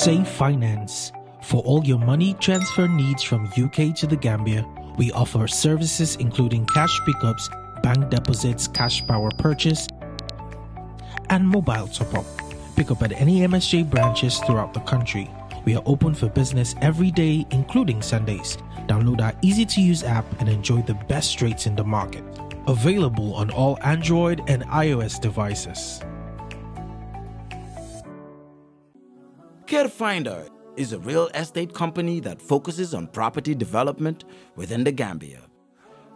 Safe Finance. For all your money transfer needs from UK to the Gambia, we offer services including cash pickups, bank deposits, cash power purchase, and mobile top up. Pick up at any MSJ branches throughout the country. We are open for business every day, including Sundays. Download our easy to use app and enjoy the best rates in the market. Available on all Android and iOS devices. CareFinder is a real estate company that focuses on property development within the Gambia.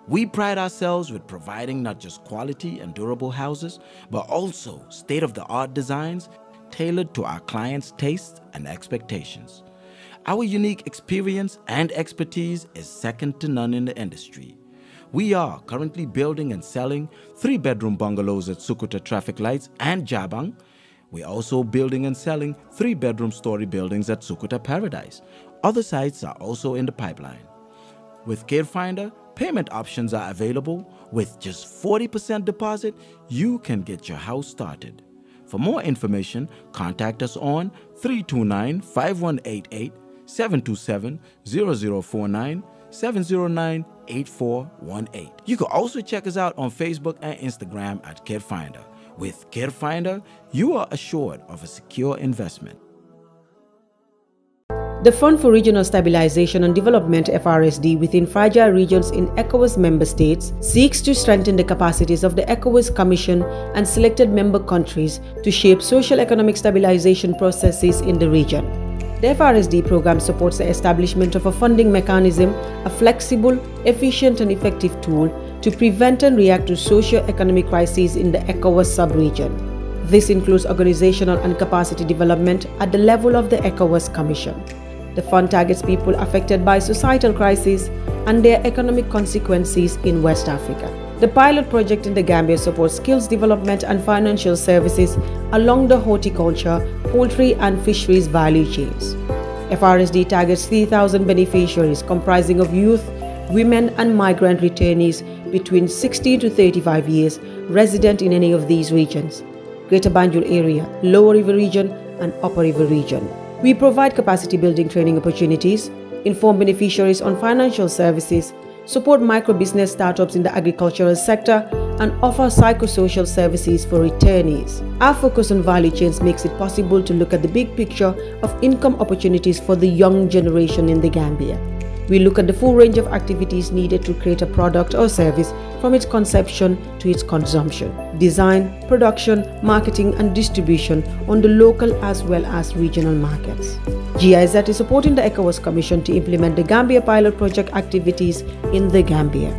We pride ourselves with providing not just quality and durable houses, but also state-of-the-art designs tailored to our clients' tastes and expectations. Our unique experience and expertise is second to none in the industry. We are currently building and selling three-bedroom bungalows at Sukuta Traffic Lights and Jabang, we're also building and selling three bedroom story buildings at Sukuta Paradise. Other sites are also in the pipeline. With CareFinder, payment options are available. With just 40% deposit, you can get your house started. For more information, contact us on 329 5188 727 0049 709 8418. You can also check us out on Facebook and Instagram at CareFinder. With CareFinder, you are assured of a secure investment. The Fund for Regional Stabilization and Development FRSD within fragile regions in ECOWAS member states seeks to strengthen the capacities of the ECOWAS Commission and selected member countries to shape social economic stabilization processes in the region. The FRSD program supports the establishment of a funding mechanism, a flexible, efficient and effective tool to prevent and react to socio-economic crises in the ECOWAS sub-region. This includes organizational and capacity development at the level of the ECOWAS Commission. The fund targets people affected by societal crises and their economic consequences in West Africa. The pilot project in the Gambia supports skills development and financial services along the horticulture, poultry, and fisheries value chains. FRSD targets 3,000 beneficiaries comprising of youth, women, and migrant returnees between 16 to 35 years resident in any of these regions Greater Banjul Area, Lower River Region, and Upper River Region. We provide capacity building training opportunities, inform beneficiaries on financial services, support micro-business startups in the agricultural sector, and offer psychosocial services for returnees. Our focus on value chains makes it possible to look at the big picture of income opportunities for the young generation in the Gambia. We look at the full range of activities needed to create a product or service from its conception to its consumption, design, production, marketing, and distribution on the local as well as regional markets. GIZ is supporting the ECOWAS Commission to implement the Gambia Pilot Project activities in the Gambia.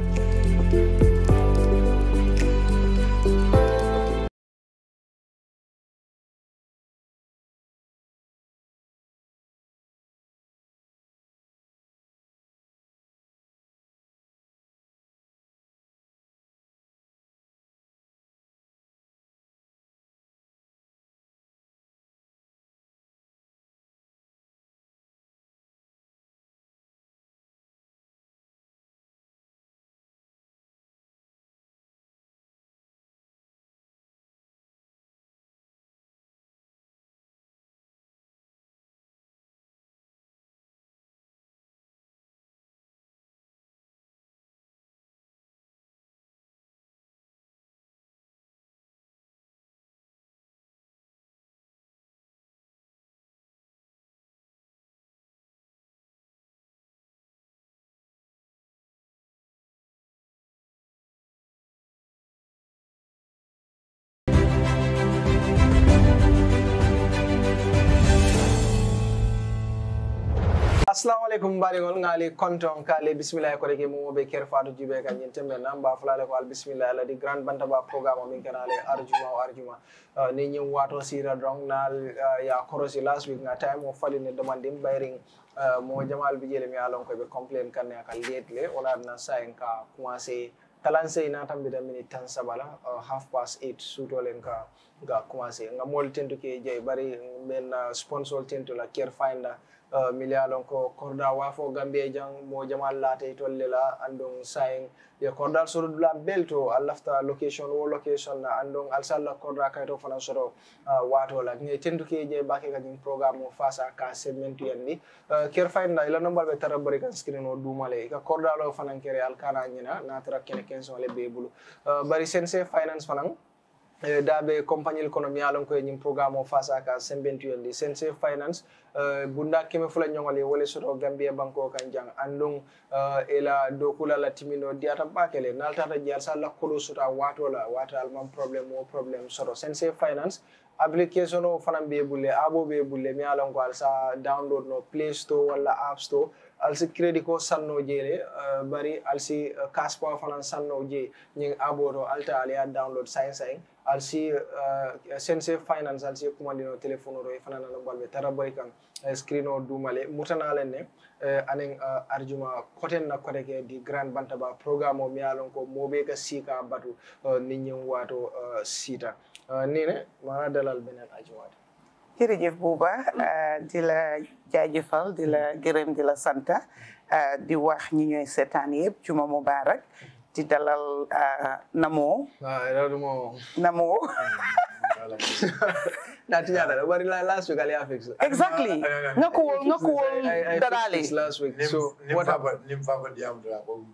assalamu aleykum mbaɗigol ngaali konton kaali bisimillahi ko reki mumoɓe ker fatou djiɓe ka ñin tembe na mba fulale ko al bisimillahi aladi grande bantaba programme o min kenale arjuma o arjuma uh, ni ñim wato sira donc na uh, ya korosi last week nga time o falini demandin ɓayrin uh, mo jamal bijele mi alon koɓe complain kanne aka leetle wala na sa en ka commencé talanse ina tambita minute tan sabala half past eight sutolen ka ga commencé nga mol tentu ke jey bari men uh, sponsor tentu la care finder Uh, mi alon ko kordal wafo gambie jang mo jamal laate tolle la andon sayen ye kordal soro dula bel to a lafta location wo location na andon alsalla korda kayto fana soro uh, wato la ne tenduke je bake kañum programme o fasa ka segmentu yanni uh, ker fayinda ila nombal ɓe tara bari kan screen o dumale ka kordal o fanan kere alkana ñina natara kene kenson le be bulu bari sense finance fanan Eh, dabe daɓe compagnel kono mi yalon koye ñin programme o fasaka sembentuyolde sense finance uh, eh, bunda keme fula ñogol e wole soto gambie banko kan jang andun uh, eh, ela dokulala timino diyata bakele naltata jeyal sa lakkolo sota watola wata alman probléme o probléme soto sense finance application o fana be bulle abo be bulle mi yalon ko alsa download no play store walla app store alsi credit ko sanno jele uh, bari alsi uh, cash power fana sanno je ñing abo to alta alia ya download sain sain al si eh, sense finance al si kumandino telephone ɗo e fanana lombal be tara boy kan eh, screen o dumale len ne eh, anen arjuma koten na ke di grand bantaba programme o miyalon ko mobe ka sika batu ninñin wato sita ne mana dalal benen ajumata jërëjëf Buba, di la jajifal, di la gerem, di la santa di wax ñi ñooy seetaan yëpp juma mubarak ci dalal eh, Namo. Ah, Namo. Namo. na tiñata da bari last week ali affix ya, exactly ngakuwol ngakuwol dadali last week so what happened nim fafa diam dra ko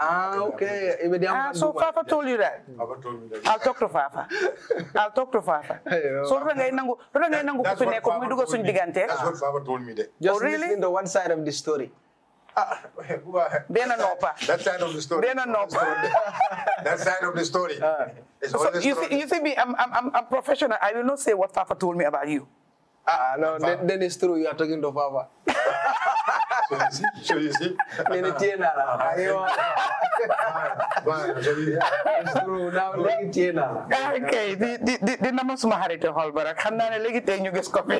Ah, okay. Ah, kan so Fafa told you that. Fafa hmm. told me that. I'll talk to Fafa. I'll talk to Fafa. so rada ngay nangu, rada ngay nangu ko fi nekk muy dugal suñu That's what Fafa told me that. Just oh, really? listen to one side of the story. Then an opera. That side of the story. Then a nopa. that side of the story. Uh, so you story. see, you see me. I'm, I'm, I'm professional. I will not say what Papa told me about you. Ah, ah no, then, then, it's true. You are talking to Papa. so you see, so you see. Ah, okay, di di di naman sumaharito hall barak. Handa na lagi tayo ng guest coffee.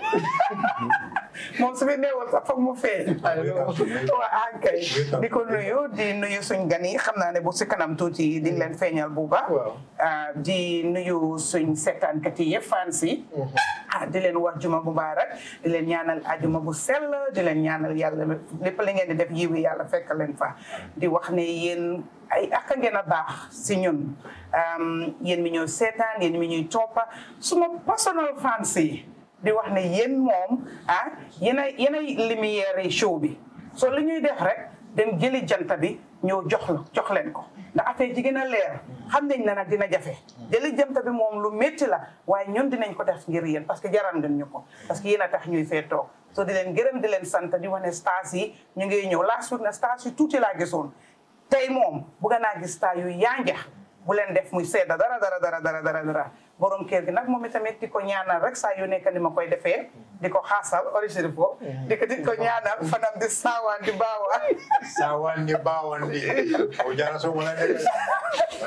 moom su fi sax foog mu fee waa ankay di ko nuyu di nuyu suñ gan xam naa ne bu si kanam tuuti di leen feeñal bu baax ah, di nuyu suñ seetaankat yi yëpp fans yi mm-hmm. ah, di leen wax juma mubaarak di leen ñaanal ajuma bu sell di leen ñaanal yàlla lépp li ngeen di def yiwu yàlla fekk leen fa di wax ne yéen ay ak ngeen a baax si ñun yéen mi ñoo seetaan yéen mi ñuy toppa suma personal fans yi di wax ne yéen moom ah yenay yenay lumière yi show bi so li ñuy def rek dem jëli jant bi ñëw jox jox leen ko ndax affaire ji gën a leer xam nañ ne nag dina jafe jëli jant bi moom lu métti la waaye ñun nañ ko def ngir yéen parce que jaral ngeen ñu ko parce que yéen tax ñuy fee toog soo di leen gërëm di leen sant di wax ne stars ñu ngi ñëw last week na stars yi tuuti laa gisoon tey moom buga naa gis stars yu yaanjax bu leen def muy sedda dara dara dara dara dara dara borom kër gi nak momi tamit di ñaanal rek sa yu nekk ni ma koy defee di origine bo di ko di ko ñaanal fanam di sawan di baawaan sawan di bawa di o jara so mo la nekk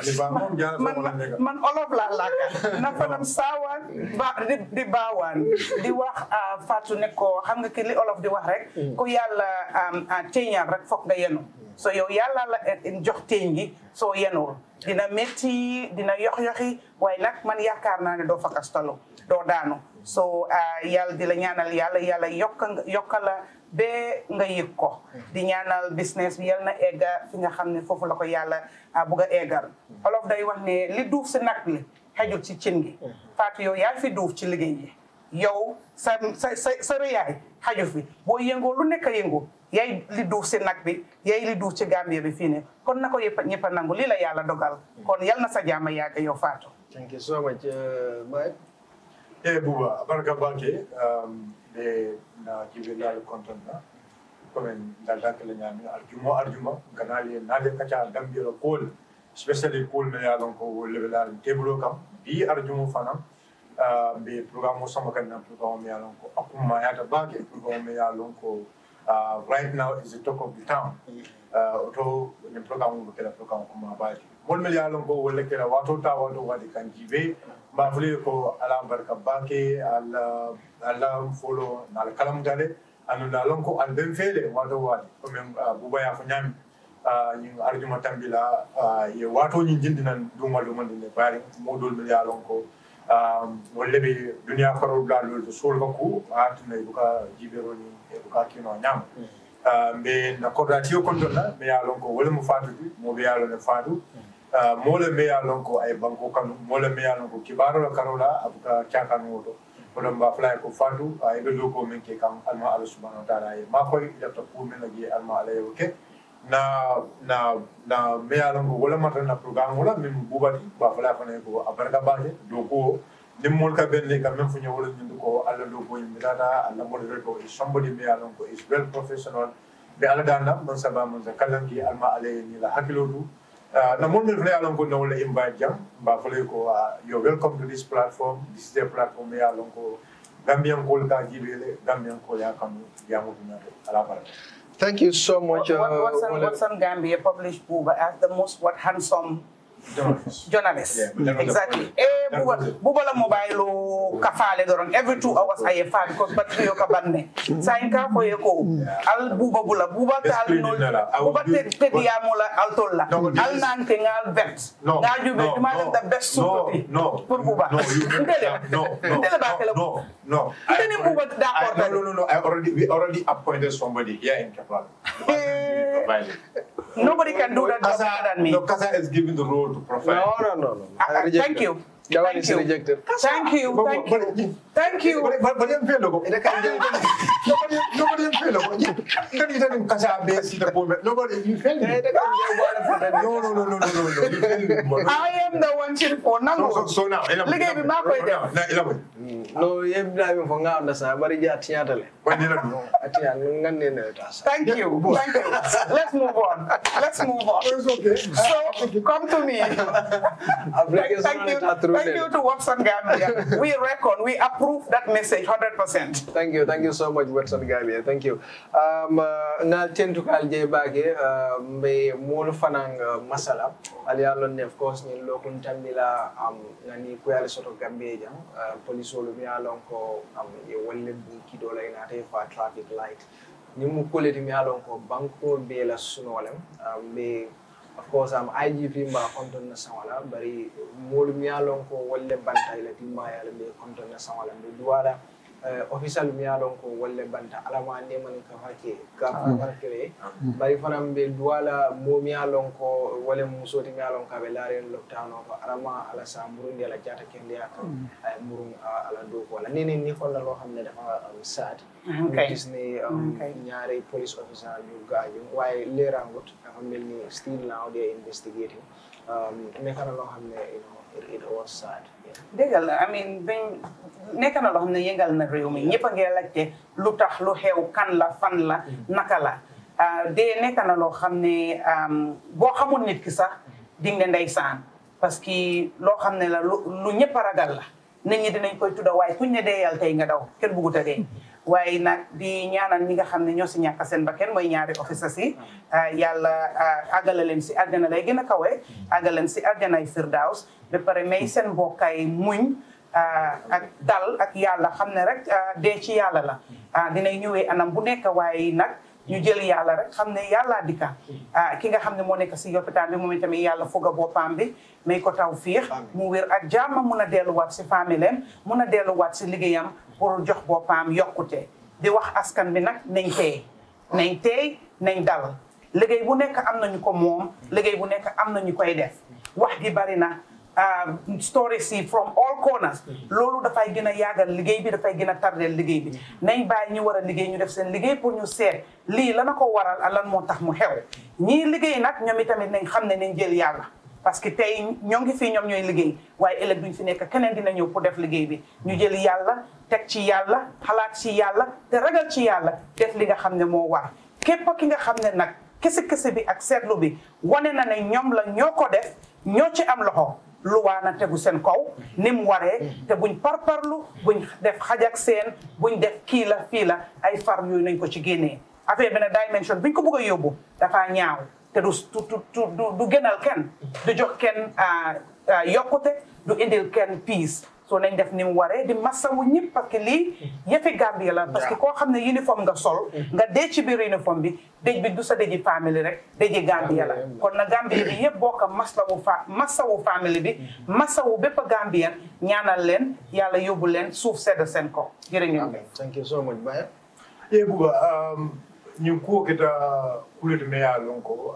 di mom jara so mo la man olof la làkka na fanam sawan ba di bawa di wax ah, fatu ne ko xam nga ki li olof di wax rek yalla mm. yàlla teñal ah, rek fokk da yenu so yow yàlla la eh, eh, jox teeñ gi soo yenul dina métti dina yox-yoxi waaye nag man yaakaar naa ne doo fakastalu doo daanu so ah, yàlla di la ñaanal yàlla yàlla yokka yokka la nga yëg ko di ñaanal business bi yal na egga fi nga xam ne foofu la ko yàlla ah, bugg a eggal olof day wax ne li duuf si nag li xejul ci cin gi mm-hmm. Fatou yow fi duuf ci liggéey yi yow sa sa sa rëyaay xaju fi boo yëngoo lu nekk yëngu yaay li duuf si nag bi yaay li duuf ci Gambia bi fii ne kon na ko yëpp ñëpp nangu lii la yàlla dogal kon yal na sa jaama yàgg yow Fatou. thank you so much uh, Mike. eh Buba barka bake um, de na jibe laal konton na komen daldaka le ñami arjuma arjuma ganali naade kaca Gambia la kool especially kool me yaalon ko levelal tebulo kam bi arjuma fanam mbe programme sama kan na programme ya lon ko akuma ya ta bage programme ya lon ko ah, right now is the talk of the town mm-hmm. ah, oto ni programme ko kala programme ko ma bage mol mel ya lon ko wolle kala wato ta wato wadi kan jibe ma fule ko ala barka bake ala ala folo na kalam dale anu la lon ko al ben fele wato wadi ko men ah, bubaya fo nyami ñin arjuma tambila ye wato ñin jindinan duma duma ne bari modol mel ya lon ko wolle ɓe duniya farolɗa lolto solkaku artina ebuka jiɓeroni ebuka kino ñama mbe na cordati kondona me ɗonna mbe yalon ko wole mo fatude moɓe yalone fatu mole mbe yalon ko ay banko kanu mole mbe yalon ko kibarola karola abuka cakanu oto oɗon mba falaye ko fatu eɓe loko min ke kam alma allah subahanahu wa taala e makoye ɗefta pour min a jee alma alayewo ke na na na me ya lango wala mata na program wala min buba di ba fala fana ko abarka ba ne do ko ni mol ka ben le ka men funya wala ndu ko ala do ko yimbe dada ala mol re ko somebody me ya lango is well professional be alla dana man saba man ki alma ale ni la hakilodu ah, na mol me ya lango no wala imba jam ba fala ko ah, you welcome to this platform this is the platform me ya lango gambian kol ka jibele gambian kol ya kamu ya mutuna ala barka Thank you so much. What, what, uh, Watson, some Gambia published Buba as the most what handsome journalists. exactly. Eh, bubala mobile kafale doron. every two hours I fa because battery yo kabanne. Sain ka ko yeko. Al buba bula buba tal no. Buba te te diamola al tolla. Al nante ngal vet. Na ju be ma the best support. No. Pour buba. No. No. No. No. No. Tene buba d'accord. No no no. I already we already appointed somebody here in Kaplan. Nobody can do that better than me. No, Kasa is giving the role to profile. No, no, no, no. I, uh, I, thank you. Thank you. Thank you. Thank you. Thank you. Balian fellow ko. Nobody, nobody failed. Can you tell him Kasha Base in the pool? Nobody, you failed. No, no, no, no, no, no. I am the one cheering for Nango. So, so, so now, look mm, at me, Marco. No, you're driving for now, Nasa, but you're at Yatale. Thank you. Thank you. Let's move on. Let's move on. It's okay. So, come to me. thank, you, thank you to Watson Gambia. We reckon, we appreciate. approve that message 100%. Thank you. Thank you so much, Watson Gambia. Thank you. Um, uh, na tentu kalje bage uh, mbe mulu fanang uh, masala. Alialo ne of course um, ni lo kuntambila nani kuyale soto Gambia jam. Police olu mi alonko um, ye wale buki dola inate fa traffic light. Ni mukule timi alonko banko bela sunolem. Mbe of course am igp mba contonna la bari moolu miyalon ko wolle banta ila timbayala mbe contonna sawala mbe duwala Eh, official mi ya lon ko wolle banta alama ndemani ka hakke ah. ka ah. bari fana mbe duwala mo mi ya lon ko wole musoti mi ya lon ka ɓe laaren loktano ko alama ala sa murundi ala jata kende ya ay hmm. eh, murun ala dow ko wala nene ni holla lo xam ne dafa saati disne ñaare police officer yu ga yu waye leerangot dafa mel ni still now they investigating mais um, kana lo xam ne you know, it was sad. nekk na loo xam ne yëngal na réew mi ñëpp a ngi lu tax lu xew kan la fan la naka la ah, de nekk na loo xam ne boo xamul nit ki sax ding ne saan parce que loo xam ne la lu ñëpp a ragal la nit ñi dinañ koy tudda waaye kuñ ne dee yàlla tey nga daw kenn bëggut a dee waaye nag di ñaanal ñi nga xam ne ñoo si ñàkk seen bakkan mooy ñaari officers si ah, yàlla ah, àggale leen si àjjana lay gën a kawe àggale leen si àjjanay firdaws ba pare may seen mbokkaay muñ ah, ak dal ak yàlla xam ne rek ah, dee ci yàlla la ah, dinay ñëwee anam bu nekk waaye nag ñu jël yàlla rek xam ne yàlla dikka ki nga xam ne moo nekk si lopitaan bi moom itamit yàlla foog a boppam bi may ko taw fiix mu wér ak jàmm mun a delluwaat si familleem mun a delluwaat si liggéeyam pour jox boppam yokkute di wax askan bi nag nañ teey nañ teey nañ dal liggéey bu nekk am nañu ko moom liggéey bu nekk am na ñu koy def wax gi bari Um, stories yi from all corners loolu dafay gën a yàggal liggéey bi dafay gën a tardeel liggéey bi nañ bàyyi ñu war a liggéey ñu def seen liggéey pour ñu seet lii la na ko waral ak lan moo tax mu xew ñii liggéey nag ñoom itamit nañ xam ne nañ jël yàlla parce que tey ñoo ngi fii ñoom ñooy liggéey waaye ëllëg duñ fi nekk keneen dina ñëw pour def liggéey bi ñu jël yàlla teg ci yàlla xalaat ci yàlla te ragal ci yàlla def li nga xam ne moo war képp ki nga xam ne nag kese kese bi ak seetlu bi wane na ne ñoom la ñoo ko def ñoo ci am loxo luwaana tegu seen kaw ni mu waree te buñ parparlu buñ def xaj ak seen buñ def kii la fii la ay far yooyu nañ ko ci génnee affaire bi ne dimension biñ ko bëgg a yóbbu dafaa ñaaw te du du du gënal kenn du jox kenn euh, euh, yokkute du indil kenn peace gëstoo nañ def ni mu waree di masawu ñëpp parce que lii yëfi Gambie la parce que koo xam ne uniforme nga sol mhm. nga dee ci biir uniforme bi déj bi du sa déji famille rek déji Gambie la kon na Gambie bi yëpp bokk masawu fa masawu famille bi mhm. masawu bépp Gambien ñaanal leen yàlla yóbbu leen suuf sedd seen ko jërëjëf thank you so much Baye ye buga ñin kuwo keta kulete me ko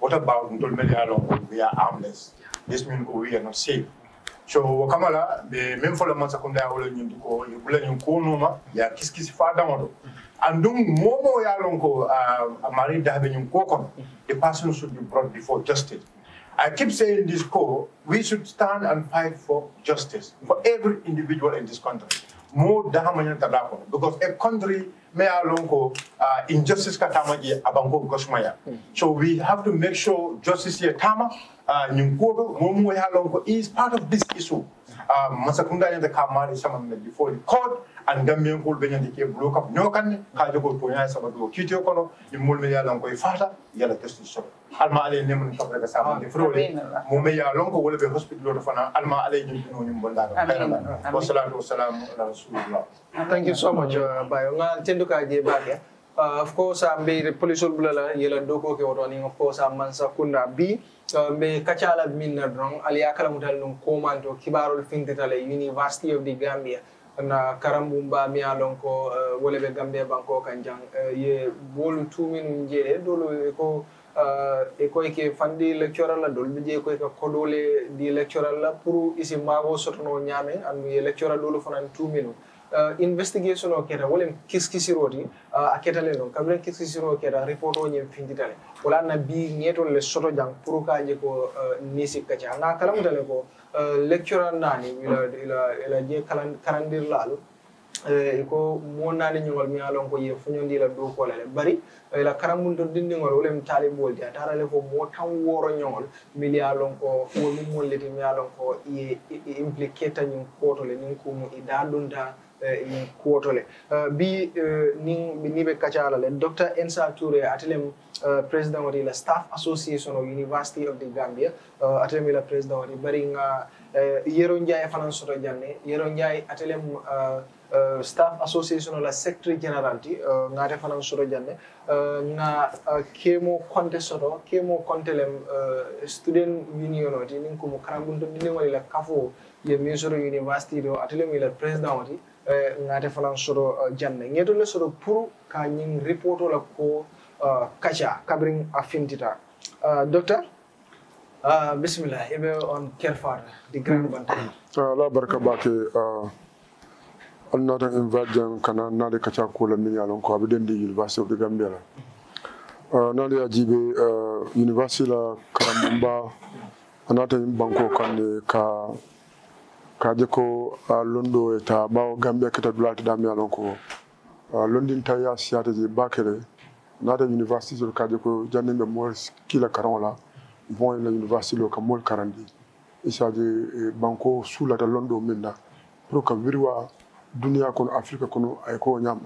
What about we are armless? This means we are not safe. So wakamala the be You mansa you wolo nyindu ko yubula nyinko numa ya kiskisi fada modo. Andum momo ya a uh, married amari dabe nyinko kon. The person should be brought before justice. I keep saying this call, we should stand and fight for justice for every individual in this country. More damage because a country me ya uh, injustice ka tama je abango gosmaya hmm. so we have to make sure justice ya tama uh, nyimko momu mo ya lonko is part of this issue na before the court ke block up ka jogo ko sabado imul me yalan ko ifata yala so alma ale ka mo me yalan ko hospital do fana alma ale nyum no nyum bonda wa salatu wa salam ala rasulullah thank you so much uh, bayo ngal tendu je baake Uh, of course I'm be policeol bulala yela doko ke woto of course I'm mansa kunda bi uh, be min na drong ali akala mutal non komanto kibarol findetale University of the Gambia na karambumba mi alon ko uh, wole be Gambia banko kanjang uh, ye bolu tumin je dolo uh, ko e koye ke fandi lectural la dolɓe jeeyi koye ka koɗole di lectural la pour isi mago sotono ñaamen andu ye lectural ɗolo fonan tumino Uh, investigation o uh, keta wolem kiskisiroti a ketale noon kaduren kiskisiro keta report o ñen finditale wala na bi ñeetol le soto jang pour ka je ko uh, nisi kaca nga kalamutale ko lecturer naani ila mm. ila ila je karandir laalu ko mo naani ñogol mi alon ko ye fuñondi la do ko lale bari la karamun do dindingol wolem taali boldi a taarale ko mo tan woro ñogol mili alon ko wo mi molliti mi alon ko ye impliqué tañum kotole nin kumu i daa ɗum daa Eh, in kuwotole eh, bi eh, nin niɓe kacala le docteur ensa touré atelem président wati la staff association of university of the gambia atelem ila président wati bari nga yero ndiaye fanan soto janne yero ndiaye atelem staff association of la secretary general ti ngate fanan soto janne nga kemo konte soto kemo konte lem student union oti nin komo karambunto ɗinewali la kafo ye soto university ɗo atelem ila président wati Eh, ngate fanan soto eh, janne le soto pour ka ñiŋ ripoto la ko eh, kaca kabiriŋ a fintita docteur bisimilla i be on kerfar di grand hmm. banta ala barka bake an natan invite jan kana naale kaca ko la miŋ ye lon ko a be den di university of the gambia la naale ye a jiibe university la karambamba hmm. a banko kaŋ ka kaje ko uh, londo e ta bawo gambia keta dulati dami alon ko uh, londin ta ya siyata je bakere nata university jor kaje ko jannembe mo kila karon la bon la university lo ka mol karandi isaje e eh, banko sula ta londo minna pro ka virwa dunia kono afrika kono ay ko nyam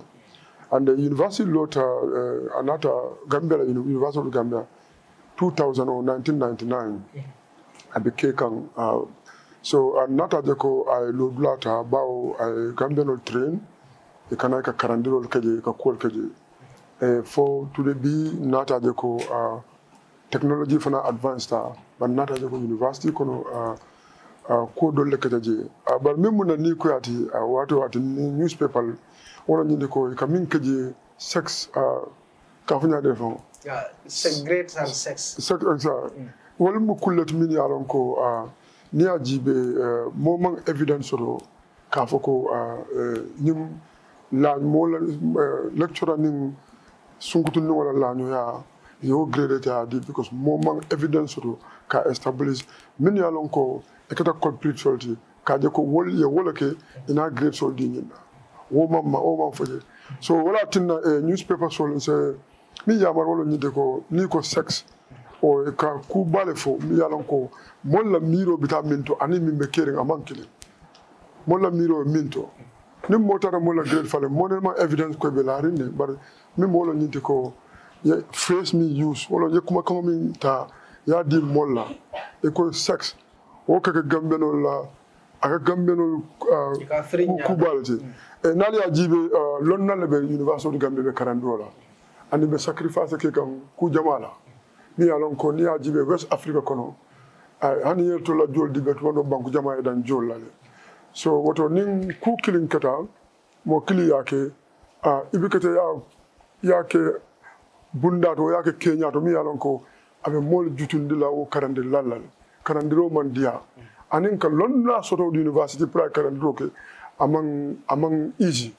and the university lo ta uh, anata gambia la university of gambia 2000 or 1999 yeah. abike kan uh, so uh, a ay ko a ay bawo a gambenol train e kana ka karandirol keje ka kuwol keje e fo tude bi natade ko uh, technology fana advanced ta uh, ban natade ko university kono uh, uh, kuwo dolle kete je uh, bar na mu ko koyati uh, wato wati ni newspaper wala ni ko ka min keje sex ka uh, kafuñade fon yeah, sex great and sex sex exact mm. wala mu kullet min yaron ko uh, n'i y'a ji bɛ moment evidence ro k'a fɔ ko ni la lecturer ni sunkutun ɲɔgɔn la laɲɔya y'o grade tɛ a di because moment evidence ro ka establish min y'a lɔn ko i ka taa complete sɔrɔ ten k'a jɛ ko wali ye wala kɛ i grade sɔrɔ di ɲin na o ma ma o ma fɔ so wala ti na eh, newspaper sɔrɔ sɛ ni yamaruya lɔ ɲin de ko n'i ko sex o ka kuba le fɔ min y'a lɔn ko molla miro bita min to ani min be kering aman kelen molla miro min ni motara molla grade fale monema evidence ko be larin ne bar min molo nyinti ko ya face me use wala ye kuma kama min ta ya di molla e ko sex o e ka ka gambeno la aka gambeno kubalje e nali ya jibe lonna le be university gambe be karandola ani be sacrifice ke kan ku jamala ni alon ko ni ya jibe west africa kono hani yertolla jool diga tuma ɗo banque jama e eɗan jollale so woto nin ku kilin keta mo kili yake a ibi kete ya yake bunda to yake keña to mi yalon ko aɓe moole jutundila wo karande lallal karandiro man diya anin ka lonna sotowɗo université pra karandiro ke aman aman easy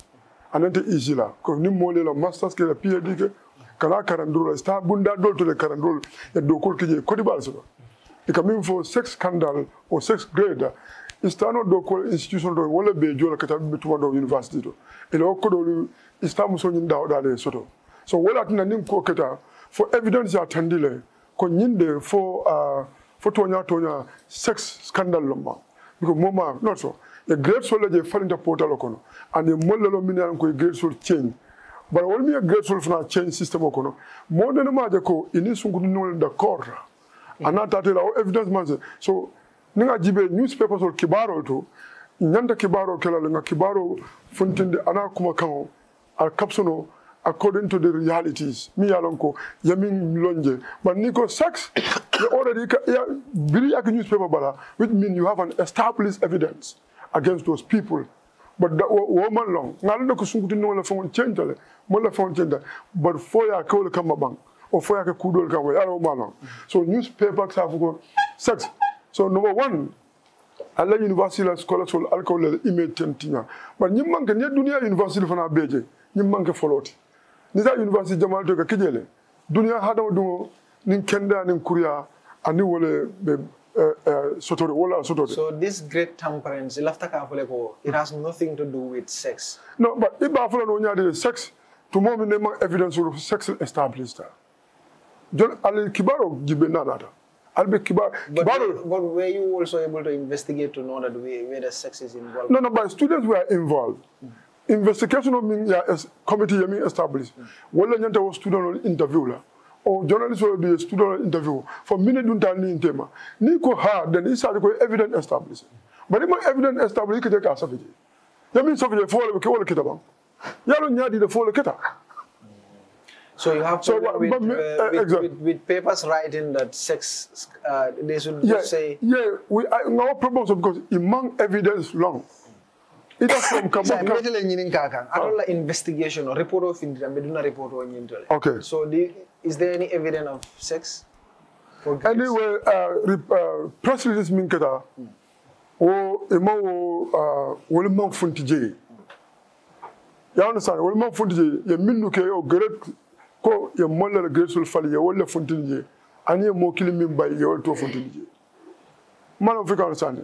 anante easy la ko nin moolela masters ke la phd ke kala karandiro la sta bunda doltole karandiro e dow kolkeje kodiɓal soɗo ikamin fo sex scandal o sex grade istano do ko institution do wala be jola kata be tuma do university do ele o ko do istamu so nyin dawo dale soto so wala tina nin ko kata for evidence ya tandile ko nyinde fo uh, fo tonya tonya sex scandal lomba biko moma not so e grade so leje falinta portal kono and e mollelo minan ko grade so change bara wolmi e grade so fana change system kono modena maje ko ini sungudu nol d'accord a n'a tatela o évidemment se so ni ka jibe newspapers ol kibaarol to ñanta kibaro, kela le nka kibaaroo funtinde a naa kuma kaŋo a kapsono according to the realities mi ye yamin lon but ni ko sex ye already ka ya biri yaki newspaper bala which mean you have an established evidence against those people but that wo man long ngalon ko sunkuti no la fon change le mo la fon change but fo ya ko le kamba bang so newspaper have fuko sex so number one ala university la scholar sol alcohol la but nyim manke ne dunia university fana beje nyim manke foloti nisa university jamal to ka kijele dunia hadama dungo nin kenda nin kuriya ani wole be eh, eh, so this great temperance, it has nothing to do with sex. No, but if I follow no sex, tomorrow we evidence of sex established. Al Kibaro give another. I'll be Kibar. But, but were you also able to investigate to know that we, where the sex is involved? No, no, but students were involved. Mm Investigation of me, yeah, committee yeah, me established. Mm -hmm. Well, I was student interview. La. Or journalist will be a student interview. For minute dunta ni tema. Ni ko ha, then he started ko evidence established. But if my evidence established, he could take a savage. That means savage, follow, we can all get nyadi the follow so you have so, but, with, but, uh, exactly. with, with, papers writing that sex, uh, they should yeah, say. Yeah, we, I, problems because among evidence long. It has from Kabaka. I ah. don't like investigation or report of Indra, but do report on Indra. Okay. So is there any evidence of sex? Anyway, uh, rip, uh, press release minkata. Mm. O imo wo wolimang uh, funtije. You understand? Wolimang funtije. Ye minuke o great ko ye molla la gresul fal ye wala funtin je ani mo kilim min bay ye wala to funtin je malam fi kan sande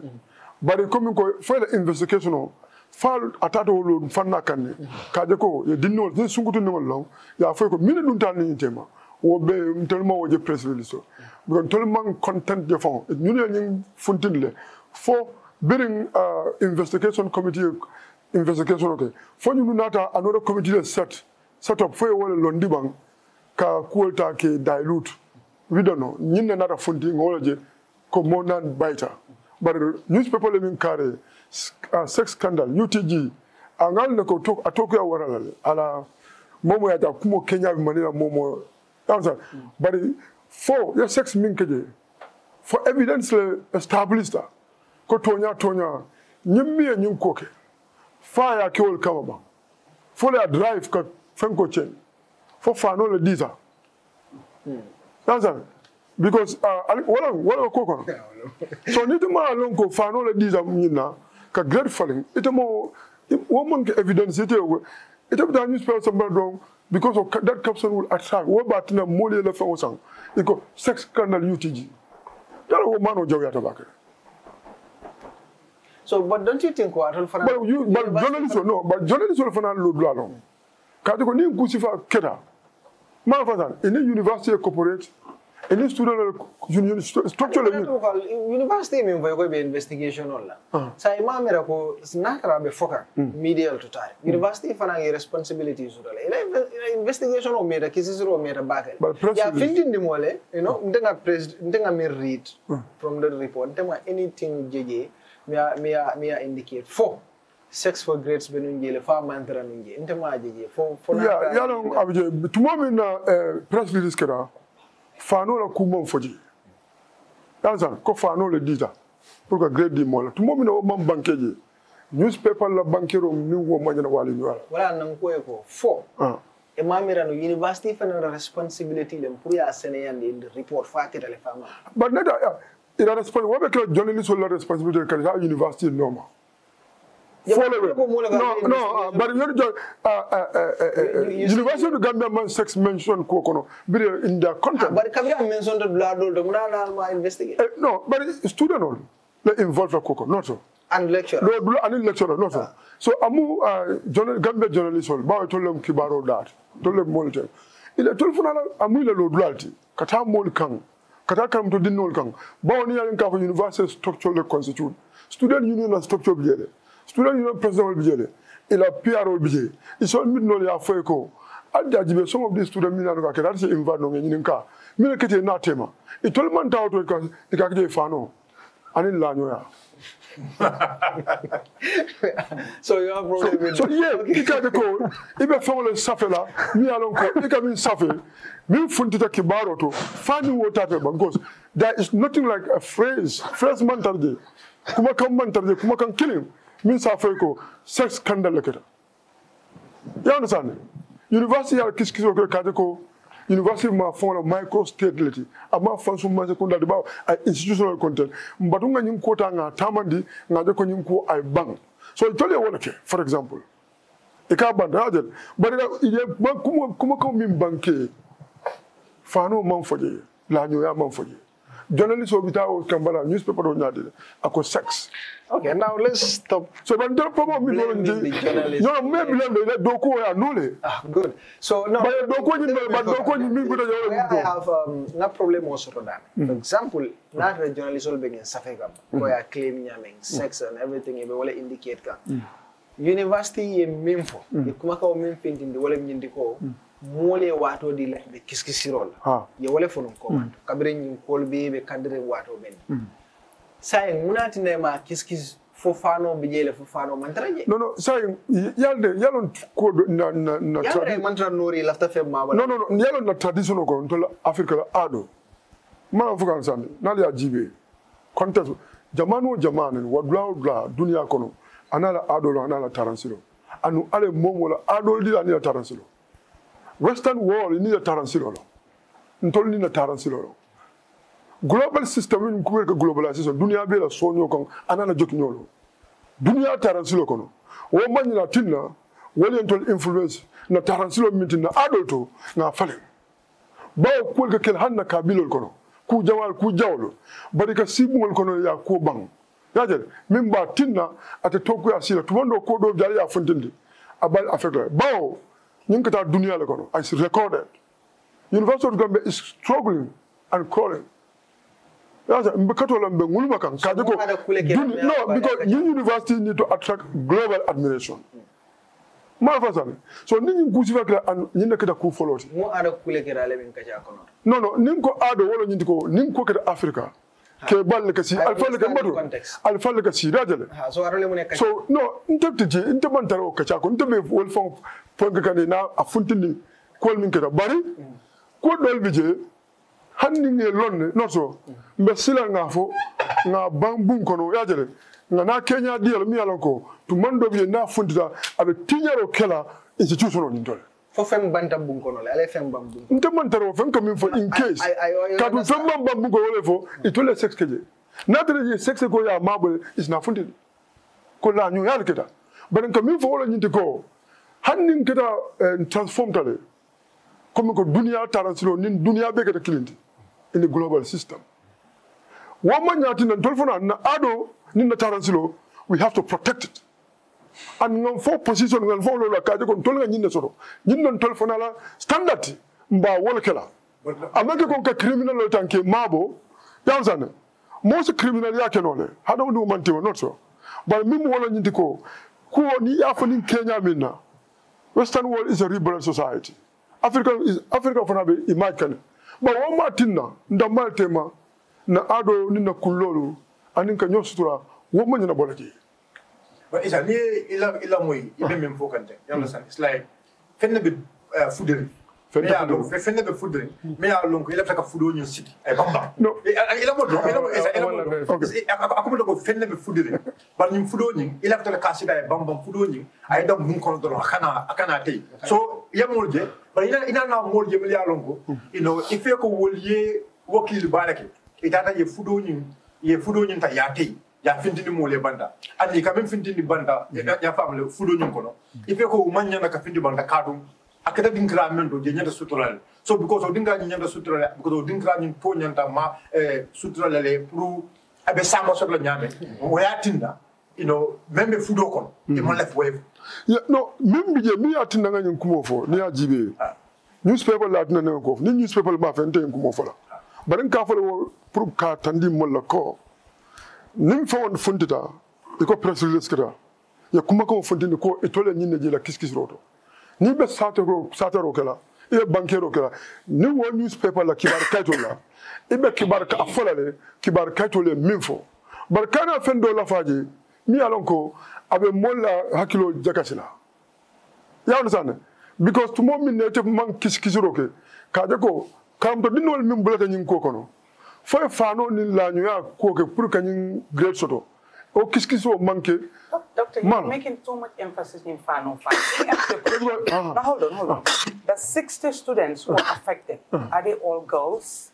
bari komin ko fele investigation o fal atata wolo fanna kanne kaje ko ye dinno ni sungutu ni wala ya fay ko min dun tan ni tema wo be tellement wo je press release because tellement content de fond ñu ne ñu funtin le fo birin investigation committee investigation okay fo ñu nata another committee set set up fo wala londi bang ka kuwol ta ke dilute widono ñin ne nata fonti ngolo je ko mo nan bayta bar newspaper le min kare a uh, sex scandal utg a ngal ne ko to a to ko warala ala momo ya ta kumo kenya bi manila momo amsa bari fo ya sex min keje fo evidence le established ko tonya tonya nyimmiye ko ke fa ya kewol kama ba fo a drive ka fenko chen fofa no le disa yansan because wala uh, what what kan so ni tuma lon ko fa no le disa nyina ka great falling ite mo wo mon ke evidence ite wo ite bi da newspaper somebody wrong because of that capsule will attack wo ba tina mole le fa wosan iko sex scandal utg yala wo mano jawya tabaka So, but don't you think what But you, but journalists, no, but journalists will find out Lord Lalo. Hmm. Kategori ni kusifa kera. ma fazan ini university corporate the student union structure le hmm. university min fay ko investigation on la sa ima mera ko nakara be foka media to time university fana University, responsibility investigation dole ila investigation o mera kisi zero mera bakal ya finding de mole you know ndenga president ndenga me read hmm. from the report ndenga anything jeje me me me indicate for sex for grades ɓe nun jeele fa mantara nun jee ntemaji jee fo yanon aɓe jee tuma min na eh, press release kera fanola kumon foti yansan ko fanole dita pour que grade di mola tuma min na wo man banque jee newspaper la banquero min wo mañana wali mi wala wala nan koye ko fo ah. e mamirano university fanara responsibility lem pour ya seneyande report fa ketale fama bat neda ira responsable woɓe kela journaliste walla responsibilité kadi ha university noma following. No, no, uh, but you know, uh, uh, University of Gambia man sex mentioned Kokono video in their content. But Kabila mentioned the blood order, Murala investigate. No, but it's student only involved Koko, not so. And lecturer. No, and lecturer, not so. So Amu, journal, Gambia journalist, I told them Kibaro that, told them monitor. Ila told telephone, Amu ila lo blati, kata mol kang, kata to dinol kang. Ba oni yalen ka university structural constitute. Student union structure biele student union president will be jele ila PR will be jele iso mid no ya fo ko adda jibe some of these student union ka kada se invad no ngi nka mine kete it all man doubt ko ka ke fano anin la nyoya so you have problem with so yeah okay. ika ko ibe fawle safela mi alon ko ika min safe min funtita kibaro to find wota to because there is nothing like a phrase phrase man tarde kuma kan man tarde kuma kan killing Miss Afeko, sex scandal lekeda. You understand? University ya kiskisi ko kaje ko university ma fond la micro state leti ama fansu ma se kunda dibaw ay institutional content mbatunga nyim kota nga tamandi nga de ko nyim ko ay bang so itole wona ke for example e ka banda ajel bari ye kuma kuma ko min banke fano man foje la nyoya man foje journalist will be there with kambala newspaper do nyaade ako sex okay now let's stop so but don't popo mi do ndi no maybe let me let Doku ya nule ah good so no. but Doku, you know, but Doku, you mean, mi i have um, na problem was to dan mm. for example not the journalist will be in safe gam ko ya mm. claim nyamen mm. sex and everything you be wala indicate university in memfo ye kuma ka o memfo ndi wala nyindi ko mm mole wato di la be kiski sirol ha ye wala fulun ko kabre hmm. kabire kol be be kandire wato ben hmm. say munati ne ma kiski fo fano be jele fo fano man traje no no say yalde yalon ko na na na yalde man tra nori lafta fe ma wala no no no yalon na traditional ko to afrika la ado ma mana fukan sande nali ya jibe contest jamanu jamanu wadla wadla dunia kono anala ado lo anala taransilo anu ale momo la ado di la ni taransilo western world ni da taransi lolo ntol ni na taransi lolo global system ni ku ka globalization dunia be la sonyo kon anana jok nyolo dunia taransi lo kono wo na tinna wali ntol influence na taransi lo mintina adulto na fale ba ko ka kel hanna kabilol kono ku jawal ku jawlo bari ka sibungol kono ya ko bang yajel min ba tinna ata tokuya sila tumando ko do jari ya funtindi abal afekla bawo ñinkata duniyala kono as recorded university of gambia is struggling and crawling yasa mbe katola mbe kan kaje ko no because yin university need to attract global admiration hmm. ma fa sami so ni ñin kuusi fa kila an ñin nekita ku foloti mo ada kule kira le min kaja kono ko ado wala ñin ko nin ko kata africa ke balle kasi alfalle ka mbadu alfalle ka sirajale so no ntabti je ntabantara o kaca ko ntabe wol fon fonke kadi na a funtini kolmin keta bari goɗɗol bi je hanndini e lonne noto mbe silal nga fo nga ban kono yajere nga na kenya diyal mi alanko tu mando mandoɓe na funtita aɓe tiñaro kela institution o nin fo fɛn banta bun kɔnɔ la ale fɛn ban bun n man tara o fɛn min fɔ in case ka tun fɛn ban ban sexe n'a tɛra je sexe ko y'a maa bɔ i sina ko la ɲu y'ale kɛ ta bari ka min fɔ wale ko hannin keta eh, transform tale comme ko duniya taransilo nin duniya be keta kilindi the global system wamma ñaati nan tol fona na ado nin na taransilo we have to protect it an ngan fo position ngal fo lola kaje kon tol nga ñinne soto ñin non tol fona la standard mba wol kela amma ke kon ka criminal lo tanke mabo yawsane most criminal yake nole hado ndu mantiwo not so but mimu wolo ñinti ko kuwo ni yafa nin kenya minna Western world is a liberal society. Africa is Africa fana bɛ imakɛlɛ ba wɔn maa ti na ndamba ma na ado ni na kulolu ani ka ɲɔ sutura wɔn ma ɲɛnabɔ la k'i. Ba Isa n'i ye i lamɔ ye i bɛ min fɔ kan tɛ yalasa Isila ye fedde ko ɗum fedde ɓe fudde ni mais yaa lonko ila taka fuɗo ñin sidi e bamba ila mo ɗon akomoto ko fedde ɓe fudde ni bar ñin fuɗo ñin ila ka tole kasida e bamba fuɗo ñin ay dam mun kono dono akana akana tey so yamol je bar ina ina na mol je mil yaa lonko ino ife ko wolye wakil barake itata ye fuɗo ñin ye fuɗo ñin ta yaa tey ya findini mole banda andi kamin findini banda ya famle fuɗo ñin kono ife ko mañana ka findi banda kaɗum akata din kra men do je nyanda sutural so because o dinga nyanda sutural because o dinga nyin to nyanda ma eh sutural le pour abe sango sotla nyame o ya tinda you know membe fudo kon e mhm. mon left wave yeah, no membe je mi atinda nyin kumo fo ni ajibe ah. newspaper la atinda nyin kumo ni newspaper ba fa nte kumo fo la ah. barin ka fo pour ka tandi la ko nim fa won fundita iko e press release kra ya kuma ko fundini ko e ne je la kiskis roto n'i bɛ satɛr'o kɛla i bɛ bankɛr'o kɛla ni wo newspaper la kibaru kayito la i bɛ kibaru a fɔ la le kibaru kayito le min fɔ bari kaana fɛn dɔw lafa je min y'a lɔn ko a bɛ mɔli la hakilo jakasi la i y'a understand because tumo min na i tɛ man kisi kisir'o kɛ k'a je ko karamɔgɔ dindiwale min bolo tɛ ɲin ko kɔnɔ fo ye faano ni laɲɔya ko kɛ pour ka ɲin grade sɔrɔ au kiskis au manqué. Doctor, you're making too much emphasis in fan on fan. now hold on, hold on. The 60 students who are ah. affected, ah. are they all girls?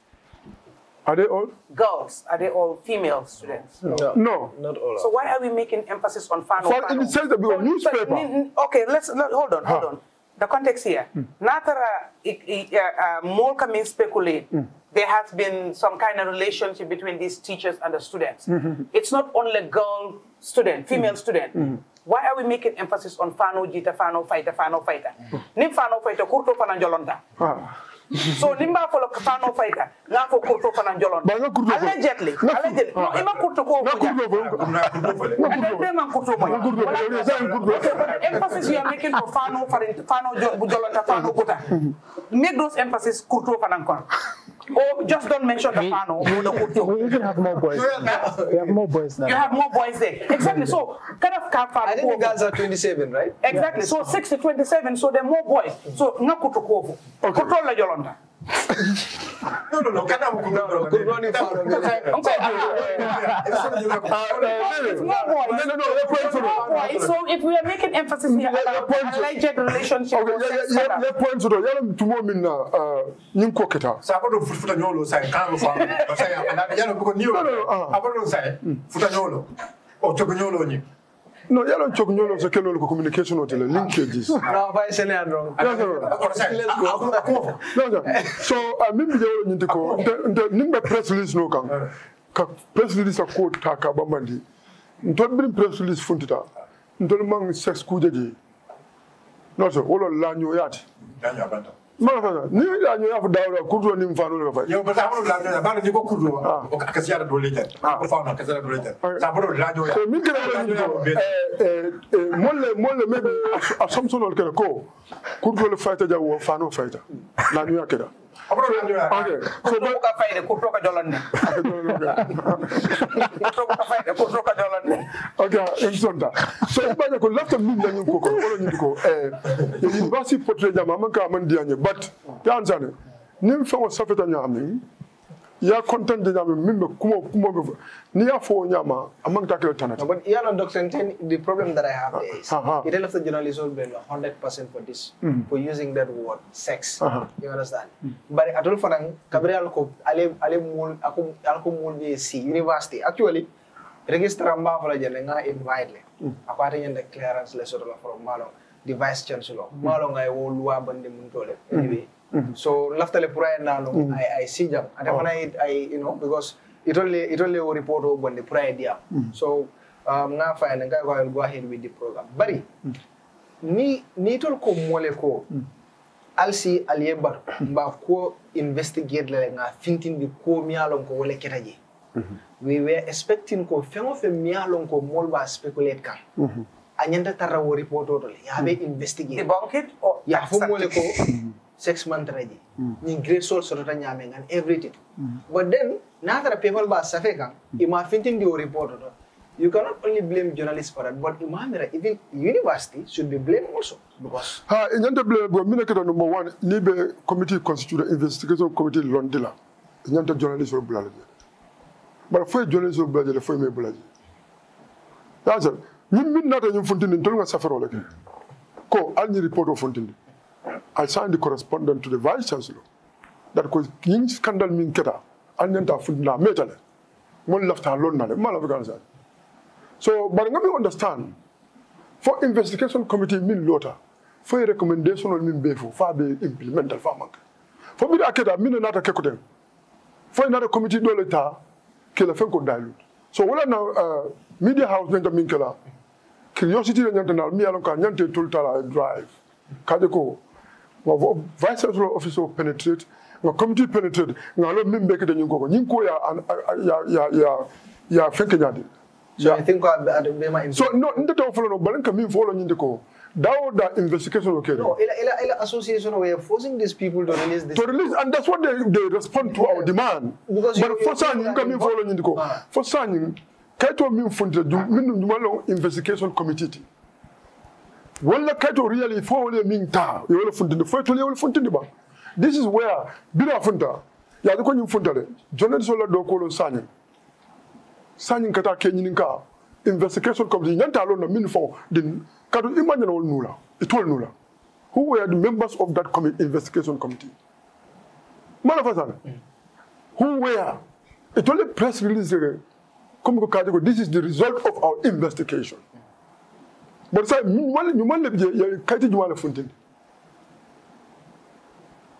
Are they all? Girls. Are they all female students? No. no. no. Not all. So why are we making emphasis on fan on fan? In the sense that we are newspaper. Okay, let's, let, hold on, hold on the context here. Mm. Not that uh, uh, uh, more can speculate. Mm. There has been some kind of relationship between these teachers and the students. -hmm. hmm, hmm. It's not only girl student, hmm. female student. Why are we making emphasis on fano jita, fano fighter, fano fighter? Nim fano fighter, kurto panjolonda. so nimba folo fano fayta nga fo kurto fana jolon allegedly allegedly no ima kurto ko na kurto ko na kurto ko na kurto ko emphasis you are making for fano fano buta make those emphasis kurto fana kon Oh, just don't mention the panel. Oh. we even have more boys. we have more boys now. You have more boys there. Exactly. So kind of cap I think the girls are 27, right? Exactly. Yeah. So 6 to 27, so they're more boys. So no kutukovu. Okay. Control Yolanda. no, no, no, cada uno no, no, good running for them. futa nyolo sai kama no yalon don't nyolo so kelol ko communication hotel link linkages. no fa sene andro let's go ah, ah, ah, so mimi je wolo nyinti ko nimbe press release no kan ka press release ko ta ka bamandi ntol bin press release funtita ntol mang sex kujeje no so wolo lanyo yati danyo abanta Mara ni ya nyo ya fudaura kudu ni mfano leo fanya. Yo bata hapo la nyo bana niko kudu. Akasia da dole jan. Ko fauna akasia da dole jan. Sa ya. So mi maybe assumption ol kera ko. le fighter ja wo fano fighter. La nyo ya Okay. So don't ka fayde ko to ka jolande. Ko to ka fayde ko to ka jolande. Okay, en sonda. So e ba ko lafta min na nyum ko ko ko nyum ko eh the university portrait jama man ka man dianye but you understand. Nim fa wa safeta nyamni. ya content de nyame mimbe kuma kuma be ni ya fo nyama amang takel tanat but ya no doc the problem that i have is uh -huh. it left the journalist all been 100% for this mm. for using that word sex uh -huh. you understand mm. but atul fanan gabriel ko ale ale mul aku aku mul be si university actually registra mba la jene nga invite le mm. ako ate nyande clearance le la from malo the vice chancellor mm. malo nga e wo luwa bande mun tole mm. anyway mm. Mm-hmm. so laftale pour ayen nano ay mm-hmm. sijam ate fana oh. ay you know because itolle itolle o report o bonde pour aye diyam mm-hmm. so um, na fayne ngay ko go ahead with the program bari ni ni tol ko mole ko alsi aliye bar mba ko investigate lele nga fintin bi ko miyalon ko wala ketaje we were expecting ko fengo fe miyalon ko mol ba speculate kan anyanta tarra wo report o ya be investigate the bank it or oh, ya fo mole ko six month reji hmm. ni grateful so tan nyame ngan everything hmm. but then natara people ba safe kan hmm. ima fintin di report to you cannot only blame journalists for that but mira even university should be blamed also because ha eh, the blame go mina kito number 1 ni be committee constitute investigation committee londila nyande journalists wo bulala bara foy journalists wo bulala foy me blame. that's it Ni min nata ñu funtindi tol nga safaro ko al report of funtindi I signed the correspondence to the vice chancellor that was yin scandal min keta an yanta fundina metale mon lafta alone nale mala be ganza so but ngam understand for investigation committee min lota for recommendation on min befo fa be implemental for manka for mi akeda min na ta kekuten for another committee dole kila kela fen ko so wala na uh, media house nanga min kala curiosity nanga na mi alon ka nyante tul tala drive kadeko vice chancellor office o penetrate nga committee penetrate nga lo min be ke de nyinko ko nyinko ya ya ya so yeah. i think ad be ma so no nda to follow no balan ka min follow nyindi ko investigation o no ila ila ila association are forcing these people to release this to release and that's what they they respond to yeah. our demand because but for san you can min follow nyindi ko ah. for san kaito min funde min dum investigation committee walla kato really fo wala min ta e wala funtinde fo tole wala funtinde ba this is where bira funta ya ko nyum funta de jonne so la do ko lo sani sani kata ke nyin ka investigation comme ni nyanta lo no min fo din kato imagine wol nula e tol nula who were the members of that committee investigation committee mala fasan who were it only press release Come ko kaji ko this is the result of our investigation bari sa ɲuman le bi jɛ kayiti jumɛn le funteni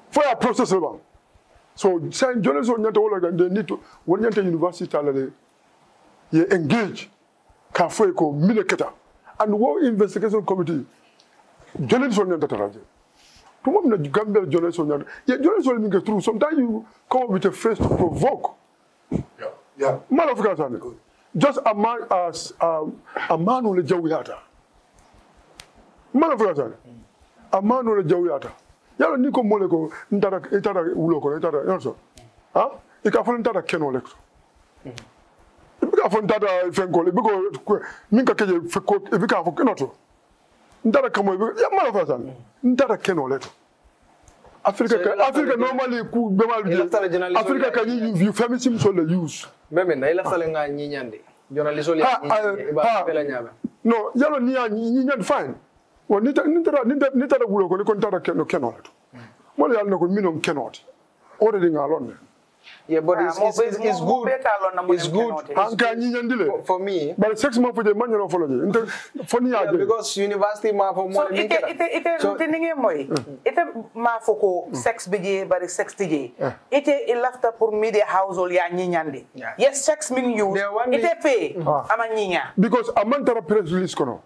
fo y'a process le ban so san jɔlen so ɲɛtɛ wolo kan de ni to wari ɲɛtɛ university ta la de ye engage k'a fɔ ye ko min de kɛ and what investigation committee jɔlen so ɲɛtɛ ta la jɛ tuma min na gambia jɔlen so ɲɛtɛ ye jɔlen so min kɛ turu sometimes you come up with a face to provoke. Yeah. Yeah. Matter of fact, just a man as um, a man who le jawiyata. n mana foyi sa dɛ a ma n'o de jagoya ta yala n'i ko ko ntara taara i taara wul'o kɔnɔ i taara yɔrɔ sɔrɔ han i ka fɔ n le biko minka keje fiko fɔ n keno to ntara kamo bɛ k'o min ka kɛ yen ko i bɛ k'a Afrika normally ku be mal di Afrika ka ni mana foyi sa so you you feminism so le use. Meme na ila sale nga nyinyande. Journalism le. Ha ha. No, yalo ni ya nyinyande fine. ni tara gulo ko ni kon yeah but ah, it's it's, it's, good it's good hanka for me but six months for the man you follow you for ni age because university ma for mo ni kera ite ite ite ni moy hmm. ite ma foko sex bije but sex tije eh. It is it left up for media household ya ni nyande yes sex mean you It is pay ama ninya because amantara press release kono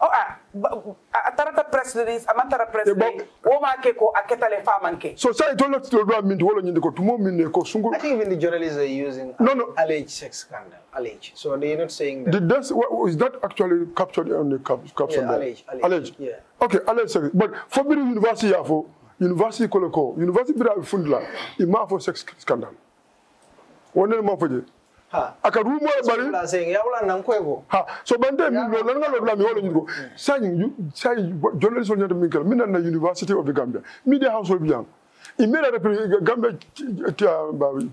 o oh, ah, a a ah, ah, tarata presse release a ma tara presse release wo ma ke ko a ketale fa ke so sai to lot to do min wolo nyinde tumo min ko sungu i think even the journalists are using no, no. alleged sex scandal alleged so they're not saying that Did that's, what, is that actually captured on the caps? caption yeah, alleged, alleged, alleged. yeah okay alleged sex but for me university ya fo university ko ko university bira fundla i for sex scandal wonel name fo je akarumwa bari yaula na ha so bande mi no nanga lo mi wala ndiko say sanyi so on mi kala min na university of the gambia media house of young imera da gambia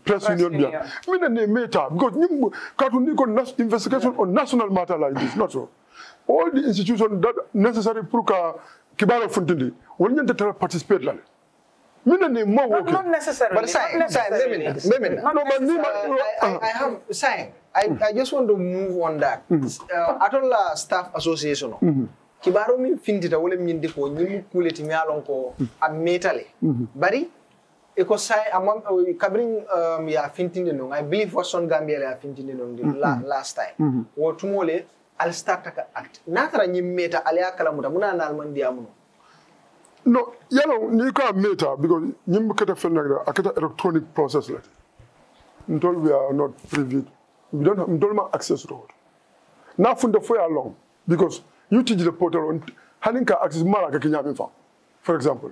press union bia min ne meta because katu ni ko investigation on national matter like this not so all the institutions that necessary pour ka kibara funtindi wonnyanta participate lale Mina ni mo working. Not necessarily. But sign, not me, me. No, but Nima, uh, uh, I, have sign. I, I just want to move on that. Mm -hmm. uh, Atola Staff Association. Mm -hmm. Kibaro mi findita wole mindi ko nyimu kule timi alon ko mm-hmm. ametale. Mm -hmm. Bari iko sai amam uh, kabrin um, ya fintinde non I believe Watson Gambia ya fintinde non mm -hmm. la, last time. Mm -hmm. Wo tumole al start ka act. Natara nyimeta ali akala muta muna na almandiya muno. No, you know, you can't her because you can't feel like that. I can't electronic process like until we are not privy. We don't have, don't have access to it. Now from the fire alone, because you teach the portal on having access mara kenya mifa, for example.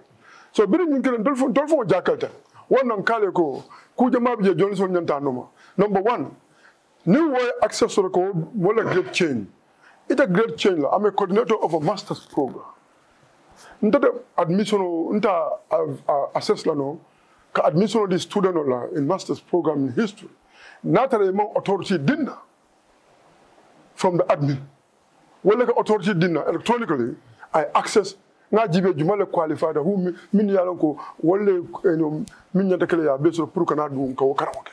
So bini you can don't don't for Jakarta. One on kale ko Johnson nyanta noma. Number one, new way access to the code, what a great change. It's a great change. I'm a coordinator of a master's program. ntata admission o nta assess la no ka admission di student la in master's program in history n'a tara imam authority dinna from the admin wala ka authority dinna electronically i access na jibe juma le qualified hu min ya ko wala eno eh, min ya kele ya beso pour kana du ka wakara wake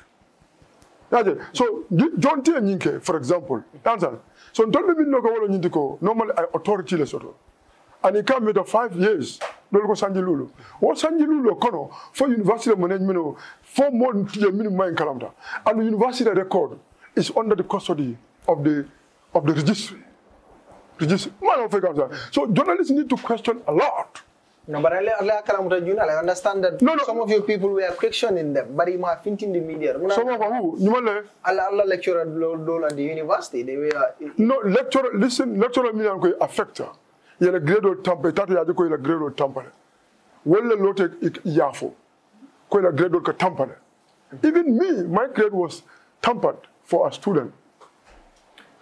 yaje so jonte nyinke for example answer so ndolbe min no ko wala nyindiko normally i authority le soto and he came with five years. Lolo Sanji Lulu. What Sanji Lulu Kono for University of Management oh, for more than minimum in Kalamda. And the university record is under the custody of the of the registry. Registry. So journalists need to question a lot. No, but I, I understand that no, no. some of your people were questioning them, but you have in the media. Some of who? You mean? Allah lecturer at the university. They were. No, lecturer, listen, lecturer affect her yele gredo tampe tata yaji ko yele gredo tampale wala lote yafo ko yele gredo ka tampale even me my grade was tampered for a student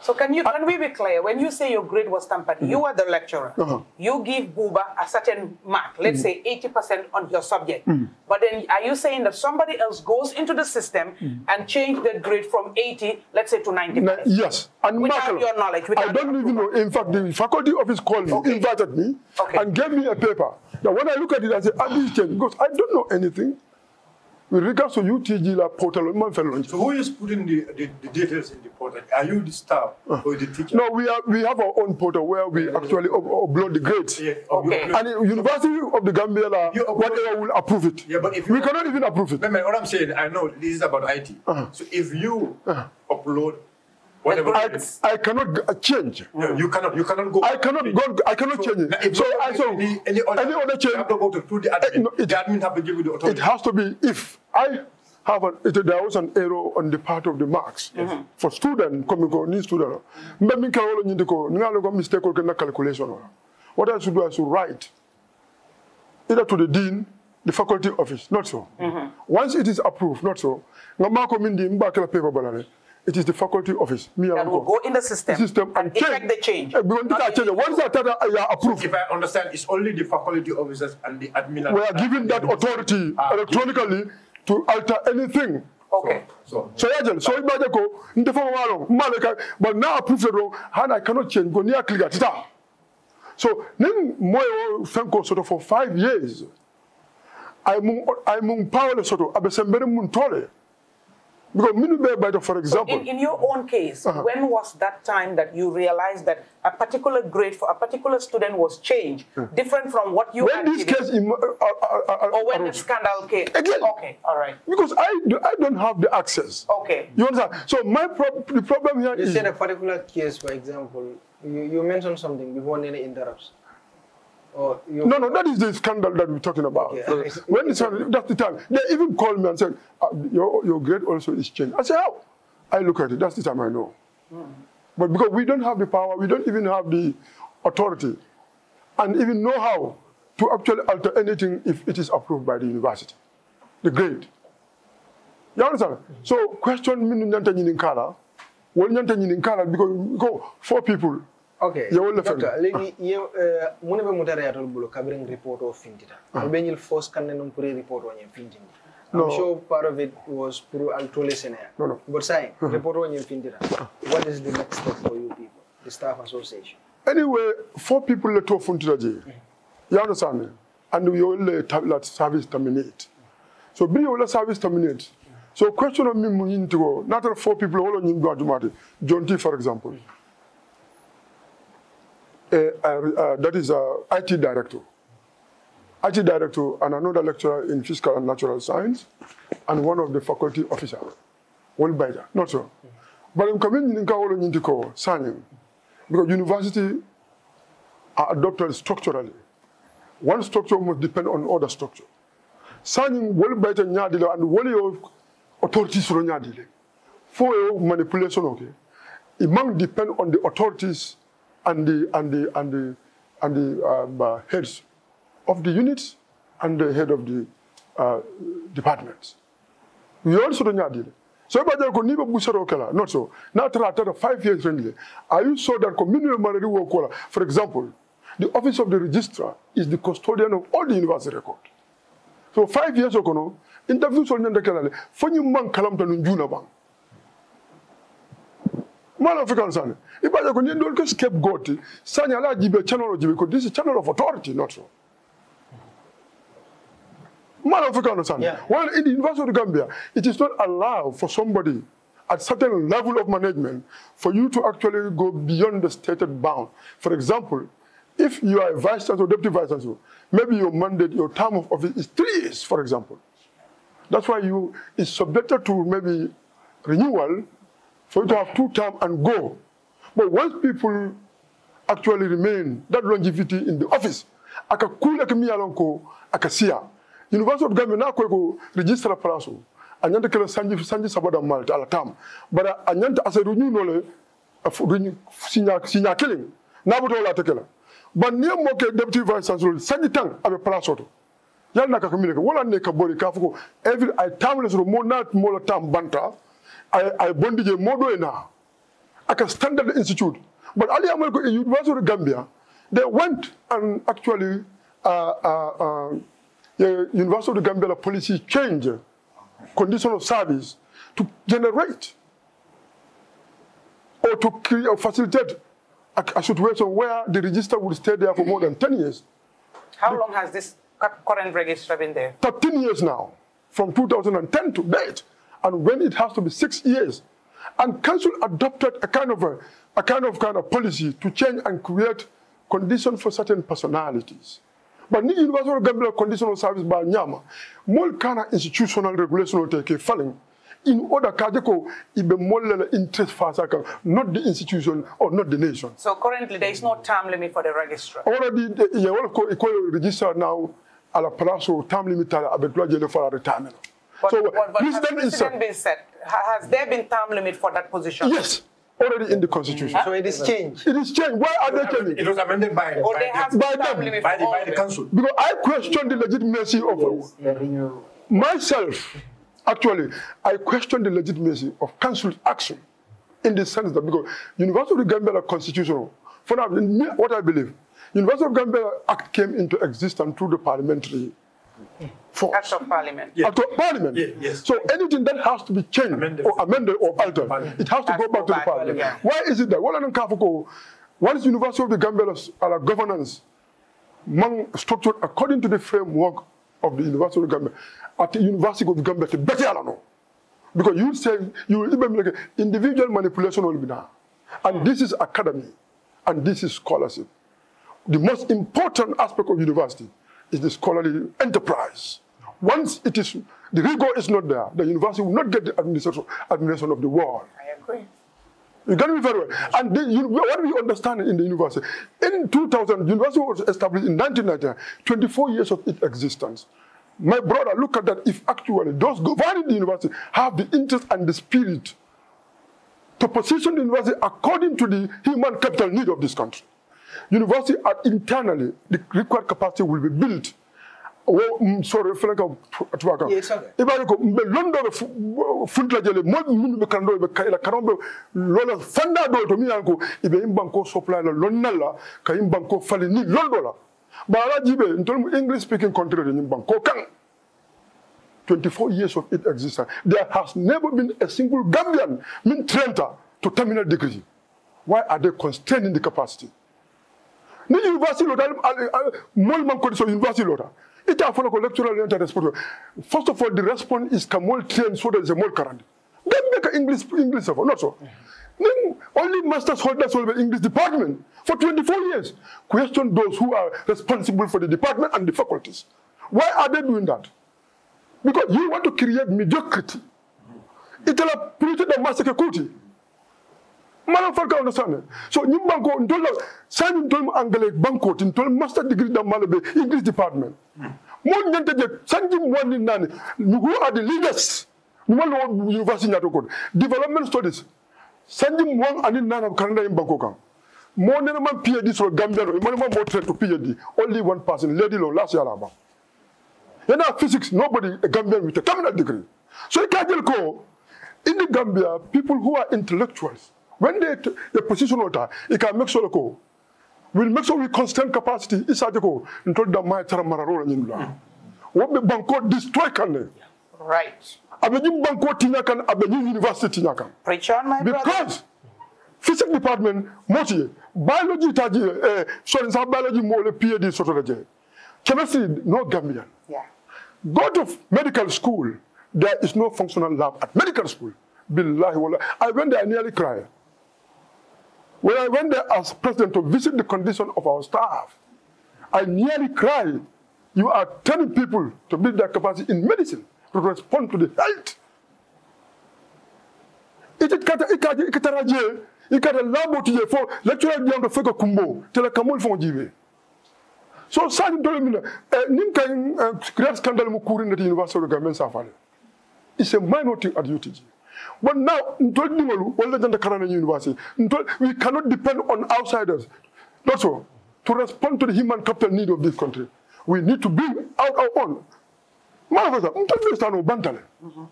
so can you uh, can we be clear? When you say your grade was tampered, mm -hmm. you mm-hmm. are the lecturer. Uh -huh. You give Booba a certain mark, let's mm -hmm. say 80% on your subject. Mm -hmm. But then are you saying that somebody else goes into the system mm-hmm. and change that grade from 80, let's say to 90%? yes. And without Markle, your knowledge. Without I don't even know. In fact, the faculty office called me, okay. invited me, okay. and gave me a paper. Now when I look at it, I say, I'm because I don't know anything. With regards to UTG, la portal, So who is putting the, the, the, details in the portal? Are you the staff uh. or the teacher? No, we are. We have our own portal where we yeah, actually yeah. upload the grades. Yeah, okay. And the University of the Gambia, la, whatever will approve it. Yeah, but if we cannot even approve it. Man, man, what I'm saying, I know this is about IT. Uh -huh. So if you uh -huh. upload Whatever I, I cannot uh, change. No, you cannot. You cannot go. I cannot go. I cannot so, change it. So, I, so any, any, other, any other change. You have to go to, to the admin. Eh, no, it, the admin have to give you the authority. It has to be if I have an, it, there was an error on the part of the marks Mm -hmm. for student coming on new student. Maybe me can only go. Ngalo go mistake or na calculation. What I should do, I should write either to the dean, the faculty office. Not so. Mm -hmm. Once it is approved, not so. Ngama ko mbakela paper balale. It is the faculty office. Me and will go in the system, the system and, check the change. Uh, because Not change. What is that that I are approved. If I understand, it's only the faculty officers and the admin. We are given that authority ah, electronically okay. to alter anything. Okay. So, so, so, so if I go, wrong, but now approve the wrong, and I cannot change. Go near clear. So, then, my Fenko sort of for five years. I'm, I'm powerless, sort of, I'm a because for example. So in, in, your own case, uh -huh. when was that time that you realized that a particular grade for a particular student was changed, different from what you When this case. Uh, uh, uh, uh, or when the scandal came. Again. Okay, all right. Because I, do, I don't have the access. Okay. You understand? So my pro the problem here you is. You said a particular case, for example, you, you mentioned something before Nene interrupts. Oh, no, no, that is the scandal that we're talking about. Okay. when it's that's the time. They even called me and said, uh, your, your grade also is changed. I said, how? I look at it, that's the time I know. Mm. But because we don't have the power, we don't even have the authority and even know how to actually alter anything if it is approved by the university, the grade. You understand? Mm -hmm. So question meaning nyanta nyinkala, well nyanta because go four people ok yewol docteur léegi yew mune uh, ɓe mutareyatol ɓulo kabiren report o findita ɓe ah. ñil force. kanne noon pour report o ñen findindi I'm sure part of it was through Altole Senea. No, no. But saying, mm-hmm. report on your ah. What is the next step for you people, the staff association? Anyway, four people let off into the mm-hmm. You understand? And we all uh, let service terminate. So be all service terminate. So question of me, not four people, all on you, John T, for example a, a, a, that is a IT director. IT director and another lecturer in physical and natural science, and one of the faculty officer. One by that, not so. But I'm coming in Kaolo Nintiko, signing, because university are adopted structurally. One structure must depend on other structure. Signing one by the Nyadilo and one of authorities from Nyadile. For manipulation, okay? It must depend on the authorities and the, and the, and the, and the um, uh, heads of the units and the head of the uh, departments. Yon soto nyadile. So ba jare ko ni ba busaro kala not so. Not after after 5 years friendly. Are you sure that community will work For example, the office of the registrar is the custodian of all the university record. So 5 years ago no interview so nyanda kala le. Fanyu man kalam tanu njuna Mwana African sana. Ibaja kwenye ndo kwa scapegoat. you are a channel of ko this is channel of authority not so. Mwana African sana. Well in the University of Gambia it is not allowed for somebody at certain level of management for you to actually go beyond the stated bound. For example, if you are a vice chancellor, deputy vice chancellor, maybe your mandate, your term of office is three years, for example. That's why you is subjected to maybe renewal for you to have two terms and go. But once people actually remain that longevity in the office, akakula kimia lonko akasia. University of Gambia na kweko register palaso. Anyanta kila sanji sanji sabada malta ala tam. Bara uh, anyanta asa runyu nole runyu uh, sinya sinya killing. Na buto la tekela. But niya moke deputy vice chancellor sanji tang abe palaso to. Yalla na kakamile wala ne kabori kafuko every I timeless mo not mo la tam banta. I ay bon dije na aka standard institute but ali amal university of gambia they went and actually uh, uh, uh, university of gambia policy change condition of service to generate or to create or facilitate a, a situation where the register would stay there for more than 10 years. How the, long has this current register been there? 13 years now, from 2010 to date and when it has to be six years. And council adopted a kind of a, a kind of kind of policy to change and create conditions for certain personalities. But ni universal Gambia conditional service by Nyama, more kind of institutional regulation will take falling in order kajeko ibe more interest fasa not the institution or not the nation so currently there is no time limit for the register. already the yeah, equal register now ala palazzo time limit ala abetwa jele for retirement but, so but, but has the been set? Has there been time limit for that position? Yes. Already in the constitution. So it is changed. It is changed. Why are they changing? It was amended by, the, by, the, by, them. by, the, by the council. Because I question the legitimacy of yes. myself. Actually, I question the legitimacy of council's action in the sense that because University of Gambia constitutional, for now, what I believe, University of Gambia Act came into existence through the parliamentary for Act of Parliament. Yes. Act of Parliament. yes. So anything that has to be changed amended. or amended or altered, parliament. it has to, go, back to the Parliament. Why is it that? Well, Kafuko, what is University of the Gambella's governance structured according to the framework of the University of the Gambia, at the University of the Gambia, the better I know. Because you say, you will even like individual manipulation will be now, And this is academy, and this is scholarship. The most important aspect of university is the scholarly enterprise. Once it is, the rigor is not there, the university will not get the administration, administration of the world. I agree. You get me very well. And the, you, what we understand in the university, in 2000, the university was established in 1999, 24 years of its existence. My brother, look at that. If actually those governing the university have the interest and the spirit to position the university according to the human capital need of this country. University are internally, the required capacity will be built. Mm, sore fɛnɛ ka tuba kan i go, ye ko mɛ lɔn dɔ bɛ funt lajɛlen mɔ minnu bɛ kan dɔ bɛ kaila kan bɛ lɔla fanda dɔ to min y'an ko i bɛ n banko sɔpla la lɔnna la ka n banko fali But i dɔ la baalaji bɛ n tolu english speaking country de ni banko kan 24 years of its existence there has never been a single gambian min trenta to terminal degree why are they constraining the capacity ni l'université lota mol man condition university lota ita fola ko lecturer le interest first of all the response is kamol train so that is a mol karandi dem make an english english of not so then only masters holders will be english department for 24 years question those who are responsible for the department and the faculties why are they doing that because you want to create mediocrity it'll create the massacre malam farka on same so ñim banko ndolla sañu tol mu anglais banko tin tol master degree da malabe english department mo ñanta je sanji woni nani who are the leaders numal university ñato ko development studies sanji won ani nana kanada yim banko kam mo nena man phd so gambia do mo mo train to phd only one person lady lo last year aba yana physics nobody a gambian with a terminal degree so ikajel ko in the gambia people who are intellectuals when they, they position water, it can make sure We'll make sure we constant capacity. It's ko. Until the my tara mararo na nyindula. What the banko destroy can they? Right. Abe nyim banko tinya kan abe nyim university tinya kan. Preach on my because brother. Because physics department moti biology taji eh in some biology mo le PhD soto la Chemistry no Gambian. Yeah. Go to medical school. There is no functional lab at medical school. Billahi wala. I went there, I nearly cried. When I went there as president to visit the condition of our staff, I nearly cried. You are telling people to build their capacity in medicine to respond to the health. It is It ikataraje ikata labo tije for lecturer dia ndo feka kumbo tele kamol fo jibe so sa ni dole mina eh, nim kan great eh, scandal mu kurin the university of government safale it's a minority at UTG but now, we cannot depend on outsiders. That's all. To respond to the human capital need of this country, we need to bring out our own. Malafasa, mtandista no bantale. Mm-hmm.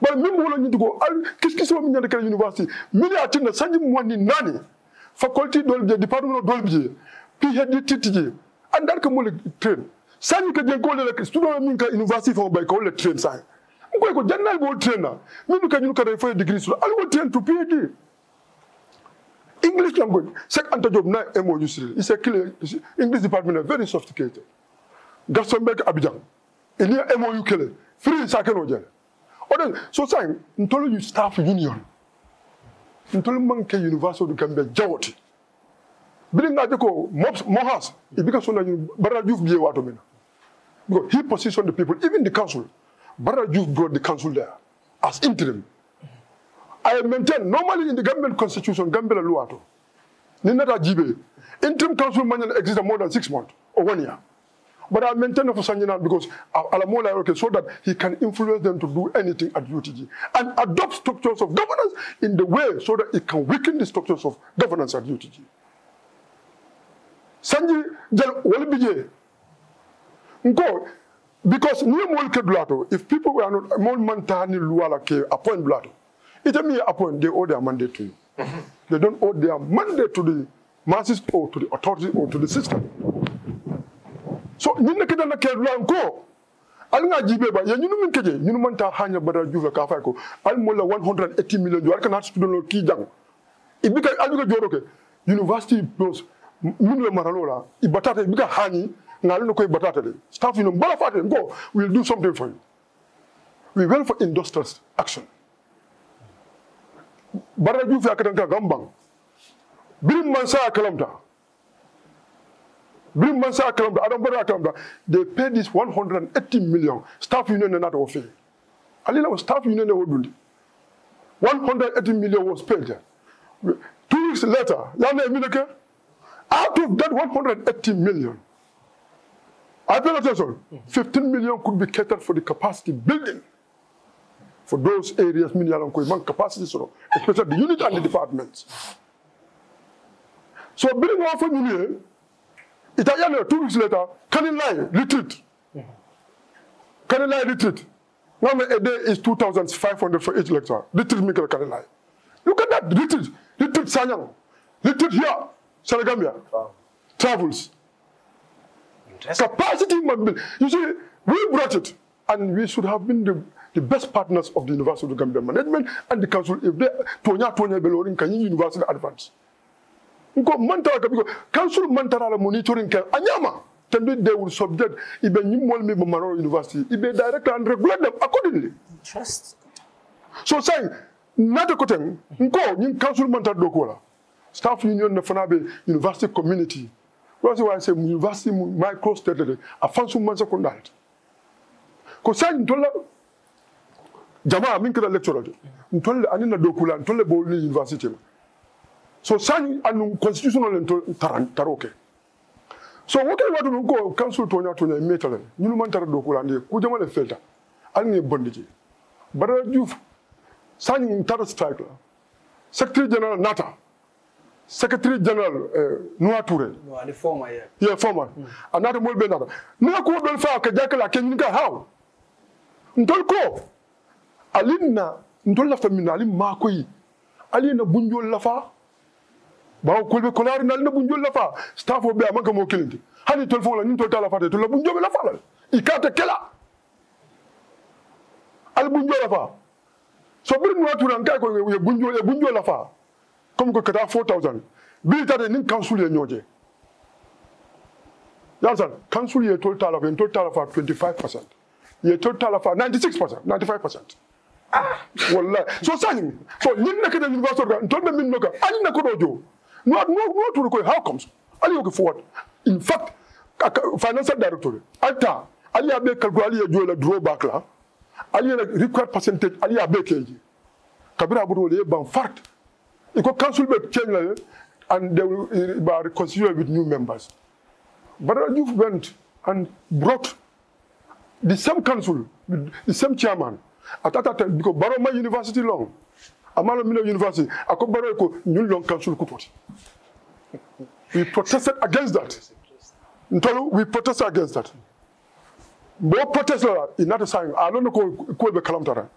But mimi wala nyindu go, kiskisi wa minyanda kala university, mili atinda sanji mwani nani, faculty dolbije, department dolbije, PhD titije, andar ka mole train. Sanji ka jengo le student minka university fa ba ko train sai. ngoy ko jannal bo trena minu kanyun kada fay degree sur al wo train to phd english language sek anta job na M.O.U. yusri is a clear english department very sophisticated garson mek abidjan il y a emo yukele free sakeno jere odan so sai ntolo you staff union ntolo manke university du gambia jawoti bili ngaje ko mobs mohas ibika sona bara juf biye wato mena because he position the people even the council I have got the council there as interim. I maintain, normally in the government constitution, Gambia Luato, Ninata Jibe, interim council manual exists more than six months or one year. But I maintain for Sanjinan because uh, Alamola, okay, so that he can influence them to do anything at UTG and adopt structures of governance in the way so that it can weaken the structures of governance at UTG. Sanji Jal Walibije, Nko, because ni mol ke dulato if people were not mol mantani luala ke appoint dulato it means appoint they owe their mandate to you mm -hmm. they don't owe their mandate to the masses or to the authority or to the system so ñun nak dana ke dulan ko al nga jibe ba ya ñun min keje ñun man ta hanya badar juuf ka fay ko al mo la 180 million do kana student lo ki jang ibika al ko joroke university plus ñun le maralola ibatata ibika hani ngalino koy batatale staff ino mbala go we'll do something for you we went for industrial action bara ju fi akatan ka gambang birim man sa kalamta birim man sa kalamta adam bara kalamta they paid this 180 million staff union na nato fe alila was staff union na wodundi 180 million was paid there. Two weeks later, Yana Emineke, out of that 180 million, I pay attention. 15 million could be catered for the capacity building for those areas, capacity, so especially the unit and the departments. So building one for Italian two weeks later, can you lie, retreat. Can you lie, retreat. Now a day is 2,500 for each lecture. Retreat Mikkel can you lie. Look at that, retreat, retreat Sanyang, retreat here, Senegambia, travels. Capacity must be. You see, we brought it, and we should have been the, the best partners of the University of the Gambia Management and the Council. If they, Tonya Tonya Belorin, can university advance? Go mantara Council mantara monitoring can anyama. Then they will subject Ibe Nimwal Mibo Manoro University. Ibe direct and regulate them accordingly. Trust. So saying, not a cotton, go, council mantara dokola. Staff union, the Fanabe University community. wọ́n sì wá ṣe yunifásitì mu micro state de afanso mu secondary kò sẹ́yìn tó lẹ́ jama mi kira lecturer de ntọ́lẹ̀ ani na dọ́kula ntọ́lẹ̀ bọ̀ ní yunifásitì ma so sẹ́yìn anu constitutional le tara o kɛ so o kɛlen waati min ko council tɔnya tɔnya mi tɛlɛ ɲinuma tara dɔkula ne ko jama le fɛn ta hali ni bɔndigi bara ju sani n strike la secretary general nata. secretary general eh, touré ture no, ye former yeah. yeah, mm. anata mol be nata nuwa ko dol fa ka jakala ke nyinga haw ntol ko alinna la famina alim ma alina bunjol la fa bawo kolbe kolari nal na bunjol la fa staff be amanka mo kilindi hani tol fo la nin tol tala fa tol la bunjol la fa Il ikata kela al bunjol la fa so bir nuwa ture an ka ko bunjol la fa comme ko ka taa four thousand bili ta de ni council ye ɲɔgɔn cɛ yalisa council ye toli t'a la fɛ uh, n twenty five percent ye toli t'a la fɛ uh, ninety six percent ninety five percent. Ah, wallahi so sani so ñin nekk na université ka ton na min noka ali na ko do no no no to ko how comes ali yogi forward in fact financial director alta ali abe kalgo ali jo la draw la ali na required percentage ali abe keji kabira budo le ban fart The council may change and they will be reconsider with new members. But you went and brought the same council, the same chairman, at that time, because my University long, Amalo Mino University, Ako Baroko, New Long Council Kupoti. We protested against that. Ntolu, we protested against that. More protesters in that sign, I don't know, Kwebe Kalamtara.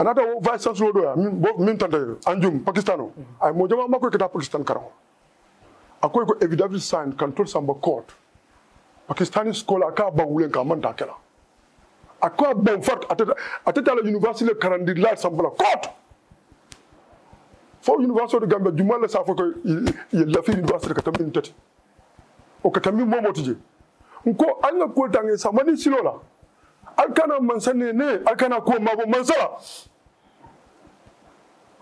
anata wo vice chancellor do ya min tante anjum pakistano ay mo jama mako kita pakistan karo akoy ko evidence sign control samba court pakistani school aka ba wulen ka manta kala akoy ben fort atata atata la university le karandi la samba la court fo university de gambia mal sa fo ko ye la fi university ka tamin tati o ka tamin momo tije nko an ko tangi samani silola alkana mansane ne alkana ko mabo mansala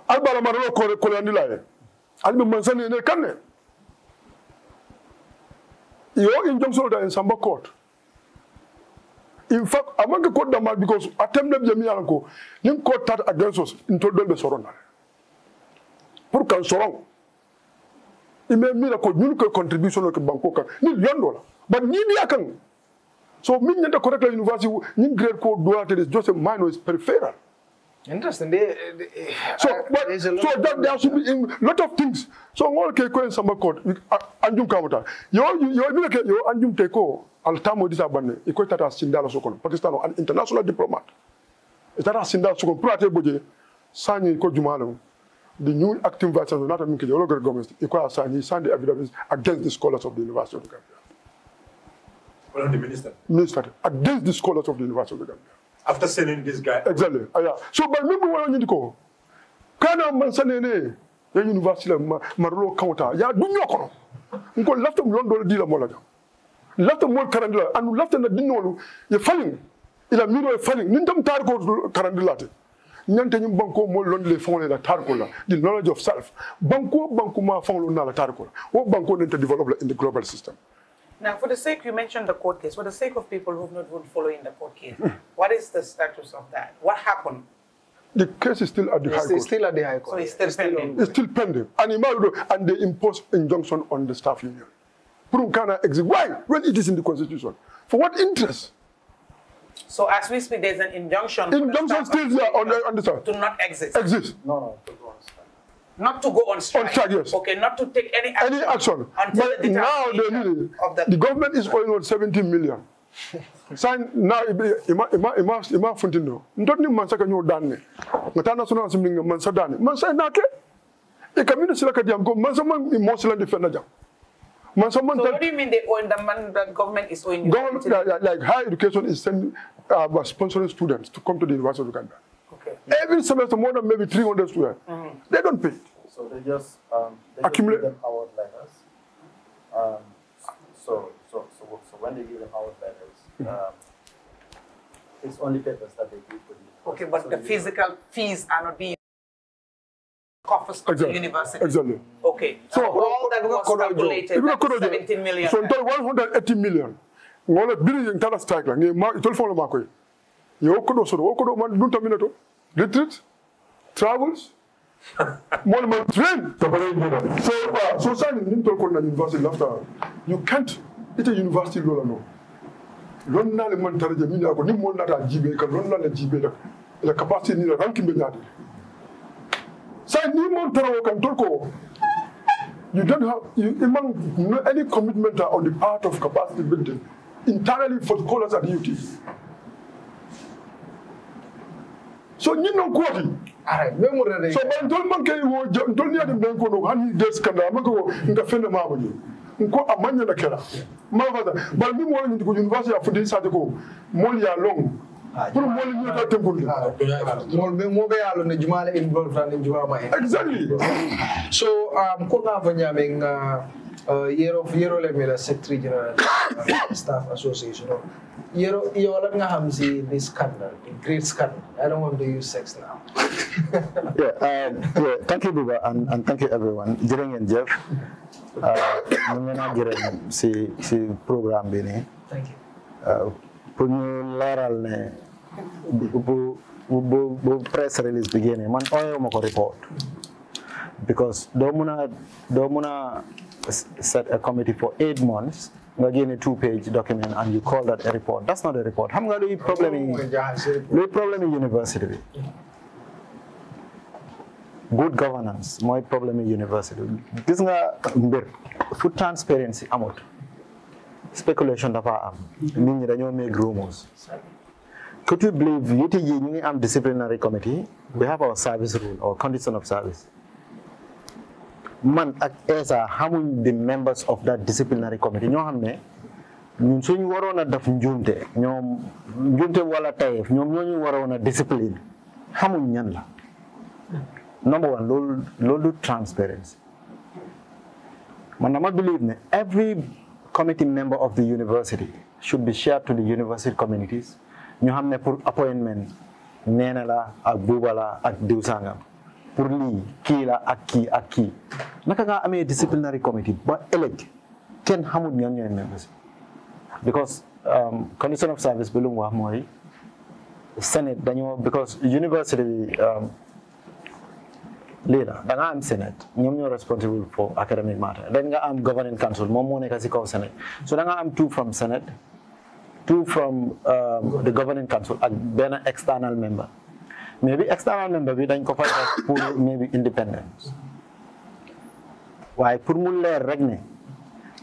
albala b'a kore kore kɔlɔyandi ye hali bi mansani ye ne kan dɛ your injunction in Samba court. In fact, I want to quote them because attempted Jamianko, you court tat against us in total sorona surrender. Pour qu'un soron Il m'a mis la contribution au Bangkok, ni yondo dollar, but ni ni akang. So, min yata correct la university, ni grade code dollar, it is just a minor, it's peripheral. Interesting. They, they, so, I, uh, but, a so that, there should be a lot of things. So, ngol ke ko sama ko anjum kawata. Yo yo mi you yo anjum te ko al tamo disa banne. E ko tata sindala sokon. Pakistan an international diplomat. is that as sindala sokon prate boje sani ko jumalo. The new acting vice president not amin ke yo logar government. E ko sani signed the evidence against the scholars of the University of the Gambia. Well, the minister. Minister against the scholars of the University of the Gambia. after sending this guy. Exactly. Uh, yeah. So by me kwa nyindi ko. Kana mansanene ya university la marlo counter ya dunyo kono. Nko lafta mu londo di la molaga. Lafta mo karandila anu lafta na dinolu ya falling. Ila miro ya falling. Nindam tar ko karandila te. Nyante nyum banko mo londo le fon la tar ko la. The knowledge of self. Banko banko ma fon lo na la tar ko la. Wo banko nente develop in the global system. Now, for the sake, you mentioned the court case. For the sake of people who've not been following the court case, hmm. what is the status of that? What happened? The case is still at the it's High Court. It's still at the High Court. So it's still, it's pending. It's still pending. And, and they imposed injunction on the staff union. Purukana exit. Why? When it is in the constitution. For what interest? So as we speak, there's an injunction. Injunction the still there on the, on the staff. To not exist. Exist. No, no. Not to go on strike. On strike, yes. Okay, not to take any action. Any action. But the now they need the, the, government is owing on 17 million. Sign now ima ima ima ima don't need mansa kanyo dane. Ngata national assembly ng mansa done. Mansa na ke. E kamino sila kadiam ko mansa man mo sila defenda Mansa man. So what do you mean they own the man the government is owing? Government like, like higher education is sending uh, sponsoring students to come to the University of Uganda. Every semester, more than maybe 300 students. Mm -hmm. They don't pay. So they just um, they accumulate just them award letters. Um, so, so, so, so, when they give them award letters, mm-hmm. um, it's only papers that they give to you. Okay, but so the physical know. fees are not being coffers exactly. university. Exactly. Okay. So uh, all that was calculated, that 17 million. So in total, 180 million. wala biri yin tara strike la ngi ma itol fo la makoy yo ko do so ko do man dun retreats, travels, monument train. So, uh, so sign talk on Kona University after you can't, it's a university role no. run now Ronna le mantare je mina ko nimmo nata jibe ka run now the la The capacity ni ranking be nyade. Sai ni mon toro kan tolko you don't have you, among no, any commitment on the part of capacity building entirely for the scholars at UT. so ñin ñinnon kooti so ɓay ntol manke wo ntol niyadi ɓen ko no hani des kanda manke ko nka fende mamo je ko a mañana kela malfata bal min wala ñinti ko université a foti sade ko mol ya long pour mol ñu ta tempul mol be mo be yalo ne juma in bol tan juma ma exactly so um ko nga fa ñame nga uh, Uh, year of year oleh mela secretary general staff association of year of year oleh nga ham si this scandal the great scandal i don't want to use sex now yeah, um, yeah thank you Buba and, and thank you everyone Jiren and Jeff, ñu ngi naa si si program ini. thank you uh, pour ñu leeral ne bu bu bu press release begini. génnee man ooyewuma ko report because do muna do muna set a committee for eight months again a two page document and you call that a report that's not a report How many problem in The problem problème university good governance My problem is university This nga transparency speculation dafa am make rumors could you believe UTG ñu am disciplinary committee we have our service rule or condition of service man ak ESA many the members of that disciplinary committee ñoo xam ne ñun suñ waroon a def njuumte ñoom njuumte wala tayeef ñoom ñoo ñu waroon a discipline xamuñ ñan la number one loolu loolu transparency man dama believe ne every committee member of the university should be shared to the university communities ñu xam ne pour appointment nee la ak ak diw sangam pour lii kii la ak kii ak kii naka ngaa disciplinary committee ba elect kenn xamul ñan members membres because um, condition of service bi lu mu Senate dañoo because university bi um, lii la am Senate ñoom ñoo responsible for academic matter Then nga am governing council moom moo nekk si kaw Senate so da nga am two from Senate two from um, the governing council ak benn external member mais bi external member bi dañ ko fa def pour mais bi independence waaye pour mu leer rek ne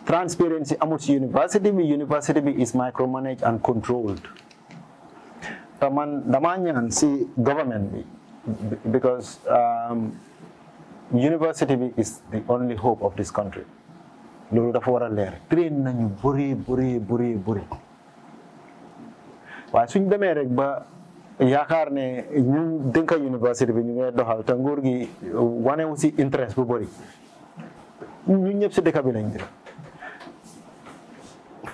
transparency amul si university bi university bi is micromanaged and controlled te man damaa ñaan si government bi because um, university bi is the only hope of this country loolu dafa war a leer train nañu bëri bëri bëri bëri waaye suñ demee rek ba yaakaar ne ñu dénka université bi ñu ngay doxal te nguur gi wanewu si interest bu bëri ñun ñëpp si dëkk bi lañ def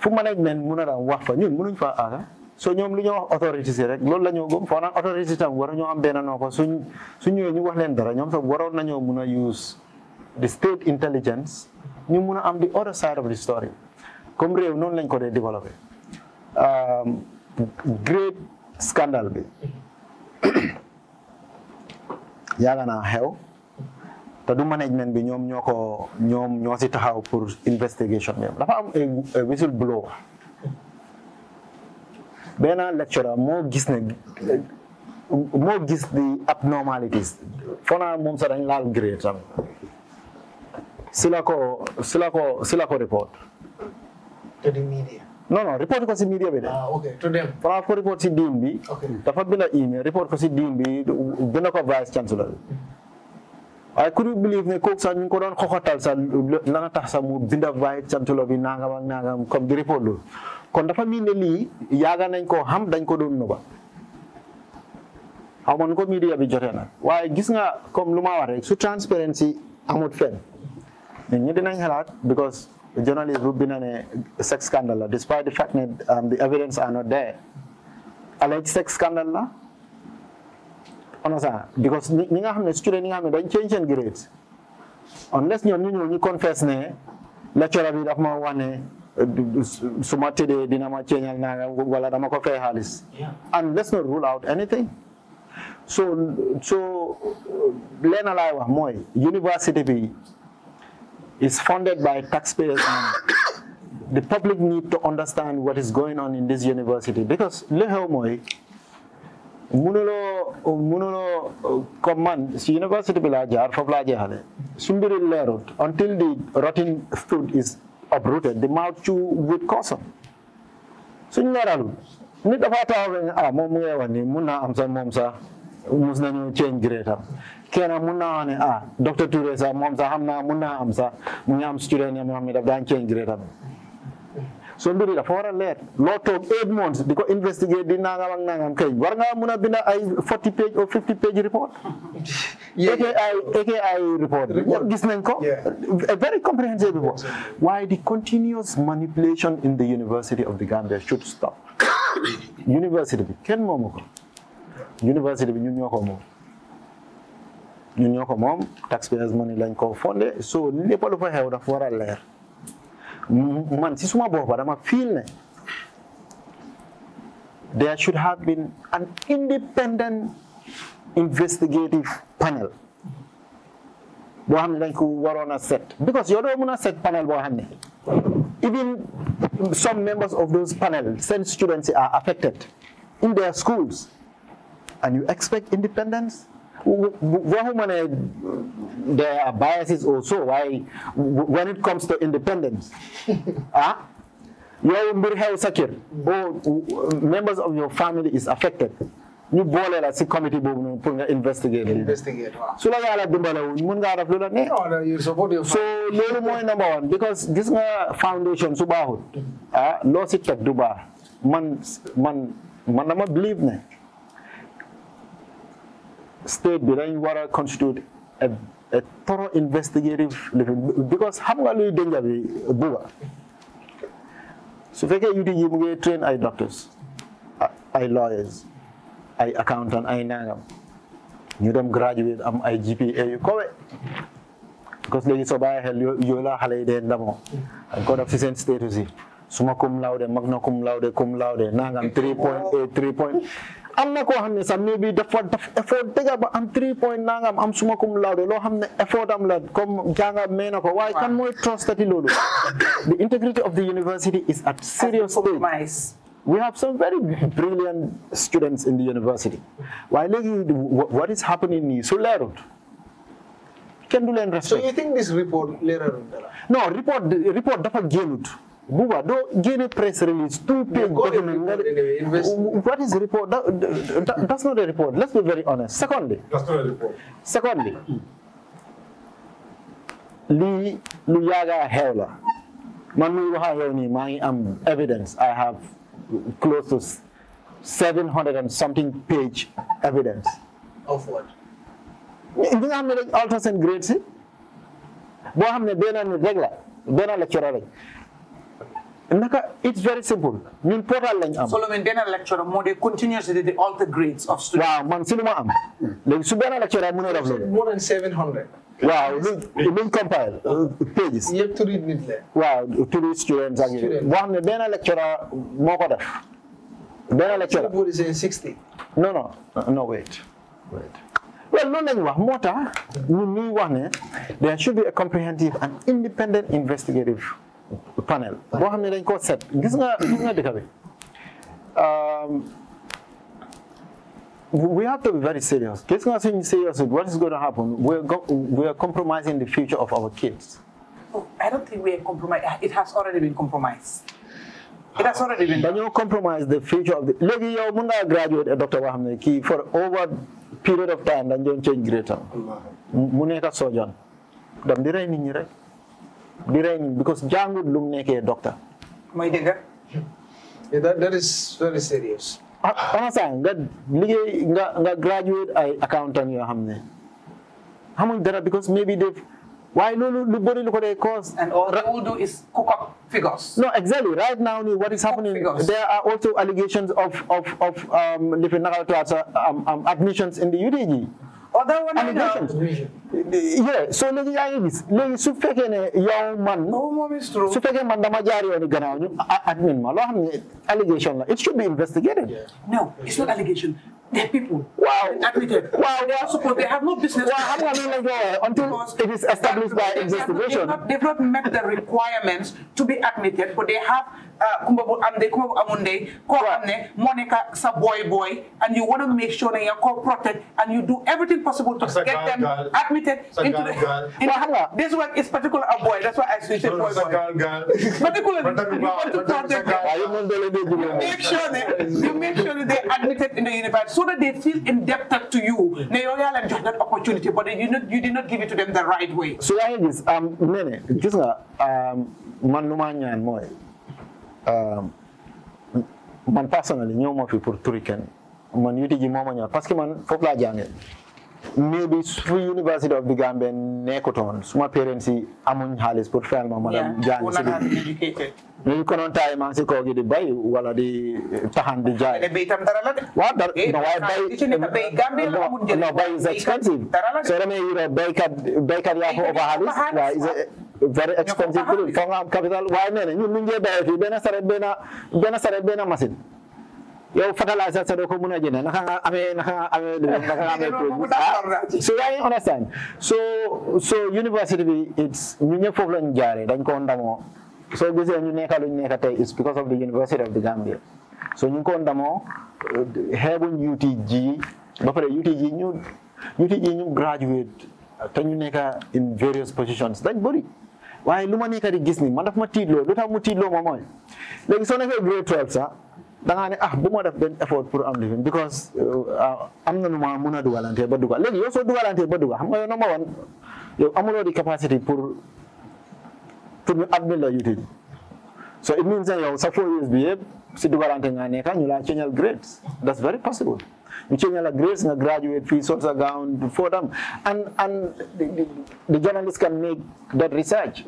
fu management mun a daan wax fa ñun mënuñ faa aaga soo ñoom lu ñu wax autorité si rek loolu la ñoo gëm foo naan autorité war ñoo am benn noo ko suñ suñ ñu wax leen dara ñoom sax waroon nañoo mun a use the state intelligence ñu mun a am di other side of the story comme réew noonu lañ ko dee développé um, great scandale bi yàgg naa xew te du management bi ñoom ñoo ko ñoom ñoo si taxaw pour investigation bi dafa am ay whistle blower benn lecturer moo gis ne moo gis di abnormalities foo naa moom sax dañ laal grade si la ko si la ko si la report non non report ko si media bi ah ok to dem fala ko report si dean bi dafa bina email report ko si dean bi binda ko vice chancellor I could ñu believe ne ko sa ñu ko doon xoxatal sa la nga tax sa mu binda vice chancellor bi nangam ak nangam comme di report loolu kon dafa mel ne lii yaaga nañ ko xam dañ ko doon nuba ko media bi jote na waye gis nga comme luma su transparency amout fen. ñi dinañ because journalist bu bind ne sex scandal la despite the fact ne um, the evidence are not there alleged sex scandal la because ñi nga xam ne student ñi nga xam ne dañ change seen grade unless ñoom ñu ñëw ñu confess ne lecturer bi daf ma wax ne euh, su ma tëddee dina ma ceeñal naa wala dama ko fay xaalis and let's not rule out anything so so leena wax mooy university bi is funded by taxpayers the public need to understand what is going on in this university because li xew mooy mënuloo mënuloo si university bilajar for jaar foofu laa until the rotten fruit is uprooted the mouth chew would caution suñ leeralul nit dafa taxaw ah moom mu ngi wax ni mun naa am sax moom sax mus nañu change greater kena munnaane a ah, docteur touré sa moom sa xam naa mun naa am am student yoo xam ne daf change grade am so mbiri dafa war a leer loo toog eight months di ko investigate di nangam ak nangam kay war ngaa mun a ay forty page or fifty page report AKI AKI report gis nañ ko a very comprehensive report why the continuous manipulation in the University of the Gambia should stop university bi kenn university bi ñun ñun ñoo ko moom taxpayers money lañ ko fondé so lépp lu fa xew dafa war a leer man si suma boppa dama fiil ne there should have been an independent investigative panel boo xam dañ ko waroon set because yow doo mun set panel boo xam even some members of those panels seen students are affected in their schools and you expect independence there are biases also why when it comes to independence ah yow mbir xew sa kër boo members of your family is affected ñu boole la si comité boobu noonu pour nga investiguer su la yàlla dimbalewuñ mun ngaa def lu la ne so loolu mooy number one because gis nga foundation su baaxut ah loo si teg du baax man man man dama believe ne state bi dañ war a constitute a a thorough investigative because xam nga luy danger bi buba su fekkee UDG mu ngi train ay doctors ay lawyers ay accountant ay nangam ñu dem graduate am ay GPA yu kowe because léegi soo bàyyi xel yoo laa xale yi dee ndamoo dañ ko def si seen status yi suma cum laude magna cum laude cum laude nangam 3 point 8 3 point am na koo xam ne sax mais bi dafa def effort dëgg ba am three point nangam am suma kum laado loo xam ne effort am la comme jànga may na ko waaye kan mooy trustati loolu the integrity of the university is at serious stake we have some very brilliant students in the university waaye léegi what is happening nii su leerut kenn du leen respect so you think this report leeralul dara non report report dafa génnut Buba, don't give a press release. Stupid government. What is the report? That, that, that's not a report. Let's be very honest. Secondly, that's not a report. Secondly, li lu Hela, xew la man muy wax ak yow evidence I have close to seven hundred and something page evidence. of what. bi nga xam ne dañ alter seen grade si boo xam ne benn nit lecturer it's very simple ñun portal lañ am. solo men benn lecturer moo de continuously di alter grades of students. waaw man si lu ma am. léegi su benn lecturer mën a def loolu. more than seven hundred. waaw lu luñ compile uh, pages. yëpp read, nit la. waaw turi students ak yooyu. boo xam ne benn lecturer moo ko def. benn lecturer. bu di seen sixty. non non uh, no wait wait. Well, there should be a comprehensive and independent investigative panel boo xam ne dañ koo set gis nga gis nga dëkk bi um, we have to be very serious. Case concern serious what is going to happen. We're we're compromising the future of our kids. Oh, I don't think we're compromised. Uh, it has already been compromised. It has already been. Then you compromise the future of the. Look, you muna graduate doctor wahamne ki for over period of time then you change greater. Muneka sojan. Dam diray ni di rey because jàngul lu mu nekkee docteur. mooy dëgg. that that is very serious. understand nga liggéey nga nga graduate ay accountant yoo xam ne xamuñ dara because maybe they've why loolu lu bëri lu ko dee cause. and all they will do is cook up figures. no exactly right now what is happening. there are also allegations of of of um, naka um, um, admissions in the UDG. other one allegations yeah so léegi yaa ngi gis su fekkee ne yow man su fekkee man dama jaar yooni gannaaw ñu admin ma loo xam ne allégation la it should be investigated no the people. Wow. Admitted. Wow. They are supposed they have no business. Wow. how can we know until it is established by they investigation? Have, they've not, met the requirements to be admitted, but they have uh, Kumbabu Amde, um, Kumbabu Amunde, Amne, Monica Saboy Boy, and you want to make sure that you're protected and you do everything possible to get them girl. admitted it's into the. Girl. Into well, this one is particular a boy. That's why I said it. boy. boy. Particularly, you want to protect them. Make sure they. you make sure that they're admitted in the university. so that they feel indebted to you. Ne yow yaa leen jox that opportunity but you did not give it to them the right way. su yaa ngi gis um, nee ne gis nga um, man lu maa ñaan mooy um, man personally ñëw ma fi pour turi kenn man UTG moo ma ñaan parce que man foofu laa jàngee. maybe su University of the Gambia nekkutoon suma parents amuñ xaalis pour fayal ma ma dem jàng si di ñu ko si koo gi di bay wala di eh, taxan di jaay waaw dara eh, waaye bay no bay is expensive soo demee Europe baykat baykat yaa fa ëpp xaalis waaw is eh, very expensive foog nga am capital waaye nee ñu ngee bayee fii benn saret benn saret benn machine yow fertilizer sa doo ko mën a jënd naka nga amee naka nga amee naka nga amee ah, so yaa understand so university bi it's ñu ñëpp foofu lañ jaaree dañ ko ndamoo soo gisee ñu nekka luñ nekka tey it's because of the University of the Gambia so ñu ngi ko ndamoo xeebuñ UTG ba pare UTG ñu UTG ñu graduate te ñu nekka in various positions dañ bëri waaye lu ma nekka di gis ni man daf ma tiitloo lu tax mu da nga ne ah buma def ben effort pour am living because uh, uh, am na numa muna dugalante ba dugal léegi yo so dugalante ba dugal xam nga no number one yo amulo di capacity pour pour ñu am la UTG so it means yo sa four years bi si dugalante nga kan? ñu la changeal grades that's very possible ñu changeal la grades nga graduate fee, so sa gown for them and and the journalists can make that research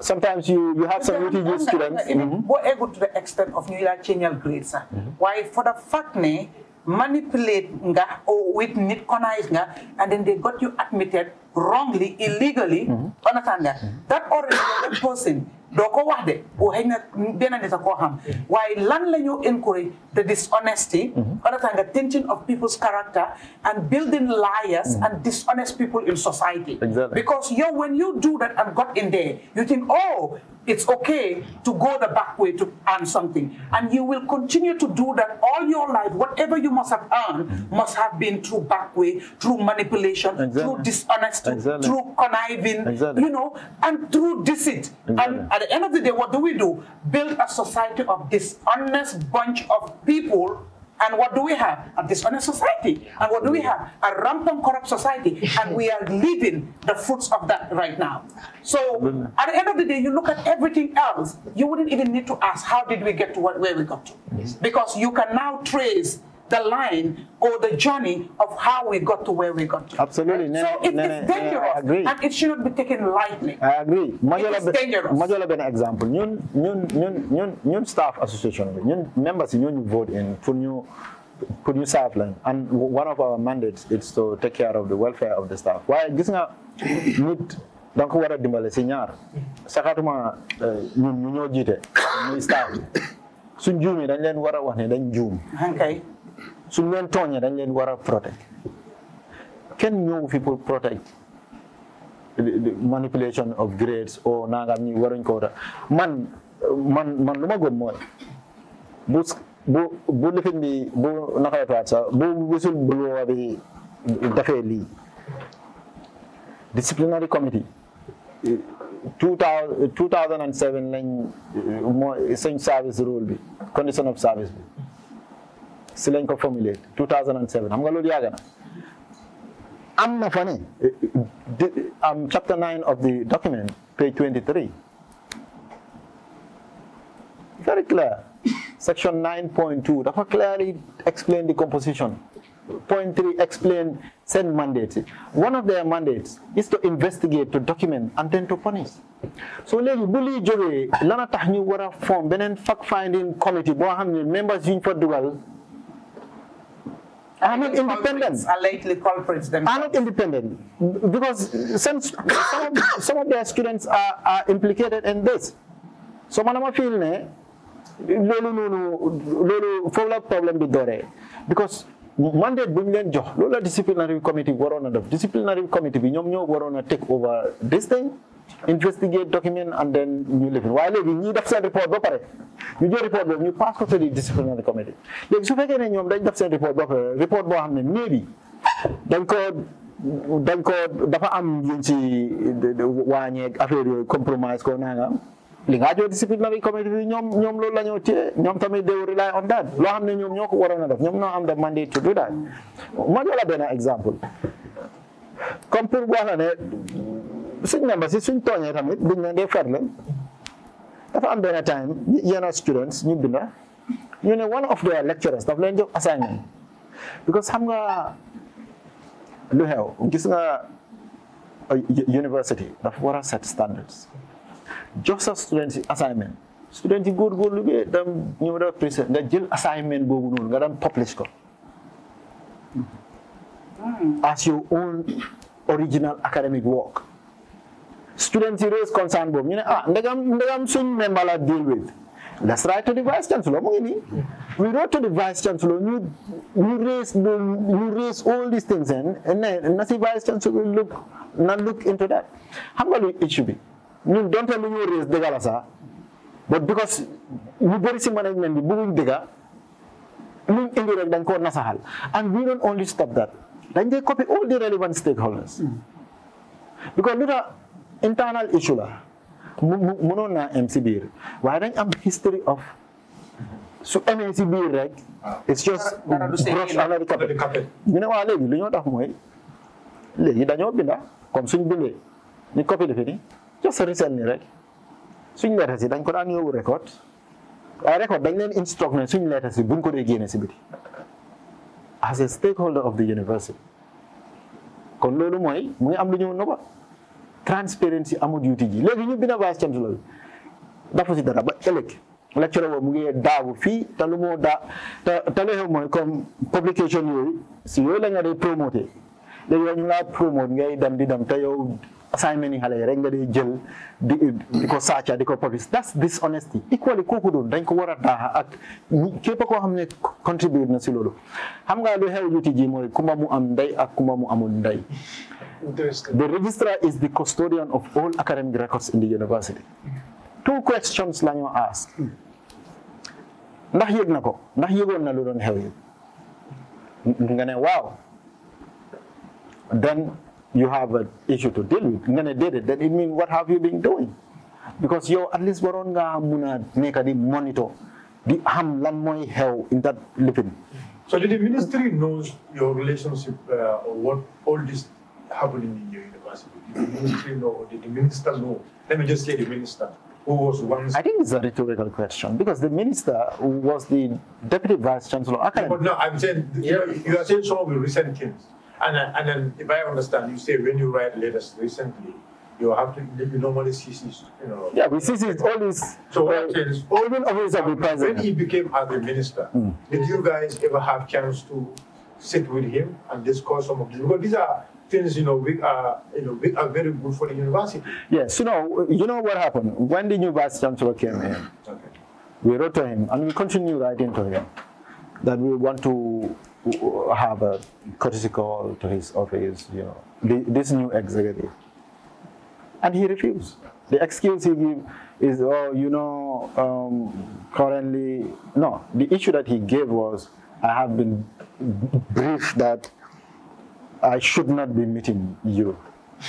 sometimes you, you have some UTG students. Mm -hmm. go to the extent of New York change grades. Mm -hmm. Why for the fact ne manipulate nga or with nitconize nga and then they got you admitted wrongly, illegally, mm -hmm. understand that? Mm-hmm. That already was person doo ko wax de waaye nag dina ne sa lan la ñu the dishonesty understand the tainting of people's character and building liars mhm. and dishonest people in society because yo when you do that and got in there you think oh it's okay to go the back way to earn something. And you will continue to do that all your life. Whatever you must have earned must have been through back way, through manipulation, exactly. through dishonesty, exactly. through conniving, exactly. you know, and through deceit. And at the end of the day, what do we do? Build a society of dishonest bunch of people and what do we have? A dishonest society. And what do we have? A rampant corrupt society. And we are living the fruits of that right now. So at the end of the day, you look at everything else, you wouldn't even need to ask, how did we get to where we got to? Because you can now trace the line or the journey of how we got to where we got to. Absolutely. Right? so it, no, it's dangerous. I agree. And it shouldn't be taken lightly. I agree. Majola it is dangerous. Majola ben example. Ñun ñun ñun ñun ñun staff association bi members yi ñoo vote in for new, pour ñu staff lañ and one of our mandates is to take care of the welfare of the staff. Waaye gis nga Don't war a dimbale si ñaar saxatuma eh, ñun ñu ñoo jiite ñuy staff suñ juum yi dañ leen war a wax ne dañ suñ leen dañ leen war a protéger kenn ñëw fi pour protéger manipulation of grades o oh, nangam ñi waruñ ko wota man man man lu ma gëm mooy bu bu bu lifin bi bu naxaatuwaat sax bu wésul buloo bi dafee lii disciplinary committee two thousand and seven lañ mooy sëñ service rule bi condition of service bi si lañ ko formulé 2007 xam nga loolu it. i am not funny. Eh, eh, eh, um, chapter 9 of the document page 23 very clear section 9.2 dafa clearly explain the composition point 3 explained send mandates. one of their mandates is to investigate to document and then to punish so let bu lii jógee lana tax ñu war a form Benin fact finding committee boo members in fa are not independent. Are lately culprits themselves. am not independent because since some, of, some of their students are, are implicated in this. So I feel ne lolu nonu lolu problem bi dore because mandate bu ñu leen jox loolu la disciplinary committee bi waroon a def disciplinary committee bi ñoom ñoo waroon a take over this thing investigate document and then ñu lifin waaye léegi ñii def seen report ba pare ñu jël report boobu ñu pass ko to the disciplinary committee léegi su fekkee ne ñoom dañ def seen report ba pare report boo xam ne mairie dañ ko dañ ko dafa am yuñ ci wàññeeg affaire yooyu compromise ko naanga li nga jox discipline bi community bi ñom ñoom loolu lañu ci ñom tamit they rely on that lo xamne ñom ñoko ñoo ko def ñom ñoo am the mandate to do that ma jola ben benn exemple comme pour wax la ne suñ member ci suñ tooñee tamit buñ leen dee fer dafa am ben time yenn students ñu bina ñu ne one of their lecturers daf leen jox assignment because xam nga lu xew gis nga uh, university dafa wara set standards Just sa student assignment student yi góorgóorlu bi tam them ma def present the jël assignment go noonu nga dem publish hmm. as your own original academic work students raise concern boom. You know, ah ndegam ndegam member la deal with let's write to the vice chancellor we wrote to the vice chancellor We ñu raise ñu raise all these things and now the vice chancellor look na look into that How about it should be? ñun donte lu ñuy rees dëgga la sax but because ñu bëri si management bi bëgguñ dëgga luñ indi rek dañ koo nasaxal and we don't only stop that dañ dee copy all the relevant stakeholders because lu tax internal issue la mënoon naa am si biir waaye dañ am history of su amee si biir rek it's just brush under the carpet ñu ne waa léegi lu ñoo tax mooy léegi dañoo binda comme suñ bindee ñu copy defe ni just recently rek suñ letters yi dañ ko daan yóbbu record waaye record dañ leen instruct ne suñ letters yi buñ ko dee génne si biti as a stakeholder of the university kon loolu mooy mu ngi am lu ñu nëbba transparency amul duty ji léegi ñu bina vice chancellor bi dafa si dara ba ëllëg lecturer boobu mu ngi daabu fii te lu moo daa te te lu mooy comme publication yooyu si yooyu la nga dee promoté léegi yow laa promote ngay dem di dem te yow assignment yi rek nga dee jël di ko saaca di ko publish that's dishonesty equally kooku doon dañ ko war a daaxa ak képp koo xam ne contribute na si loolu xam nga lu xew juuti ji mooy kumba mu am ndey ak kumba mu amul ndey the registrar is the custodian of all academic records in the university two questions la ask ndax yëg na ko ndax yëgoon na lu doon xew yi nga ne you have an issue to deal with I did it, that it mean what have you been doing because you at least waroon ngaa mun a di monitor di ham lan mooy in that living. So did the ministry knows your relationship uh, or what all this happening in your university? Did the ministry know or did the minister know? Let me just say the minister. Who was once I think it's a rhetorical question because the minister was the deputy vice chancellor. No, but no, I'm saying yeah. you are saying some of the recent things. And, and then, if I understand, you say when you write letters recently, you have to you normally see, you know. Yeah, we see his all his. So what is Olin always When he became as a minister, mm. did you guys ever have chance to sit with him and discuss some of this? Because these are things you know we are you know we are very good for the university. Yes, you know you know what happened when the new vice chancellor came here. Okay. We wrote to him and we continue writing to him that we want to have a courtesy call to his office, you know, this new executive. And he refused. The excuse he gave is, oh, you know, um, currently, no. The issue that he gave was, I have been briefed that I should not be meeting you,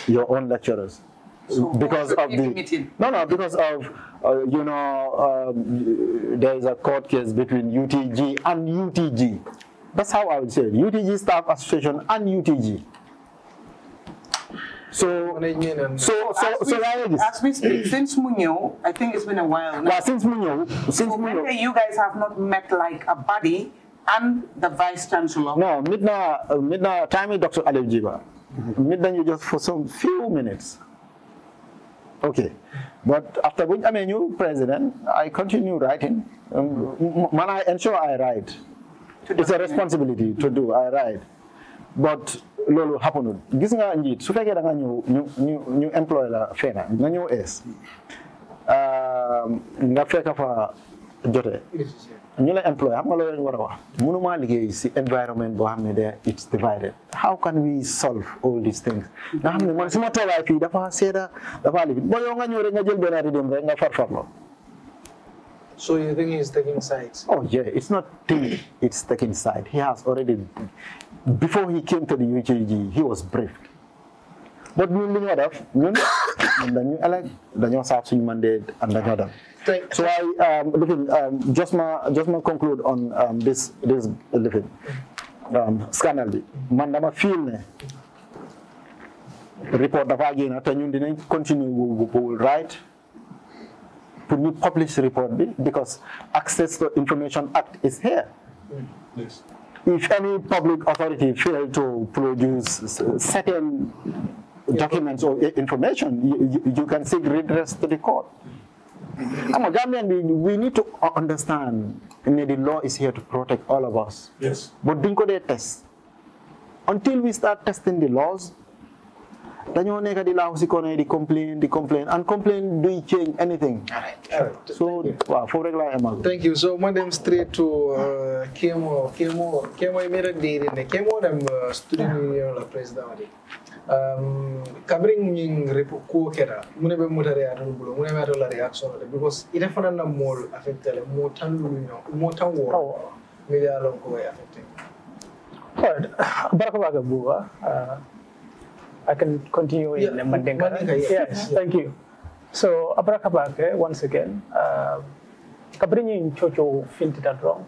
your own lecturers. So because of the meeting? no no because of uh, you know um, there is a court case between UTG and UTG that's how I would say it. UTG Staff Association and UTG. So, so, so, so, this. since Munyo, I think it's been a while now. Well, since Munyo, since so Munyo. you guys have not met like a buddy and the Vice Chancellor. No, midna, midna time is Dr. Alif Jiba. you just for some few minutes. Okay. But after when I'm a new president, I continue writing. Um, when I ensure I write, it's a responsibility to do I right but lolu happenul gis nga njit su fekke da nga ñu ñu ñu employé la feena nga es euh um, nga fekka fa jotté ñu la employé xam nga loolu lañ wax mënumaa liggéey si environment bo xamné ne it's divided how can we solve all these things nga xamné ne man suma toogaay fii dafa séda dafa li bo yo nga ñu rek nga jël benn dem rek nga farfarloo So you think he's taking sides? Oh yeah, it's not team, it's taking side. He has already, before he came to the UGG, he was briefed. But ñun li ñoo def ñun dañu elect dañoo to suñu mandate and dañoo dem. so I um, listen, um, just ma just ma conclude on um, this this listen, um, scandal bi man dama feel ne report dafa génn te ñun dinañ continue will write to we publish report B? Because Access to Information Act is here. Yes. If any public authority fail to produce certain documents or information, you, you can seek redress to the court. I'm a Gambian, we, we need to understand that the law is here to protect all of us. Yes. But dinko they test. Until we start testing the laws, dañoo nekk di laaxu si kono yi di complain di complain and complain do change anything. so waaw foofu rek laa emal. thank you so ma dem straight to uh, Kemo Kemo Kemo e mira diri ne Kemo dem um, uh, student union la president di um, kabrin ñing repo ko kera mune be mo tare atul bulo mune be atul la reaction de because ite fana na mol affecté le mo tan union mo tan wo oh. mi ya lon ko affecté Alright, barakabaka buba. Uh, I can continue in ya, yeah. Mandinka. yes. thank you. So, abrakabake, once again, uh, kabrini in chocho filti dadrong,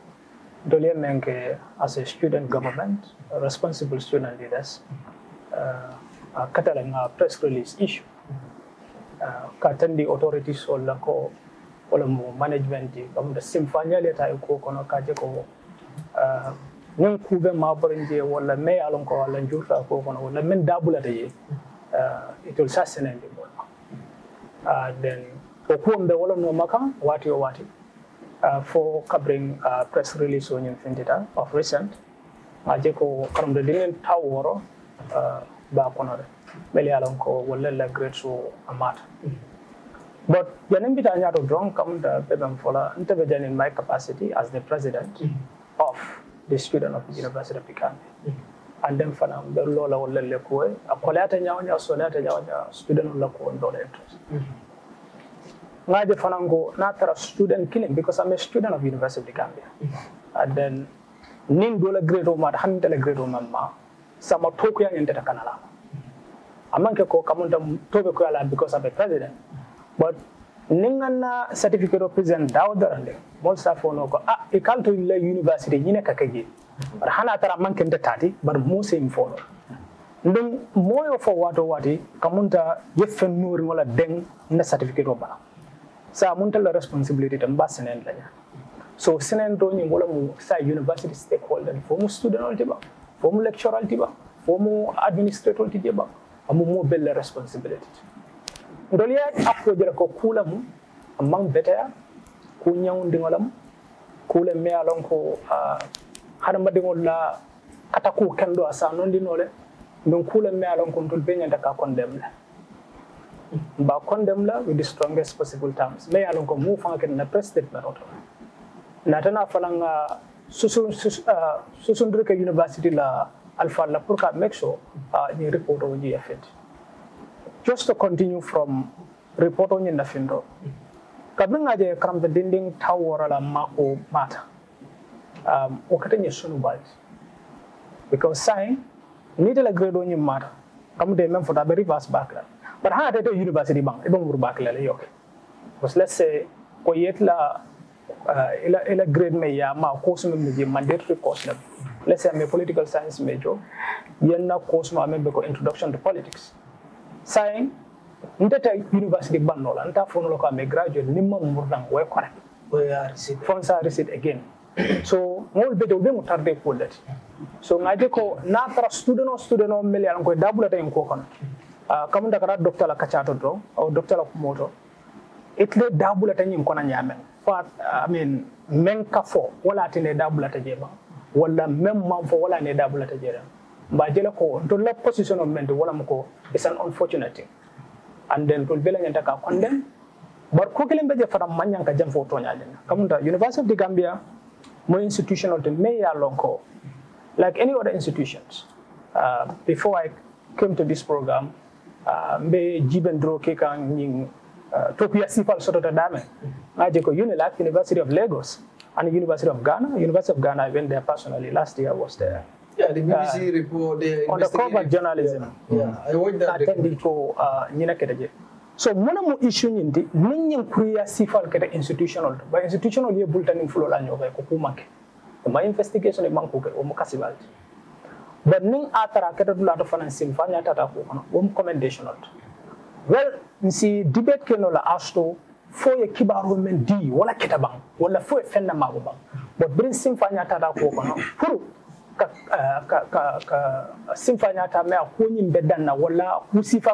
Dolian menke as a student government, responsible student leaders, uh, uh press release issue. Uh, katendi authorities olla ko wala management di kamu da simfanya leta ko kono kaje ko ñiŋ kuu be maaborin je walla me ye ko walla njuurta a koo kono walla meŋ daabulata ye uh, sa senendi mo la uh, then wo kuwon be wo le nooma kaŋ waati yo uh, fo kabiriŋ uh, press release o fintita uh, of recent a je ko karamdo dinin taw woro uh, baa kono le mele ye ko walla la grades o a maata mm -hmm. But Yanembita Anyato Drong come the Beben Fola, intervention in my capacity as the president of The student of the University of Pikambi. Mm -hmm. And then fanam be lola wala le kuwe akolata nyawanya solata nyawanya student the la kuwe ndola interest. Mm -hmm. Ngaje fanam go a student killing because I'm a student of the University of Gambia. Mm -hmm. And then nin dola grade o mat han tele grade o mamma sama toku yang entata kanala. Mm-hmm. Amanke ko kamunta tobe ko ala because I'm a president. Mm-hmm. But ni nga na certificate of president daw darande mol sa fono ko a ah, e kalto la university nyine ka kaje bar hana tara manke nda tati bar mo im fono ndum moyo fo wato wati kamunta yefen nuri wala deng na certificate ba sa munta la responsibility tan ba senen la so senen do ni wala mu sa university stakeholder fo mu student olti ba fo mu lecturer olti ba fo mu administrator olti ba amu mo belle responsibility ndoliya approjere ko kuulamu man beteya ku ñawdiŋolam kuule me a lon ko hadamadiŋol la kata ku kendo a saa nondinoo le ndun kuule me a lon ko ntol be ñanta ka kondem le mba kondem la with the strongest possible terms me ko mu faŋ kene na press statement oto natana fanaŋ susundiri ke university la alfa la pour ka make sure ñiŋ report o jiya feti just to continue from report on yenda findo kabinga je karam the dinding tower la mako mata um wakati ni sunu bali because sai ni de la grade on mata kamu de men fota be reverse back la but ha de university bang ibang mur back la yok because let's say ko yetla uh, ila ila grade me ya ma course me me mandatory course la let's say I'm political science major yenna course ma me be ko introduction to politics saying ntete university bannola nta fonola ko ame graduate nimma murdan way kore fon sa receipt again so ngol be do be mo tarde ko lati so ngaje ko na tara student o student o meli an ko dabula tay ko kon ah, kam daga ra docteur la kachato do o docteur la kumoto itle dabula tay ko na nyamen fa i mean men ka fo wala tine dabula tay ba wala mem man fo wala ne dabula tay jere the ko dolla position of men to wala is an unfortunate thing and then tol bela nyanta ka condemn bar ko kelen beje fata manyan ka jam fo toñaalen the university of the gambia more institution to the mayor lonko like any other institutions uh, before i came to this program I uh, jiben dro ke kan ning uh, topiya sifal sotota dame ngaje ko university of lagos and university of ghana university of ghana i went there personally last year i was there Yeah, the BBC uh, report, the on the corporate journalism. Yeah, yeah I that. Attending to uh, Nina Kedaje. So mwana mu issue nyindi ninyin kuya sifal kete institutional ba institutional ye bulletin flow la nyoba ko kumake ma investigation e manko ke o mukasi balti but nin atara kete dula to financing fanya tata ko kono o commendation not well nsi debate ke no la asto fo ye kibaro men di wala kete bang wala fo e fenna mabo bang but brin sim fanya tata ko kono ka, uh, ka, ka, ka sinfa ɲata a ko ɲin bɛ dan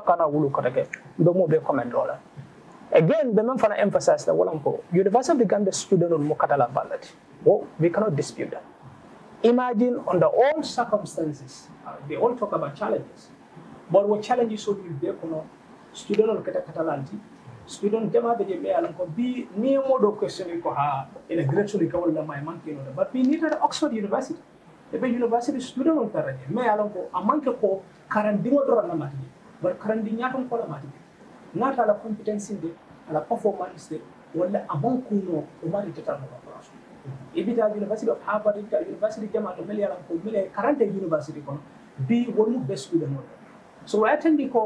kana wulu kɔrɔkɛ n bɛ comment dɔ again bɛ min fana emphasize la walan ko university of the gambia student olu mo kata well, we cannot dispute that imagine under all circumstances uh, they all talk about challenges but what challenges so you be kono student olu kata kata lanti student jama be je be alan ko question ko ha gradually ka wala mai man but we needed oxford university e be university student on tara je mais alon ko a manque ko karandiŋo doron la mati je bari karandi ñaton ko la mati je naata ala compétence de ala performance de walla a man kuno o mari tetalno ka place e bita university of harvard ta university jama to meli alan ko mele karante university kono bi wonu be student on so wa attendi ko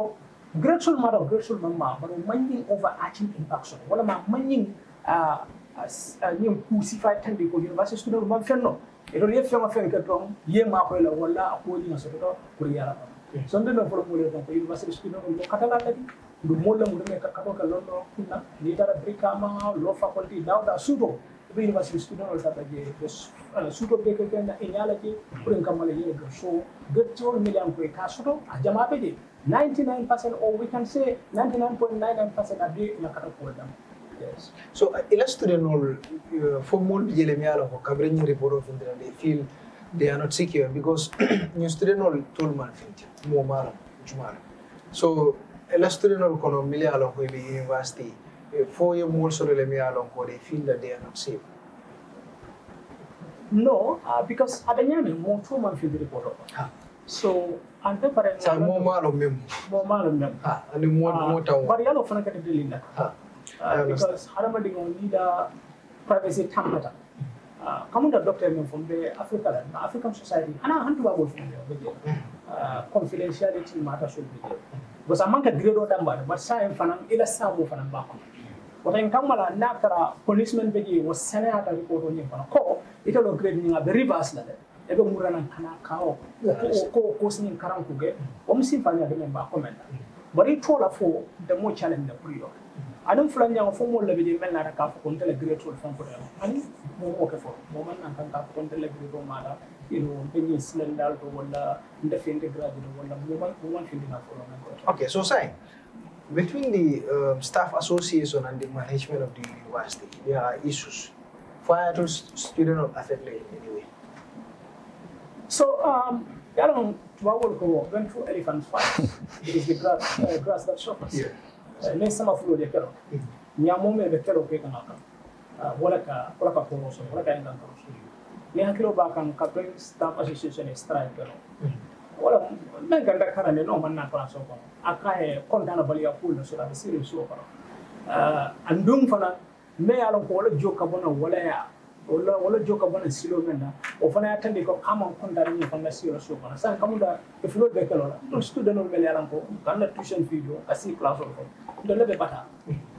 grateful mother grateful mamma bari manñin overarching impaction walla ma manñin ñin ah, ah, ah, kuusi fa tandi ko university student man fenno itol ye feŋo feŋ ke tɔŋ ye maa koy la walla a koo ñiŋa sotota pour yala kam sonde no folo mule kam ko université sukino ko kata la kadi ndu molla mu deme kato ka lonno kunna ni tara brikama lo faculty dawda suto be université sukino no tata je pour en kamala ye ga so gattiwol e ka soto a jama be je 99% or we can say 99.99% abdi na kata ko dam Yes. So uh, illustrator all uh, for more BLA miyala ko kabrenyi report of India they feel they are not secure because new student all told man finti mo mara jumara. So illustrator all kono miyala ko ibi university uh, four year more solo le miyala ko they feel that they are not safe. No, uh, because adanyani mo two man finti report of. Ah. So ante parang sa mo malo memo. Mo malo memo. Ah, ani mo mo tawo. Bariyalo fana ka tibili na. Ah. Uh, because Harvard leader privacy tampata uh, kamunta doctor men from the Africa African society ana hantu babo from the confidentiality matter should be there because amanka grade damba but sai fanan ila samu fanan bako wata in kammala na tara policeman beje was sana ta report on yamba ko ita lo grade ni ngabe reverse la ebe murana kana kawo ko ko sinin karan kuge o fanya de ba comment bari tola fo the challenge the prior aɗum fulanjago fof molla ɓe je melnata ka fo kontela grétol fankoɗa ani momo ke fo moman nan tan ka fo kontela gréto maɗa ino ɓeñi silendal to walla ndefende gradi to walla moman moman findina folonan ok so say between the um, staff association and the management of the university there are issues fire student of affected in any way so um, yaɗon tubawol ko won two elephant fight it is the grass, uh, grass that suffers yeah. mesama fulo de kero nyamo me be kero ke kana kan wala ka wala ka kono so wala ka inga kan so ni hakilo ba kan ka pe staff association strike kero wala men kan da kara ne no man na kan so ko aka e kontana bali ya kul so da be siri so ko andum fana me alon ko wala joka bona wala ya wala wala joka bana silo mena o fana ya tande ko kama kon dar ni fana silo so bana san kamu da e fulo be kala to student no mele yalan ko kan na tuition fee do asi class ko do lebe bata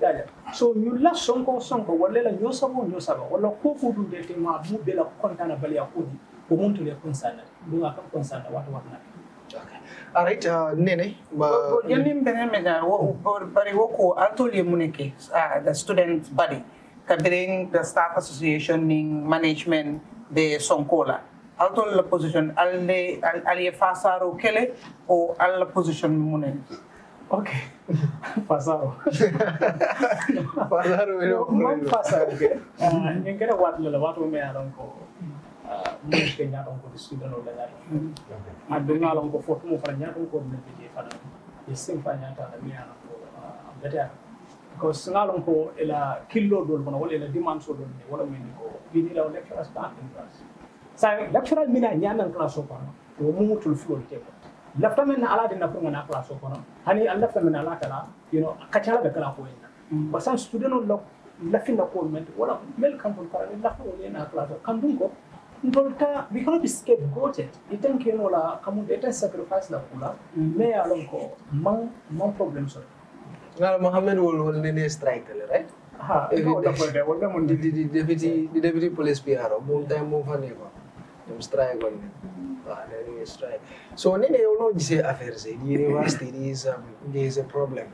yaja so ñu la sonko sonko wala la ñoo sabo ñoo sabo wala ko ko dum de te ma bu be la kon dana bal ya ko di ko mon to le kon sana do nga kam kon sana wat wat na All right, uh, Nene. Yanim Benemega, bari woko, I'll Munike, uh, the student body kabiring the staff association ning management de Sonkola. Alto la position alle alie fasaro kele o alla position munen. Okay. Fasaro. fasaro no, no fasaro ke. Ah, ngere wat lola wat me alon ko. Ah, ke nyaton ko disudo no la dai. Adunga alon ko fotu mo fara nyaton ko ne pije fana. Yesim fanya ta mi alon ko. Ambete ko sinalon ko ila killo dol bono wala ila demandes o dol wala men ko bini la lecturers stand in class sa lecturer mina nyanan class o kono to mumutul fiol te ko lafta men ala de nafru ngana class o kono hani al lafta men ala kala you know kachala be kala ko en basan student on lok na ko men wala mel kan bon kala lafi o na class kan dum ko ndolta we cannot be scapegoated itan kenola kamu data sacrifice la kula me alon ko man man problem so Now Mohammed will hold in a strike, right? Ha, the, the, the deputy the deputy police PR, boom time move on ego. Dem strike on it. Ah, strike. So when they know this affair say the university there is eh? um, there is a problem.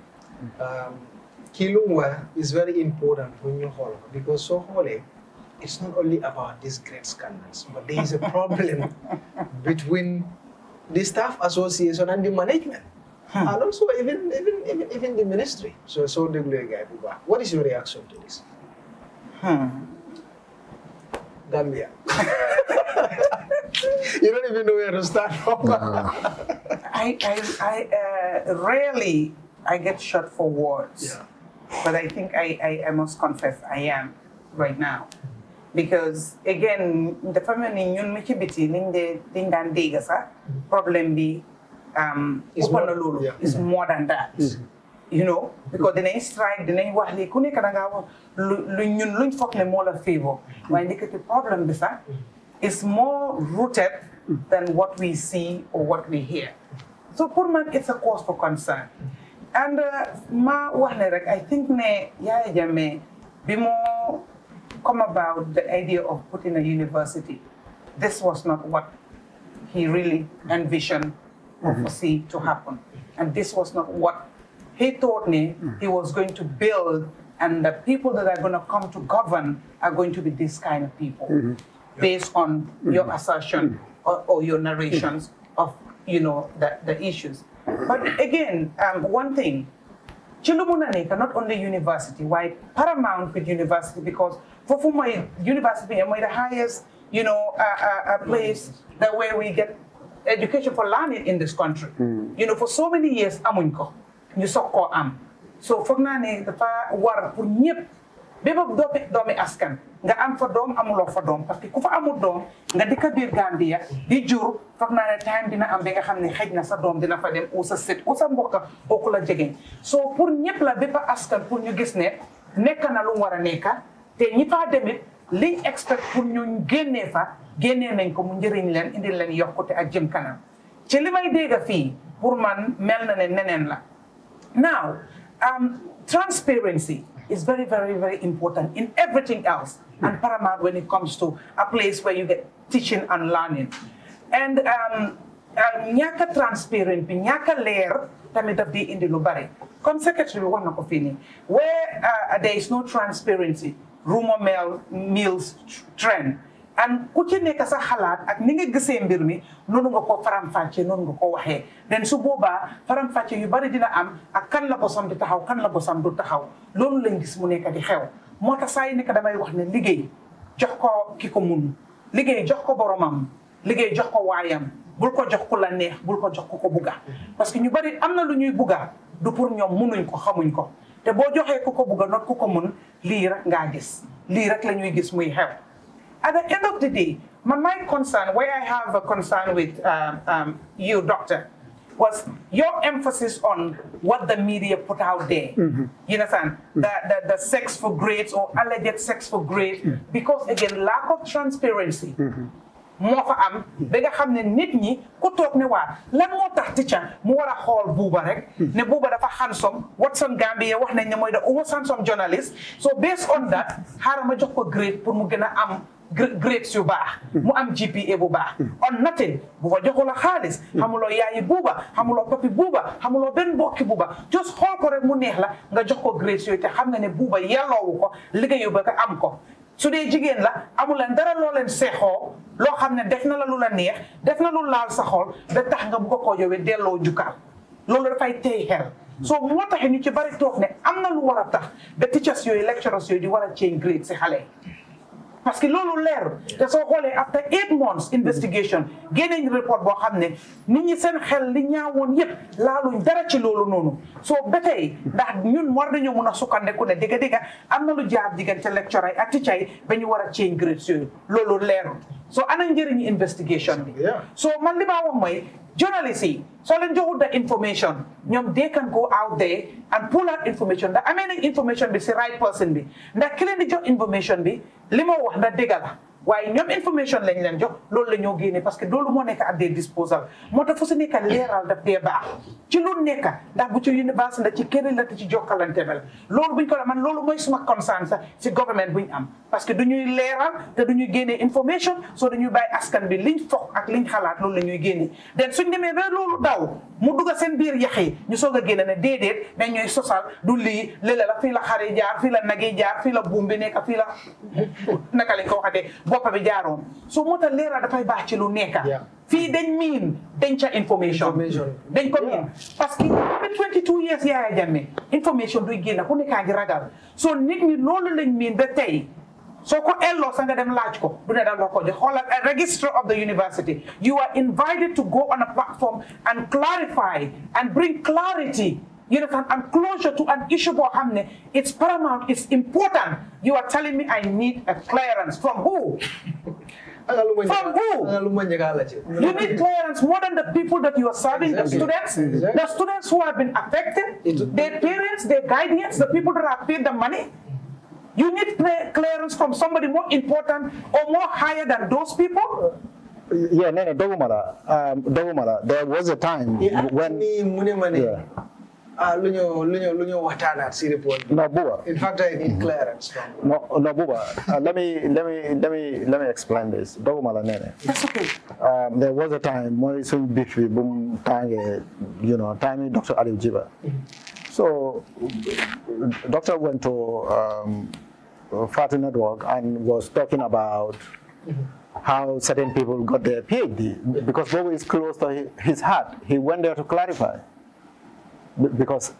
Um, Kilungwa is very important for New Hall because so holy eh, it's not only about these great scandals, but there is a problem between the staff association and the management. Hmm. And also even, even even even the ministry. So so What is your reaction to this? Hmm. Gambia. you don't even know where to start from. I I, I uh, rarely I get shot for words. Yeah. But I think I, I, I must confess I am right now because again the family ñun mi ci biti liñ de problem daan um, is Honolulu. Yeah. It's more than that. Mm-hmm. you know because dinañ strike the name lii ku nekk da ngaa wax lu ñun luñ foog ne moo la favor mm-hmm. waaye problem, problème mm-hmm. bi it's more rooted than what we see or what we hear so poor man it's a cause for concern and uh, ma wax I think ne Yaya Jammeh be more come about the idea of putting a university this was not what he really envisioned prophecy to happen. And this was not what he told me he was going to build, and the people that are going to come to govern are going to be this kind of people, mm -hmm. based on mm -hmm. your mm-hmm. assertion mm -hmm. or, or, your narrations of you know the, the issues. But again, um, one thing, Chilumunaneka, not only university, why paramount with university because for Fuma, university is the highest you know uh, uh, uh place that where we get education for learning in this country. Mm. you know for so many years amunko, you ñu soog am so for naa ne dafa war pour ñëpp bépp doomi doomi askan nga am fa doom amuloo fa doom parce que ku fa amul doom nga dikka biir Gambia di jur foog naa time dina am bi ham xam ne xëj na sa doom dina fa dem ou sa sët ou sa mbokka so pour ñëpp la bépp askan pour ñu gis ne nekk na lu mu war a nekka te ñi demit liñ expect pour ñu génnee génnee nañ ko mu njëriñ leen indil leen yokkute ak jëm kanam ci li may dégg fii pour man mel na ne neneen la now um, transparency is very very very important in everything else and hmm. paramount when it comes to a place where you get teaching and learning and um, uh, ñàkk a transparent bi ñàkk a leer tamit daf di indi lu bari comme secretary bi wax na ko fii nii where uh, there is no transparency rumor mill mills trend an ku ci nek sa xalaat ak ni nga gisee mbir mi nonu nga ko faram-fàcce nonu nga ko waxee den su boba faram-fàcce yu bari dina am ak kan la bosam di taxaw kan la bosam du taxaw loolu lañ gis mu nek di xew mota say nek yi nekk damay wax ne liggey jox ko ki mun liggey jox ko boromam liggey jox ko wayam bul ko jox ku la neex bul ko jox ku ko buga parce que ñu bari am lu ñuy buga du pour ñom munuñ ko xamuñ ko te bo joxee ku ko buga not ku ko mun li rek nga gis li rek lañuy gis muy xew At the end of the day, my, my concern, where I have a concern with um, um, you, doctor, was your emphasis on what the media put out there. Mm -hmm. You understand? Mm -hmm. the, the, the, sex for grades or alleged sex for grades. Mm -hmm. Because again, lack of transparency. Mm-hmm. moo fa am mm-hmm. bega hamne xam ne nit ñi ku toog ne waa lan moo tax teacher mu war a xool buuba rek mm-hmm. ne buuba dafa handsome Watson Gambia wax nañ ne mooy da almost handsome journalist so based on that xaaral ma jox grade pour am grades yu baax mu am GPA bu baax on nothing bu ko joxula xaalis xamuloo yaayi buuba xamuloo papi buuba xamuloo benn bokki buuba just xool ko rek mu neex la nga jox ko grades yooyu te xam nga ne buuba wu ko liggéeyu ba ko am ko su dee jigéen la amul leen dara loo leen seexoo loo xam ne def na la lu la neex def na laal sa xool da tax nga bu ko koo jowee delloo jukkaal loolu dafay tey xel so moo tax ñu ci bari toog ne am na lu war a tax ba teachers yooyu lecturers yooyu di war a change grade si xale parce que loolu leer te soo xoolee after eight months investigation génne ñu report boo xam ne ni ñi seen xel li ñaawoon yëpp laaluñ dara ci loolu noonu soo ba ndax ñun war nañoo mun a sukkandiku ne dëgg-dëgg am na lu jaar diggante lecturer ak teacher yi ba ñu war a change grades yooyu loolu leerul so ana njëriñu investigation bi so man li ma wax mooy journalists eh. solo soo leen joxul da information ñoom they can go out there and pull out information ndax amee nañ information bi si right person bi ndax ki leen di jox information bi li ma wax ndax dëgg la waaye ñoom information lañ leen jox loolu la ñoo génne parce que loolu moo nekk at their disposal moo tax fu si nekk leeral daf dee baax ci lu nekk ndax bu ci université ndax ci keneen la te ci jokkalante mel loolu buñ ko la man loolu mooy suma concern sax si government buñ am parce que du ñuy leeral te du ñuy génnee information soo dañuy bàyyi askan bi liñ foog ak liñ xalaat loolu la ñuy génne den suñ demee ba loolu daw mu dugg seen biir yi ñu soog a ne déedéet dañ ñooy sosal du lii lële la fii la xari jaar fii la nagi jaar fii la buum bi nekk fii la naka lañ ko waxatee bopp bi jaaroon soo moo tax dafay baax ci lu nekka fii dañ miin dañ ca information dañ ko parce que depuis 22 years Yaya Jammeh information duy ku nekkaa ngi ragal soo nit ñi loolu lañ miin ba tey So, ko elloo sa nga dem laaj ko du registrar of the university you are invited to go on a platform and clarify and bring clarity you know, and closure to an issue boo Hamne, it's paramount it's important you are telling me I need a clearance from who from who? You need clearance more than the people that you are serving, exactly. the students, exactly. the students who have been affected, their parents, their guardians, the people that have paid the money. You need clearance from somebody more important or more higher than those people? Yeah, no, no, Double mother, Um, mother. there was a time yeah, when. Yeah. luñu uh, luñu luñu waxtaanaat si report. no in fact I need clearance. no no Buba uh, let me let me let me let me explain this doguma la nee that's okay. um, there was a time when suñ bif boom bu mu you know time Dr docteur Jiba. so doctor went to um, uh, Fatu Network and was talking about how certain people got their PhD because Bowie is close to his heart. He went there to clarify because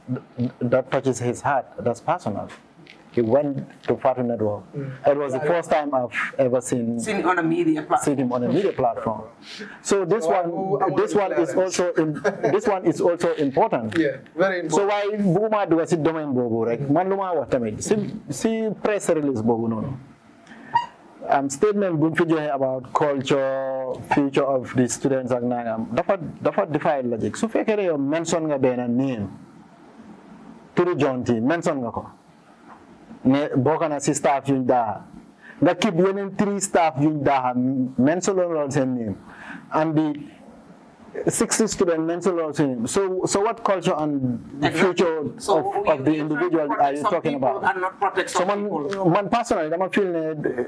that touches his heart, that's personal he went to Fatu Network. Mm. It was the first time I've ever seen, seen on a media platform. him on a media platform. So this so one, I, this one is also in, this one is also important. Yeah, very important. So why Buma do si domain bobo right? Manuma what I mean? See press release bobo no. Um, statement buñ fi about culture future of the students ak nangam dafa dafa defy logic su fekkee yow mention nga benn name turu jonti mention nga ko bokk na si staff yung daaxa nga keep yeneen three staff yung daaxa mention lool seen name and the 60 student mental lool seen so so what culture and future so of, we, of the individual are you talking about so man, man personally dama feel ne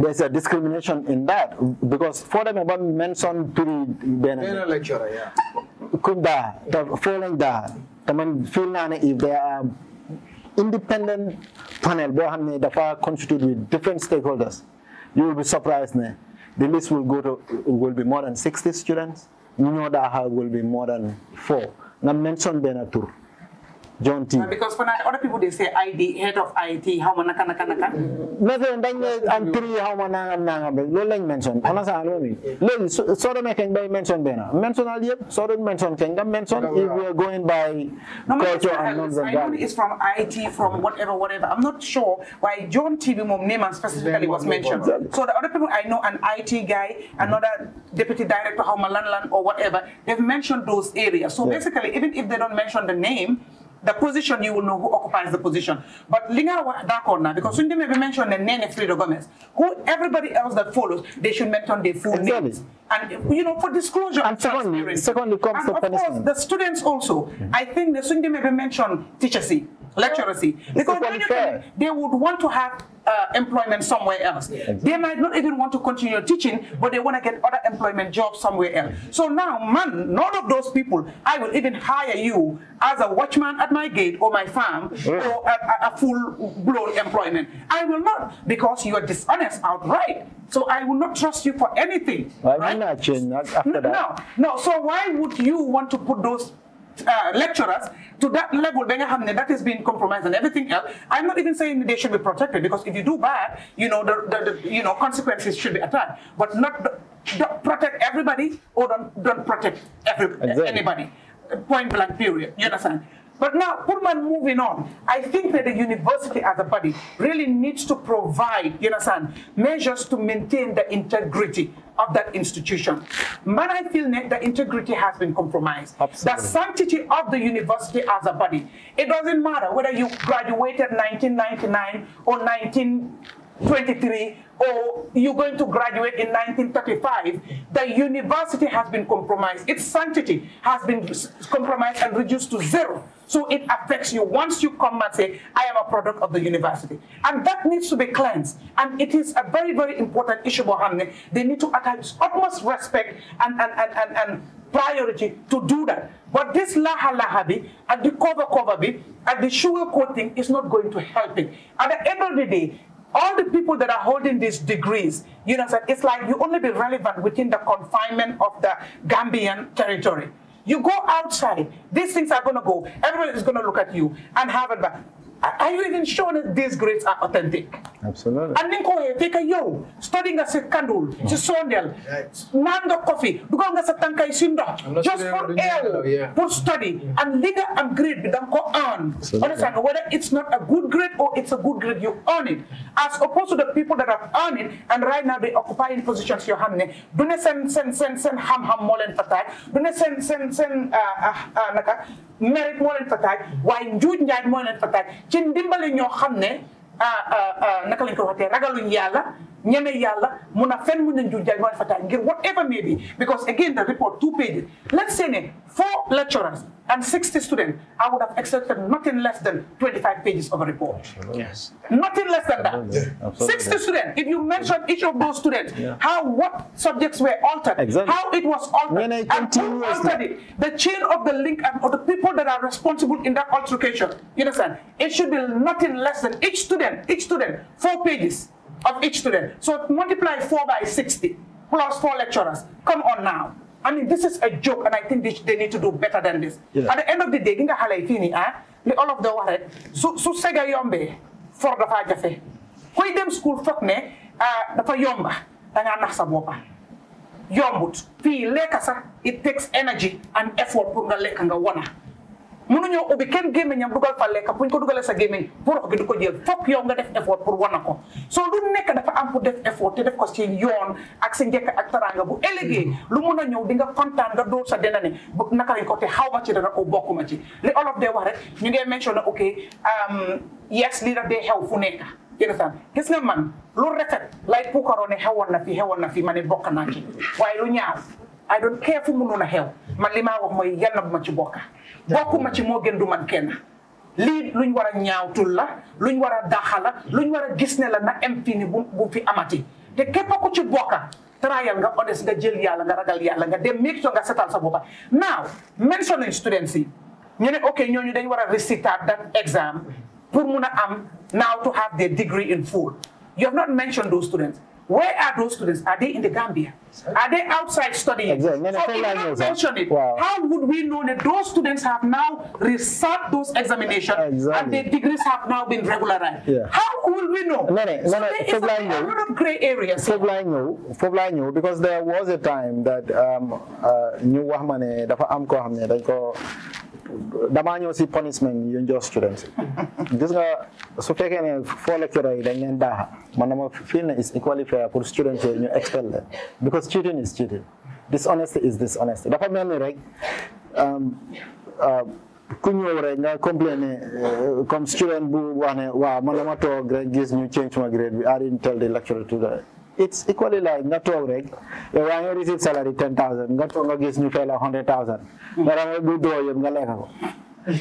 there's a discrimination in that because for them about mention to the lecturer yeah could that the feeling that I mean feel if they are independent panel boo xam ne dafa constituted with different stakeholders you will be surprised ne the list will go to will be more than 60 students ñu ñoo daaxa will be more than four nga mention benn tour. John T. Because for now, other people they say ID head of IT, how man naka naka naka. Nothing. Then I'm three how man nangam nangam. Lo lang mention. Ano sa ano ni? Lo sorry me keng by mention bena. Mention ali yep. Sorry mention keng. That mention if we are going by culture and norms and that. I it's from IT from whatever whatever. I'm not sure why John T. B. Bimom name and specifically was mentioned. So the other people I know, an IT guy, another deputy director, how Malanlan or whatever, they've mentioned those areas. So basically, even if they don't mention the name the position you will know who occupies the position. But linga that corner because when they may be mentioned the name Frida Gomez, who everybody else that follows, they should mention their full exactly. names. And you know, for disclosure and, and secondly, secondly comes and the of punishment. course the students also. Mm -hmm. I think the Sunday may be mentioned teacher C lecturacy. Because they would want to have uh, employment somewhere else. Yeah, exactly. They might not even want to continue teaching, but they want to get other employment jobs somewhere else. So now, man, none of those people, I will even hire you as a watchman at my gate or my farm yeah. or a, a full-blown employment. I will not because you are dishonest outright. So I will not trust you for anything. Well, right? not after that. No, no. So why would you want to put those uh, lecturers to that level that has been compromised and everything else. I'm not even saying they should be protected because if you do bad, you know, the, the, the you know, consequences should be attacked, but not don't protect everybody or don't, don't protect every, exactly. anybody. Point blank period. You understand? But now, Purman moving on, I think that the university as a body really needs to provide, you understand, measures to maintain the integrity of that institution. Man, I feel that the integrity has been compromised. Absolutely. The sanctity of the university as a body. It doesn't matter whether you graduated 1999 or 1923 or you're going to graduate in 1935, the university has been compromised. Its sanctity has been compromised and reduced to zero. So it affects you once you come and say, I am a product of the university. And that needs to be cleansed. And it is a very, very important issue, Mohammed. They need to attach utmost respect and, and, and, and, and priority to do that. But this laha lahabi and the cover cover bit, and the sugar coating is not going to help it. At the end of the day, all the people that are holding these degrees, you know, it's like you only be relevant within the confinement of the Gambian territory. You go outside, these things are going to go. Everybody is going to look at you and have it back are you even sure that these grades are authentic? Absolutely. And then take a yo, studying nga sa kandul, mm. si sondel, nando coffee, dugaw nga sa tangkay sindo, just for L, yeah. for study, yeah. Mm. and liga ang grade not go earn. Understand, whether it's not a good grade or it's a good grade, you earn it. As opposed to the people that have earned it, and right now they occupy in positions your hamne, dune sen sen sen sen ham ham molen patay, dune sen sen sen uh, uh, uh, naka, merit molen patay, why njuj njaj molen patay, ci ndimbali ñoo xam ne ah, ah, ah, naka lañ ko waxee ragaluñ yàlla ñeme yàlla mun a fen mun a njur jaay moo defataay ngir whatever may be because again the report two pages let's say ne four lecturers and 60 students, I would have accepted nothing less than 25 pages of a report. Absolutely. Yes. Nothing less than that. Absolutely. 60 students. If you mention each of those students, yeah. how what subjects were altered, exactly. how it was altered, and who altered it, the chain of the link and of the people that are responsible in that altercation. You understand? It should be nothing less than each student, each student, four pages of each student. So multiply four by 60 plus four lecturers. Come on now. I mean, this is a joke, and I think they, they need to do better than this. Yeah. At the end of the day, gi nga xale ah li olof da wax rek su su sega yombee for the dafaa jafe kuy dem school fuck me ah yomba da ngaa nax sa boppa yombut fii lekka sax it takes energy and effort pour nga lekk nga wana. ñëw ubbi kenn gémmiñam dugal fa lekk bu ñu ko dugalee sa gémmiñ pour gi du ko jël fokk yow nga def effort pour wana ko soo lu nekk dafa am pour def effort te def ko ci yoon ak si njëkk ak taranga bu ëllëgee lu mun a ñëw di nga kontaan nga door sa denda ne naka lañ ko te xaw ma ci dara ko bokkuma ci li olof dee wax rek ñu ngee mentionné ok um, yes lii daf dee xew fu nekk yéen gis nga man lu rafet lay puukaroo ne xewoon na fi xewoon na fi ma ne bokk naa ci waaye lu ñaaw I don't care noon a xew man li maa wax mooy yal na bu ma ci bokka bokkuma ci moo gën du man kenn lii luñ war ñaawtul la luñ war a daaxa la luñ war a gis ne la na empini bu bu fi amati te képp ku ci bokka trial nga honest nga jël yàlla nga ragal yàlla nga dem make sure nga setal sa boppa now mention nañ students yi ñu ne ok ñooñu dañ war a réciter that exam pour mun a am now to have their degree in full you have not mentioned those students Where are those students? Are they in the Gambia? Are they outside studying? Exactly. So if language. mention it, wow. how would we know that those students have now resat those examinations exactly. and their degrees have now been regularized? Yeah. How will we know? Nene, so Nene, there is a, lot of gray areas. For blind Foblanyu, because there was a time that um, uh, New Wahmane, dafa am ko xamne ko damaa si punishment yi ñu jox students gis nga su fekkee ne foo lecturer yi dañ leen daaxa man dama fii ne is equally fair pour students yi ñu expel because student is student. dishonesty is dishonesty dafa mel ni rek um, uh, ku ñëw rek nga complain ne uh, comme student bu wax ne waaw man dama rek gis ñu change my grade bi I didn't tell the lecturer to that it's equally like nga toog rek yow yaa ngi receive salary ten thousand nga toog nga gis ñu fay la hundred thousand nga ragal bu doo nga lekk ko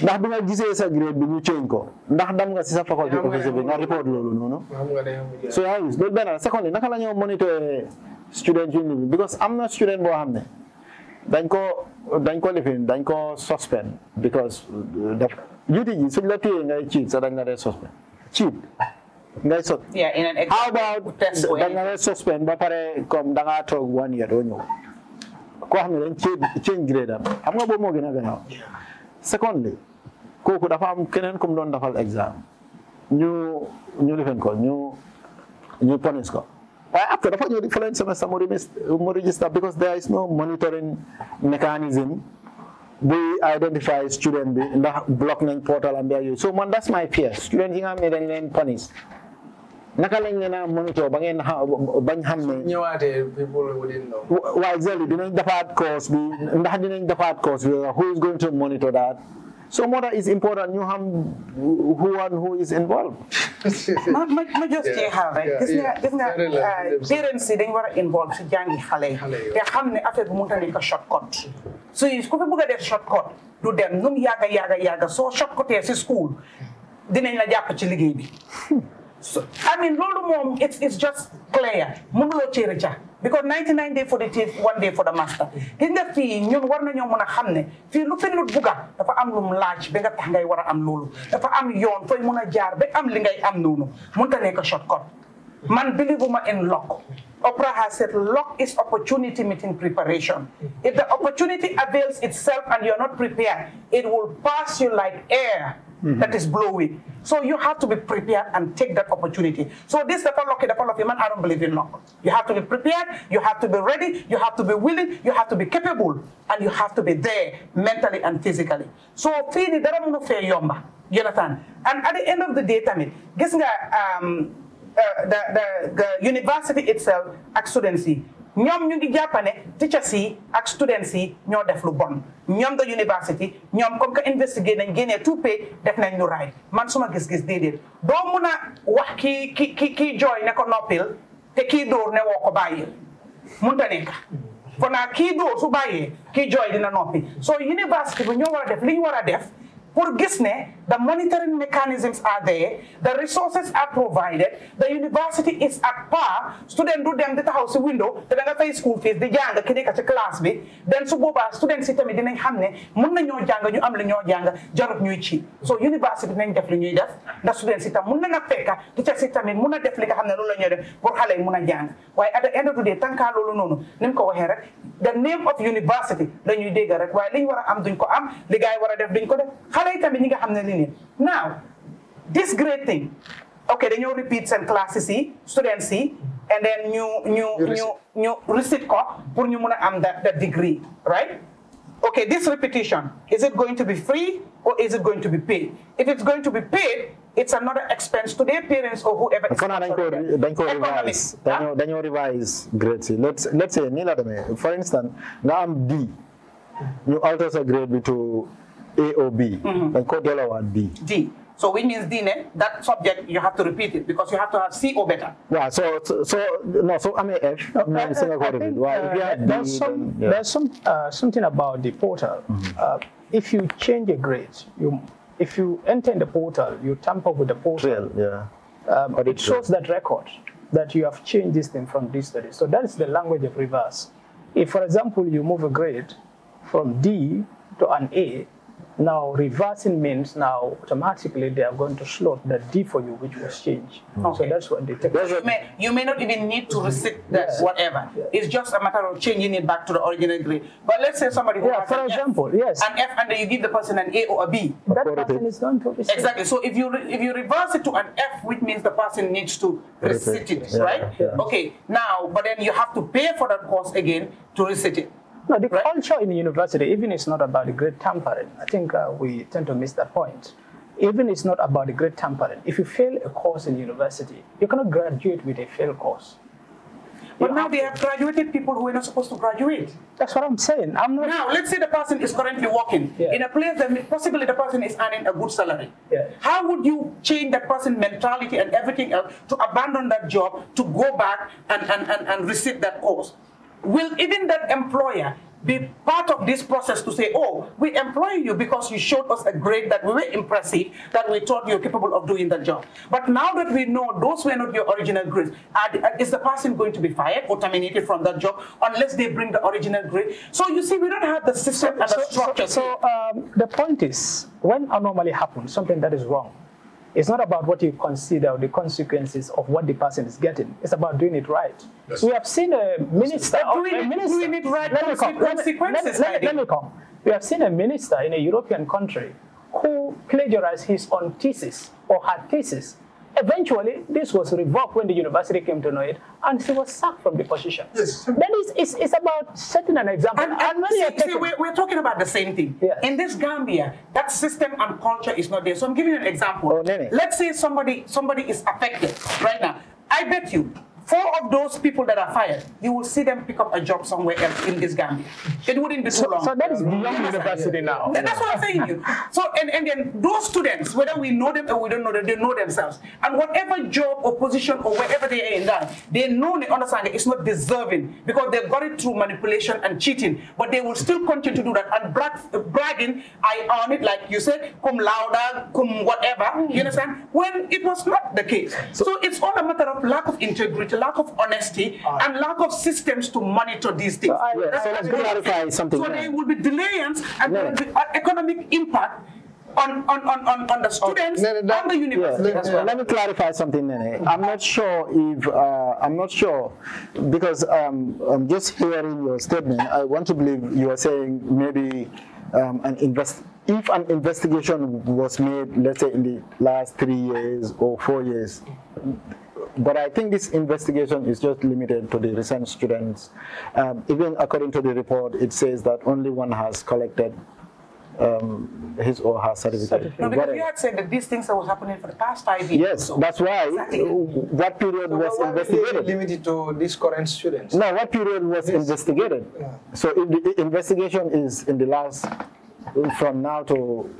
ndax bi nga gisee sa bi ñu ko ndax dam nga si sa faculté office nga report loolu noonu so yaa gis loolu benn la secondly naka la ñoo monitor student yu ni bi because am na student boo xam ne dañ ko dañ ko lifin dañ ko suspend because def duty ji suñ la téyee ngay cheat sa dañ la dee suspend ngay so how about da nga ba pare comme da ngaa toog one year doo ñëw koo xam ne dañ change grade am xam nga boobu moo gën a gaaw secondly kooku dafa am keneen kum doon dafal exam ñu ñu lifen ko ñu ñu punish ko waaye after dafa ñëw di following semester mu register because there is no monitoring mechanism buy identify student bi ndax block nañ portal am bi ak yooyu so man that's my fear student yi nga xam ne dañ leen punish naka lañ leen a monitor ba ngeen bañ xam ne. ñëwaatee people within know. waaye zeli dinañ defaat course bi ndax dinañ defaat course bi who is going to monitor that. so moo tax is important ñu xam who and who is involved. ma ma ma jos ci xal rek gis nga gis uh, parents yi dañ war a involve si jàngi xale yi te xam ne affaire bi mënut a nekk shortcut su ku fi def shortcut du dem nu mu yàgga yàgga yàgga soo shortcutee si school dinañ la jàpp ci liggéey bi I mean loolu mom, it's it's just clear mënuloo cee rëcca because 99 day for the chief, one day for the master In the fee, ñun war nañoo mën a xam fee. fii lu fi buga. bugga dafa am lu large. Bega ba wara tax ngay war a am loolu dafa am yoon fooy mën a jaar ba am li am noonu mën ta shortcut man believuma in luck Oprah has said luck is opportunity meeting preparation. If the opportunity avails itself and you're not prepared, it will pass you like air. Mm -hmm. that is blowing. So you have to be prepared and take that opportunity. So this the call the call of human, I don't believe in luck. You have to be prepared, you have to be ready, you have to be willing, you have to be capable, and you have to be there mentally and physically. So fini dara mo fe yomba, understand? And at the end of the day, I mean, guess um, uh, the, the, the, university itself, excellency, ñoom ñu ngi jàppane teachers si ak students si ñoo def lu bon ñoom da university ñoom comme que investigué nañ génnee tuupee def nañ lu raay man suma gis-gis déedéet doo mun a wax kii ki ki kii jooy ne ko noppil te kii dóor ne woo ko bàyyil munta nekk kon naa kii dóor su bàyyee kii jooy dina noppi soo university bi ñoo war def li ñu war a def pour gis ne the monitoring mechanisms are there the resources are provided the university is at par student du dem di taxaw ci window te da nga fay school fees di jang ki nekk ci classe bi den su boba student ci tamit dinañ xamne ne mën nañu jang ñu am la ñoo jang jarot ñuy ci so university dinañ def li ñuy def da student ci tam mën na fekk fekka di ci si tamit mën na def li nga xamne ne loolu la ñoo def pour xalé mën a at the end of the day tanka loolu nonu nim ko waxe rek the name of university la dégg rek waaye liñ wara am duñ ko am li gaay wara def duñ ko def now this great thing ok Then you repeat seen classes see, students see, and then you, you, you, you recite ko for ñu mun a am that that degree right okay this repetition is it going to be free or is it going to be paid if it's going to be paid it's another expense to their parents or whoever is Fana, dañ ko revise then you revise great. yi let's let's say nii la for instance i am D you alter sa grade bi a or B. Mm-hmm. And Cordella D. D. So we means D, ne? that subject you have to repeat it because you have to have C or better. Yeah, so so, so no, so i mean F. No, I, I, I think, well, uh, D, there's some then, yeah. there's some uh, something about the portal. Mm-hmm. Uh, if you change a grade, you if you enter in the portal, you tamper with the portal. Trail, yeah. Um, it shows that record that you have changed this thing from this study. So that is the language of reverse. If, for example, you move a grade from D to an A, now, reversing means now automatically they are going to slot the D for you, which was changed. Okay. So that's what they take. You may, you may not even need to recite that yes. whatever. Yes. It's just a matter of changing it back to the original grade. But let's say somebody yeah, for an example, F, yes, an F, and then you give the person an A or a B. That person is going to reset. Exactly. So if you if you reverse it to an F, which means the person needs to recite it, yeah. right? Yeah. Okay. Now, but then you have to pay for that course again to recite it. No, the right. culture in the university, even it's not about the great tampering. I think uh, we tend to miss that point. Even it's not about the great tampering. If you fail a course in university, you cannot graduate with a failed course. But you now they have graduated people who are not supposed to graduate. That's what I'm saying. I'm not. Now, let's say the person is currently working yeah. in a place that possibly the person is earning a good salary. Yeah. How would you change that person's mentality and everything else to abandon that job, to go back and, and, and, and receive that course? Will even that employer be part of this process to say, oh, we employ you because you showed us a grade that we were impressive, that we thought you were capable of doing the job. But now that we know those were not your original grades, is the person going to be fired or terminated from that job unless they bring the original grade? So you see, we don't have the system so, and the so, structure. So, so um, the point is, when anomaly happens, something that is wrong, it's not about what you consider the consequences of what the person is getting. It's about doing it right. Yes. We have seen a minister. But doing, a minister, doing it right let me come. Consequences, let, let, let me come. We have seen a minister in a European country who plagiarized his own thesis or her thesis Eventually, this was revoked when the university came to know it, and she was sacked from the position. Yes. Then it's, it's, it's about setting an example. And, and, and see, see, we're, we're, talking about the same thing. Yes. In this Gambia, that system and culture is not there. So I'm giving you an example. Oh, Let's say somebody somebody is affected right now. I bet you Four of those people that are fired, you will see them pick up a job somewhere else in this Gambia. It wouldn't be so, long. So that is beyond university now. That's what I'm saying you. So, and, and then those students, whether we know them or we don't know them, they know themselves. And whatever job or position or wherever they are in that, they know, they understand that it's not deserving because they got it through manipulation and cheating. But they will still continue to do that. And brag, bragging, I earn it, like you said, come louder, come whatever, you understand? When it was not the case. So, so it's all a matter of lack of integrity lack of honesty uh, and lack of systems to monitor these things. So, yeah, so let's clarify something. So yeah. there will be delays and uh, economic impact on, on, on, on, the students on and the university yeah. well. Let me clarify something, Nene. Mm-hmm. I'm not sure if, uh, I'm not sure, because um, I'm just hearing your statement. I want to believe you are saying maybe um, an invest if an investigation was made, let's say in the last three years or four years, but I think this investigation is just limited to the recent students. Um, even according to the report, it says that only one has collected um, his or her certificate. No, because you had said that these things were happening for the past five years. Yes, so. that's why. Exactly. What period so was investigated? Limited to these current students. No, what period was this, investigated? Yeah. So the investigation is in the last from now to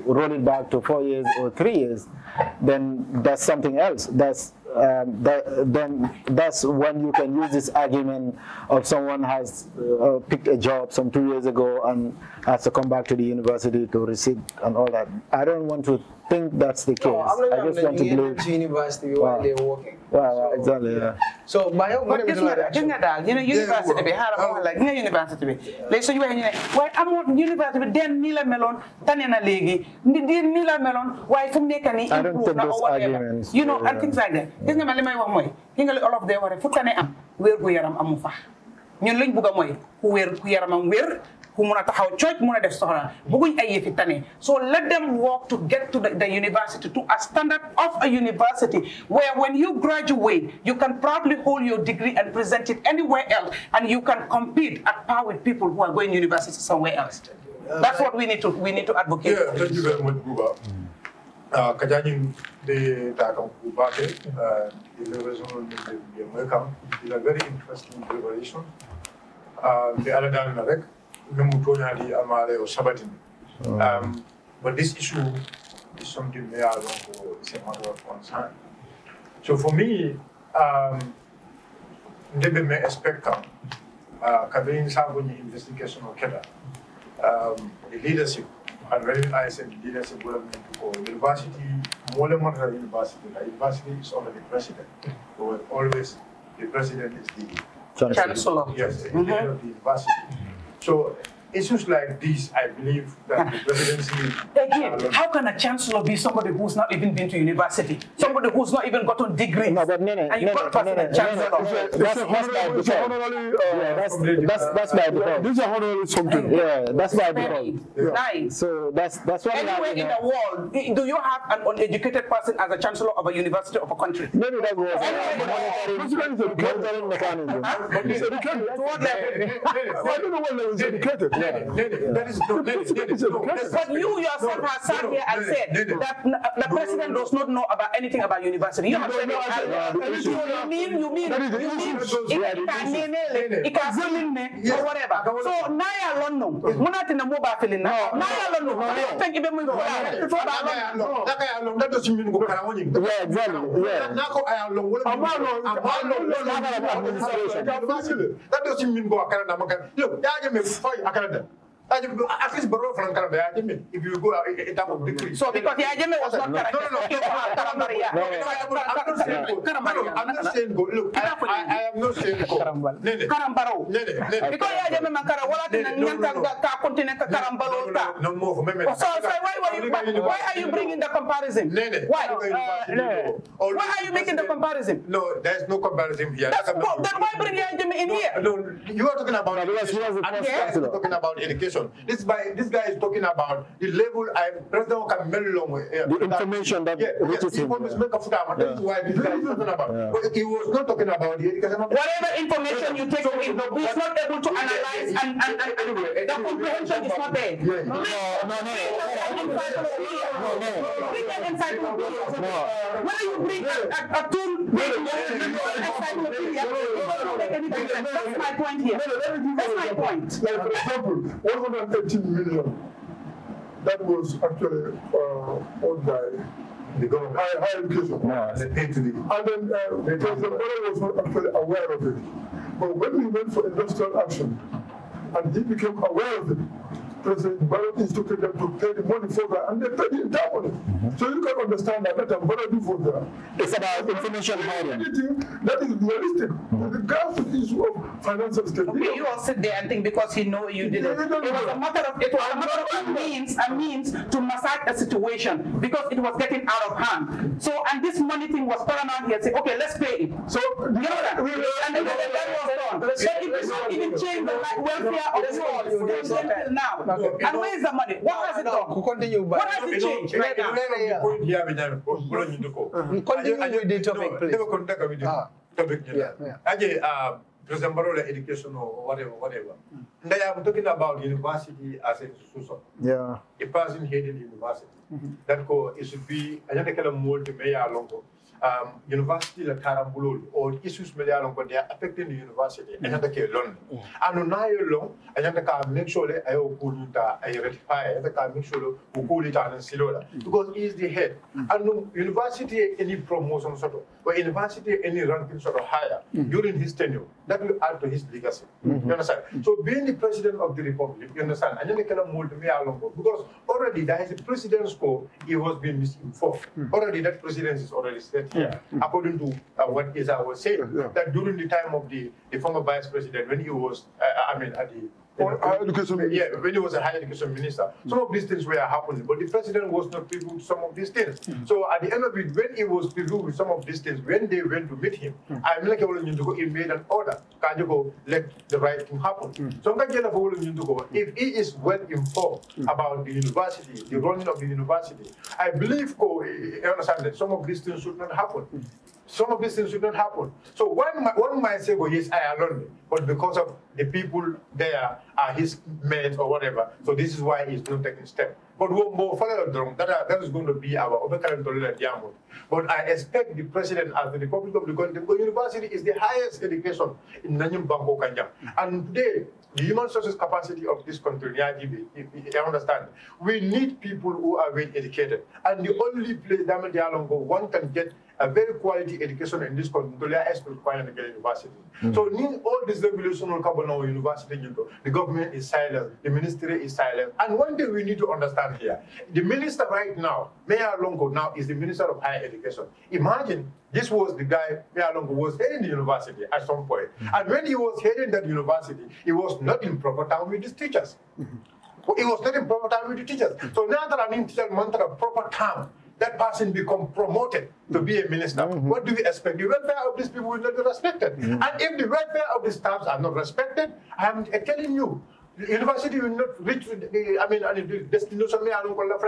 roll it back to four years or three years, then that's something else. That's um, that, then that's when you can use this argument of someone has uh, picked a job some two years ago and has to come back to the university to receive and all that. I don't want to think that's the case. No, I'm not I just want to believe. university while they're working. Wow, so, exactly, yeah. So my own but isn't that, isn't that, you know, university be hard on um, like near university be. Like so you were why I'm not university then Nila Melon, Tanena Legi, then Nila Melon, why from Nekani improve or whatever. You know, and things like that. Isn't that my one way? Hingle all of them were foot can I am, where we are am you ñun luñ bëgg mooy ku wér ku yaramam wér ku taxaw cooj mun def soxla bëgguñ ay yëfi tane so let them walk to get to the, the university to a standard of a university where when you graduate you can proudly hold your degree and present it anywhere else and you can compete at par with people who are going to university somewhere else that's what we need to we need to advocate yeah, thank you very much Buba. Uh, kajañin de takam kubate the reason the American uh, is a very interesting revelation Uh, the other day memutonali amale or sabatin. Oh. Um, but this issue is something where I don't go, it's a matter of concern. So for me, um, ndebe me expect am uh, kabin sabuni investigation okeda um, the leadership and very nice and the leadership development for university mole monitor university the university is under the president so always the president is the chancellor yes the mm leader of the university so issues like this, I believe that the presidency... Again, how can a chancellor be somebody who's not even been to university? Somebody who's not even gotten degree? No, but Nene, and you Nene, Nene, Nene, Nene, that's, that's by default. yeah, that's, that's, that's This is honorary something. Yeah, that's my. default. Nice. So that's, that's why. Anywhere in the world, do you have an uneducated person as a chancellor of a university of a country? No, no, that was monitoring mechanism. He's educated. I don't know what level he's educated let it, let it. That is no, let it, let it. No, but you yourself no, have sat no, here and said that the president does not know about anything about university. You have said it. You mean, you mean, you mean, it or whatever. So Naya London, Munati Namuba Filin, Naya I don't think even we go that doesn't mean go Yeah, exactly. Yeah. That doesn't mean go Akaranamakar. Look, I better at least borrow from Calabria, if you go in time of So because the IMF was not correct. No, no, no. No, no, I'm not saying go. No, I'm not saying go. Look, I, I, I am not saying go. Karambaro. Because the IMF man kara wala tina nyanta continent karambaro No more. So why you are you bringing the comparison? Nene. Why? Why are you making the comparison? No, there's no comparison here. then why bring the in here? No, you are talking about education. I'm talking about education information. This guy, this guy is talking about the level I President Okamelong. Uh, the information that, that yeah, reaches yeah, him. Yeah. That yeah. is why this guy is talking about. Yeah. But he was not talking about the education. Whatever information you take so from him, he's not able to analyze yeah, and, and, and the comprehension is not there. Yeah. No, no, no. When you bring a, a, a tool, encyclopedia, that's my point here. That's my point. Like, for example, what 118 million. That was actually uh, owned by the government. High, high education. No, the. And then uh, President was not actually aware of it. But when we went for industrial action, and he became aware of it, President is instructed them to pay the money for that, and they paid him that money. Mm -hmm. So you can understand that that Barrow do for that. It's about information hiding. Anything that is realistic. Mm -hmm. The graph issue of financial stability. Okay, you all sit there and think because he know you did it. It was a matter of it was a matter of means, a means to massage a situation because it was getting out of hand. So and this money thing was paramount here. Say, okay, let's pay it. So you know that. We, we, and then that was done. It, it, not even changed the welfare of all. Until now. And where is the money? What has it done? Continue, what has it changed? Right now? Uh-huh. Continue with the topic, please. Ah. Topic, yeah. yeah. Uh, education or whatever, whatever. Mm. They are talking about university as an institution. Yeah. A person heading university. Mm -hmm. That go, it should be, I think, a mold to mayor longer um, university la karambulol or issues mele alon ko they are affecting the university mm. anyanta ke mm. And mm. anu I yo I anyanta ka make sure go to kulunta I rectify anyanta ka make sure ko kulita nan silola mm. because he is the head mm. university any promotion sort of or university any ranking sort of higher mm. during his tenure, that will add to his legacy. Mm -hmm. You understand? Mm -hmm. So being the president of the republic, you understand, and then they cannot mold me along because already there is a president's score, he was being misinformed. Mm-hmm. Already that president is already set here, yeah. Mm-hmm. according to uh, I was saying, yeah. that during the time of the, the former vice president, when he was, uh, I mean, at the or uh, education minister. Yeah, when he was a higher education minister. Some of these things were happening, but the president was not privy with some of these things. Mm. So at the end of it, when he was privy with some of these things, when they went to meet him, I'm hmm. like, he made an order. go let the right thing happen. Mm. So if he is well informed mm. about the university, the running of the university, I believe, I oh, eh, eh, understand that some of these things should not happen. Hmm some of these things should not happen. So one, one might say, well, yes, I alone, but because of the people there are his mates or whatever, so this is why he's not taking steps. But we will more further along. That, that is going to be our overcurrent tolerant Yamut. But I expect the president as the Republic of the Congo university is the highest education in Nanyum Bangko Kanjang. And today, the human sources capacity of this country, I understand, we need people who are well educated. And the only place Diamond Dialongo one can get a very quality education in this country to their expert the university. Mm. So all this revolution will come on university, the government is silent, the ministry is silent. And one thing we need to understand here, the minister right now, Mayor Longo now is the minister of higher education. Imagine this was the guy, Mayor Longo was heading the university at some point. Mm. And when he was heading that university, he was not in proper time with his teachers. Mm -hmm. was not in proper time with the teachers. Hmm. So now that I need to tell mantra proper time that person become promoted to be a mm-hmm. minister. Mm -hmm. What do we expect? The welfare of these people will not be respected. Mm -hmm. And if the welfare of the staffs are not respected, I'm telling you, the university will not reach, the, I mean, the destination not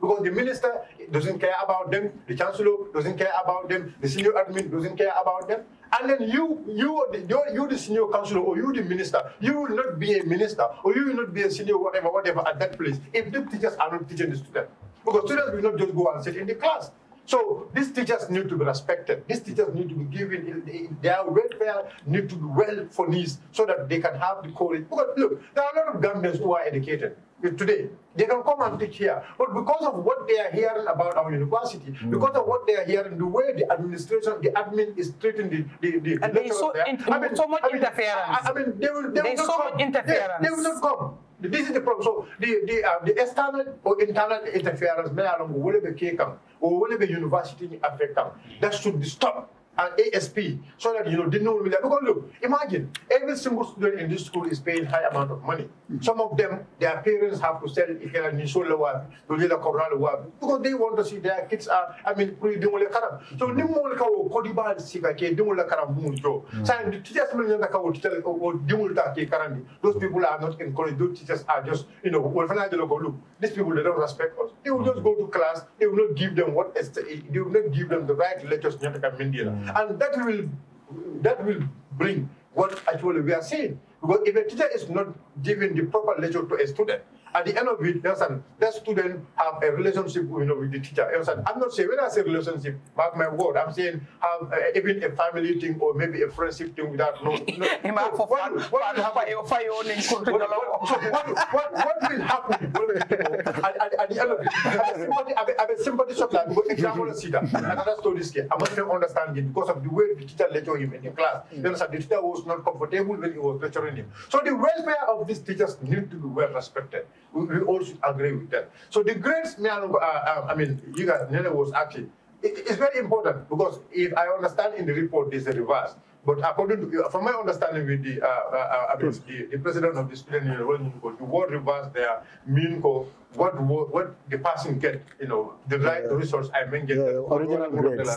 because the minister doesn't care about them, the chancellor doesn't care about them, the senior admin doesn't care about them. And then you, you, you, you the senior councillor or you the minister, you will not be a minister or you will not be a senior whatever, whatever at that place if the teachers are not teaching the students. Because students will not just go and sit in the class. So these teachers need to be respected. These teachers need to be given their welfare, need to be well furnished so that they can have the courage. Because look, there are a lot of Gambians who are educated today. They can come and teach here. But because of what they are hearing about our university, mm. because of what they are hearing, the way the administration, the admin is treating the, the, the and so, there, I mean, so much I mean, interference. I, I mean, they will, they will not so come. Much interference. They, they will not come. This is the problem. So the, the, uh, the external or internal interference, may along will be kicked come, or will be university affect come. That should be stopped and ASP so that you know they know that because look, imagine every single student in this school is paying high amount of money. Mm -hmm. Some of them, their parents have to sell here in Nishola because they want to see their kids are I mean all mm-hmm. mm-hmm. the karam. So nimol kawo kodiba sika ke dimole karam munjo. So teachers learn that kawo teacher or dimulta ke karandi. Those people are not in college. Those teachers are just you know well look these people they don't respect us. They will just mm-hmm. go to class. They will not give them what they will not give them the right lectures. And that will, that will bring what actually we are seeing. Because if a teacher is not giving the proper lecture to a student, at the end of it, you understand, the student have a relationship you know, with the teacher. You I'm not saying when I say relationship, mark my word, I'm saying have uh, even a family thing or maybe a friendship thing without no. no. so what, what, what, will happen, what, what, will happen at, at, at the end of it? I'm a sympathy shop like example of Sida. Another story is I must not understand it because of the way the teacher lectured him in the class. Mm. You understand? The teacher was not comfortable when he was lecturing him. So the welfare of these teachers need to be well respected we, we all should agree with that. So the great man, uh, um, I mean, you guys, Nene was acting. It, it's very important because if I understand in the report, there's a reverse. But according to, from my understanding with the, uh, uh, uh the, the, president of the student union, you will reverse their mean code, what, what, what the person get, you know, the right yeah. resource I mean get. Yeah, original grades.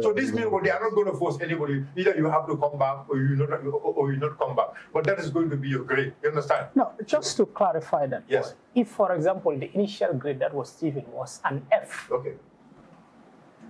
So this means well, they are not going to force anybody, either you have to come back or you not, or you not come back. But that is going to be your grade, you understand? No, just to clarify that. Yes. Point, if, for example, the initial grade that was given was an F. Okay.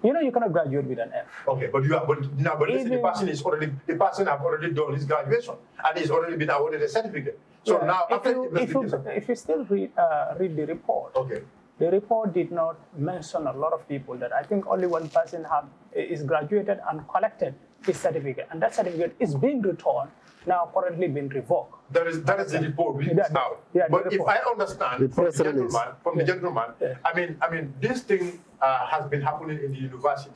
You know, you cannot graduate with an F. Okay, but you are, but now, but listen, the person is already, the person have already done his graduation and he's already been awarded a certificate. So yeah. now, if you, if you, if, you, still read, uh, read the report, okay. the report did not mention a lot of people that I think only one person have, is graduated and collected his certificate. And that certificate is being returned now currently been revoked. That is that is the report we yeah, now. Yeah, but if I understand the from, the gentleman, from yeah. the gentleman, yeah. I mean, I mean, this thing uh, has been happening in the university.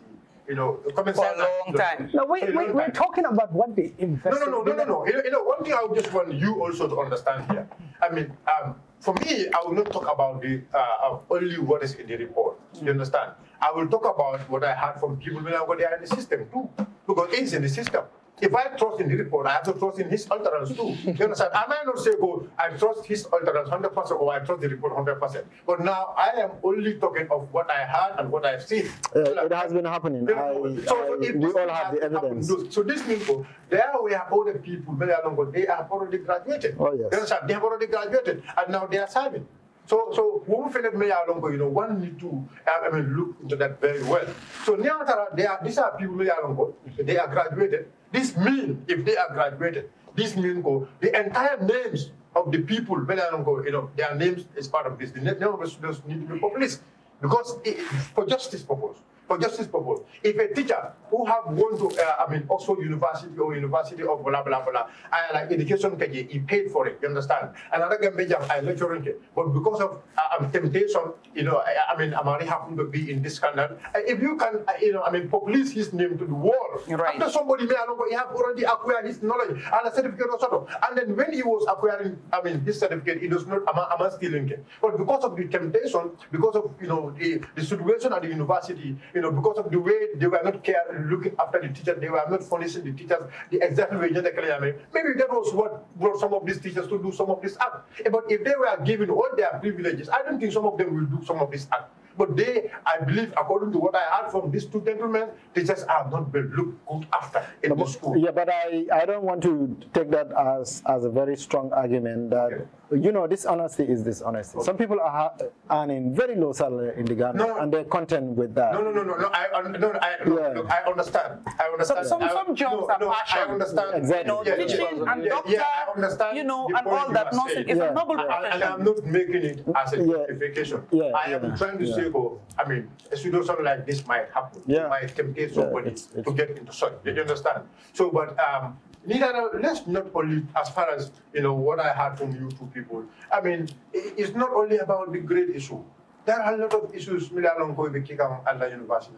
You know, for a long time. No, we, we, we're time. talking about what the No, no, no, no, no, no. You know, you know, one thing I would just want you also to understand here. I mean, um, for me, I will not talk about the uh, only what is in the report. You understand? I will talk about what I heard from people when I got there in the system too, because it's in the system. If I trust in the report, I have to trust in his utterance too. You understand? I might not say, go, I trust his utterance 100% or I trust the report 100%. But now I am only talking of what I heard and what I've seen. Uh, it has been happening. You know, I, so, I, so we all have the evidence. Happened, so this means, oh, there we have the people, many along, they have already graduated. Oh, yes. You understand? They have already graduated and now they are serving. So, so when we finish Mayor Longo, you know, one need to uh, I mean, look into that very well. So, Nyantara, they are, these are people, Mayor Longo, they are graduated, this mean, if they are graduated, this mean go, the entire names of the people, when I don't go, you know, their names is part of this. The name of the students need to be published because it, for justice purpose for justice purpose. If a teacher who have gone to, uh, I mean, Oxford University or University of blah, blah, blah, like education, he paid for it, you understand? Another Gambian, I lecture in it. But because of uh, um, temptation, you know, I, I mean, I'm only happen to be in this scandal. Uh, if you can, uh, you know, I mean, publish his name to the world, right. after somebody may have already acquired his knowledge and a certificate or sort of. And then when he was acquiring, I mean, this certificate, it was not, am I, am not stealing it? But because of the temptation, because of, you know, the, the situation at the university, you know, because of the way they were not care looking after the teachers, they were not furnishing the teachers the exact wages the economy. Maybe that was what brought some of these teachers to do some of this act. But if they were given all their privileges, I don't think some of them will do some of this act. But they, I believe, according to what I heard from these two gentlemen, teachers are not well looked good after in but, the school. Yeah, but I, I don't want to take that as, as a very strong argument that, okay. you know, dishonesty is dishonesty. Okay. Some people are earning very low salary in the Ghana no, and they're content with that. No, no, no, no, no, I, no, I, no, yeah. look, I understand. I understand. Some, some, some jobs no, are no, I understand. Exactly. You know, yeah, teaching yeah. and doctor, yeah, I understand you know, and all that nonsense is a noble profession. And I'm not making it as a justification. I am trying to say I mean, I mean, know, something like this might happen. Yeah. might temptate somebody yeah, it's, it's, to get into such. Did you understand? So, but um, neither, let's not only, as far as, you know, what I heard from you two people, I mean, it's not only about the great issue. There are a lot of issues, Milalonko, Kikam, and the university,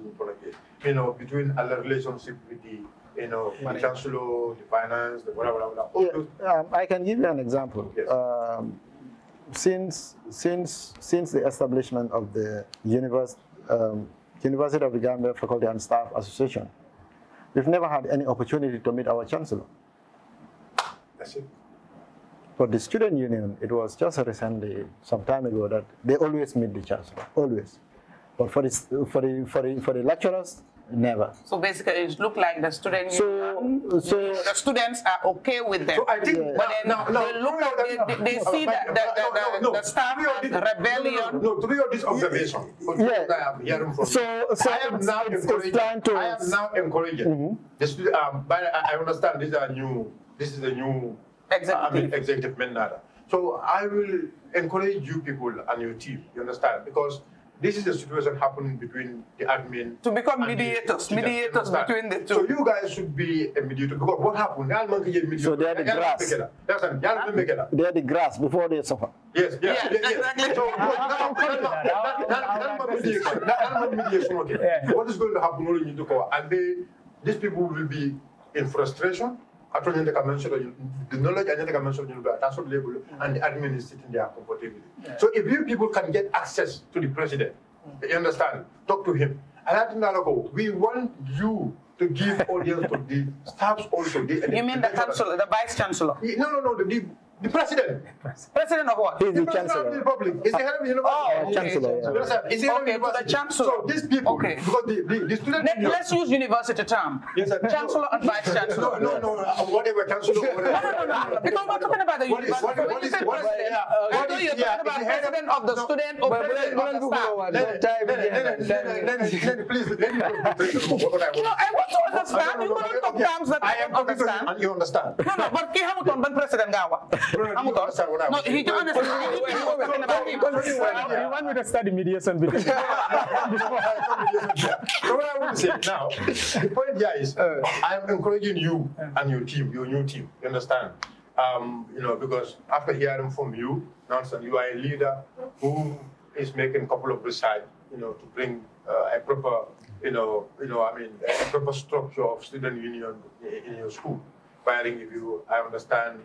you know, between our relationship with the you know, the chancellor, the finance, the blah, blah, blah. blah. Yeah, um, I can give you an example. Yes. Um, since since since the establishment of the um, University of the Gambia Faculty and Staff Association, we've never had any opportunity to meet our chancellor. That's it. For the student union, it was just recently, some time ago, that they always meet the chancellor, always. But for the, for the, for the, for the lecturers, Never. So basically, it looked like the students. So, so the students are okay with them. So I think, yeah. but no, they, no, they no, they, they see that the, the, the, staff rebellion. No, to be on this observation, yeah. I am hearing from so, so I am now encouraging. To... I am now encouraging. Mm -hmm. the student, um, but I, understand this is a new. This is a new executive. I mean, executive manager. So I will encourage you people and your team. You understand because this is a situation happening between the admin to become mediators, mediators between the two. So you guys should be a mediator. Because what happened? So they're the grass. They're the grass before they suffer. Yes, yes, yes, yes. exactly. So mediation. What is going to happen when you do And they, these people will be in frustration attorney the convention, the knowledge and the convention will be level and the administration they are comfortable Yeah. So if you people can get access to the president, mm. you understand, talk to him. And I think go, we want you to give audience to the staffs also. The, you mean the, the chancellor, the vice chancellor? No, no, no, the, the the president. President of what? He's the, the chancellor. the republic. Is the head of the university. Oh, okay. chancellor. Yeah. President. Is the head okay, of the chancellor. So these people, okay. because the, the, the student Let, union. Let's use university term. Yes, sir. Chancellor and vice chancellor. No, no, no, no. Whatever, chancellor. Whatever. no, no, no, no, Because we're talking about the university. Is, what, what, what is, what, president, yeah, uh, what is, you're talking about president of, the student or president of the staff. Please, let me No, I want to understand. You cannot talk terms that I am understand. And you understand. No, no, but we have a president. I'm no, God, sorry, no, he don't understand. He want me to study mediation before. what I want to say now, the point here is, uh. I'm encouraging you and your team, your new team. You understand? Um, you know, because after hearing from you, Nelson, you are a leader who is making a couple of research, you know, to bring uh, a proper, you know, you know, I mean, a proper structure of student union in your school. Firing, if you, I understand,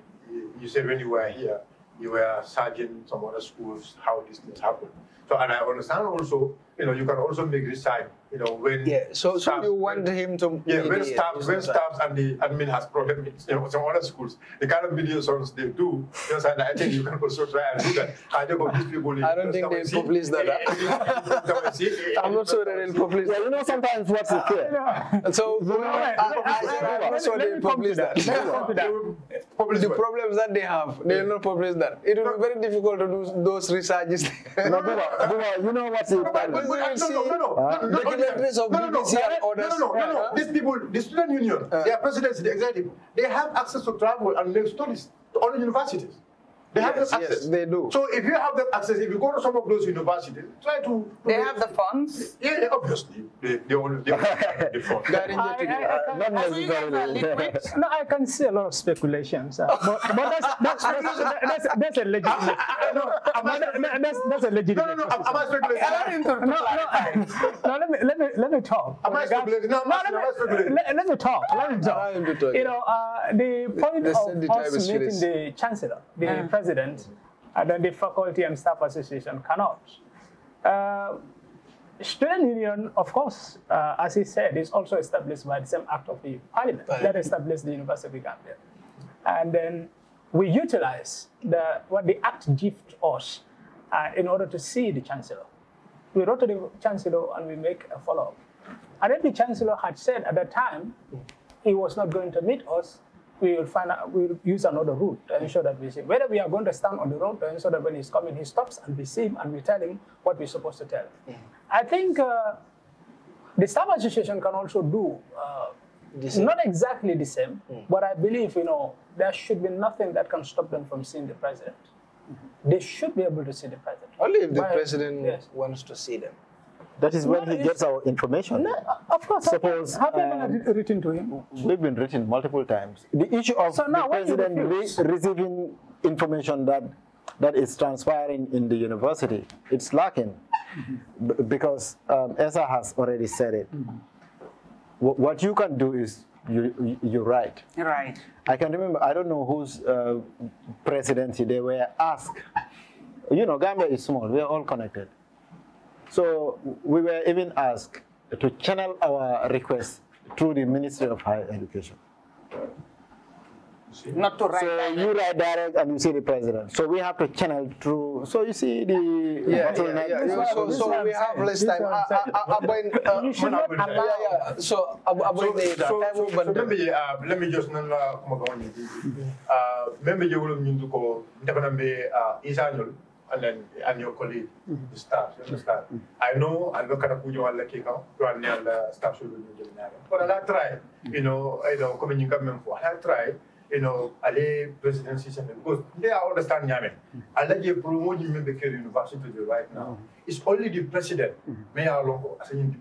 you said when you were here, you were a sergeant other schools, how these things happen. So, and I understand also you know, you can also make this time, you know, when yeah. So, staff, so you want when, him to yeah, when staff when stops, and the admin has problems. you know, some other schools, the kind of video sources they do, yes, and I think you can also try and do that. I think of these people. I don't think they publish that. I'm not sure they will publish. Well, you know, sometimes what's the fear. So I'm sure they publish that. The problems that they have, they will not publish that. It will be very difficult to do those researches. No, you know what's the no, see no, no, no, uh, no, no, documentaries of no, no, BBC no, and others. No, no, no, no. These people, the student union, their presidents, the executive, they have access to travel and make studies to all universities. They yes, have the access. Yes, they do. So if you have the access, if you go to some of those universities, try to. they have the funds. Yeah, yeah obviously. They they will. They have the funds. I, I, I, uh, not necessarily. no, I can see a lot of speculations, sir. but, but that's, that's, that's, that's, that's a legitimate. no, that's, that's a legitimate. No, no, no. Am I speculating? No, no, no. Let me let me let me talk. Am I speculating? No, no. Let me let me talk. Let me talk. You know, uh, the point of us meeting the chancellor, the president president, and then the faculty and staff association cannot. Uh, student union, of course, uh, as he said, is also established by the same act of the parliament that established the University of Gambia. And then we utilize the, what the act gives us uh, in order to see the chancellor. We wrote to the chancellor and we make a follow-up. And if the chancellor had said at that time he was not going to meet us, we will find out, we will use another route to ensure that we see whether we are going to stand on the road to ensure that when he's coming, he stops and we see him and we tell him what we're supposed to tell. Yeah. I think uh, the staff association can also do uh, not exactly the same, hmm. but I believe you know there should be nothing that can stop them from seeing the president. Mm -hmm. They should be able to see the president. Only if the but, president yes. wants to see them. That is when he gets our information. No, of course. Suppose have, have um, written to him? We've been written multiple times. The issue of so the president re receiving information that that is transpiring in the university, it's lacking mm -hmm. because um, ESA has already said it. Mm -hmm. What you can do is you, you write. Right. I can remember. I don't know whose uh, presidency they were asked. You know, Gambia is small. We are all connected. So we were even asked to channel our request through the Ministry of Higher Education. Not to write so direct. you write direct and you see the president. So we have to channel through. So you see the yeah, bottleneck. Yeah, yeah. So, so, so we have less time. Aboin, uh, So Aboin, the so, time so, so maybe uh, let me just nala kumagawa niyo. Maybe yung ulo niyo ko, hindi pa nabe isa and then and your colleague, mm-hmm. the staff, you understand? Mm-hmm. I know I look at Akujo and Lake you and the staff should do But I'll try, mm-hmm. you know, you know, coming in government for I'll try you know, ale presidency system because they are understand the mm-hmm. I like Allah you promote him the university to right now. Mm-hmm. It's only the president, mm-hmm. Mayor Longo, as in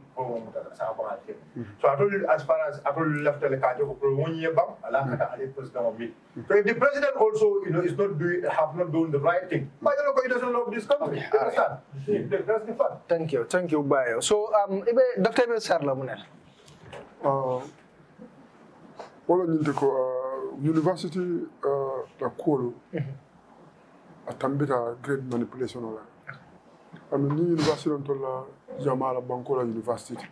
So I told you as far as I told you left the card of promote Yabam, Allah had president of me. So if the president also, you know, is not doing have not done the right thing, by the way, he doesn't love this country. Okay. Understand? That's the fact. Thank you. Thank you, Bayo. So um Dr. Ibe Sarlamunel. Uh, wala ñu ko university uh, ta kuolu mm -hmm. a tambita grade manipulation ola ah. ami ni university on tolla jamala bankola university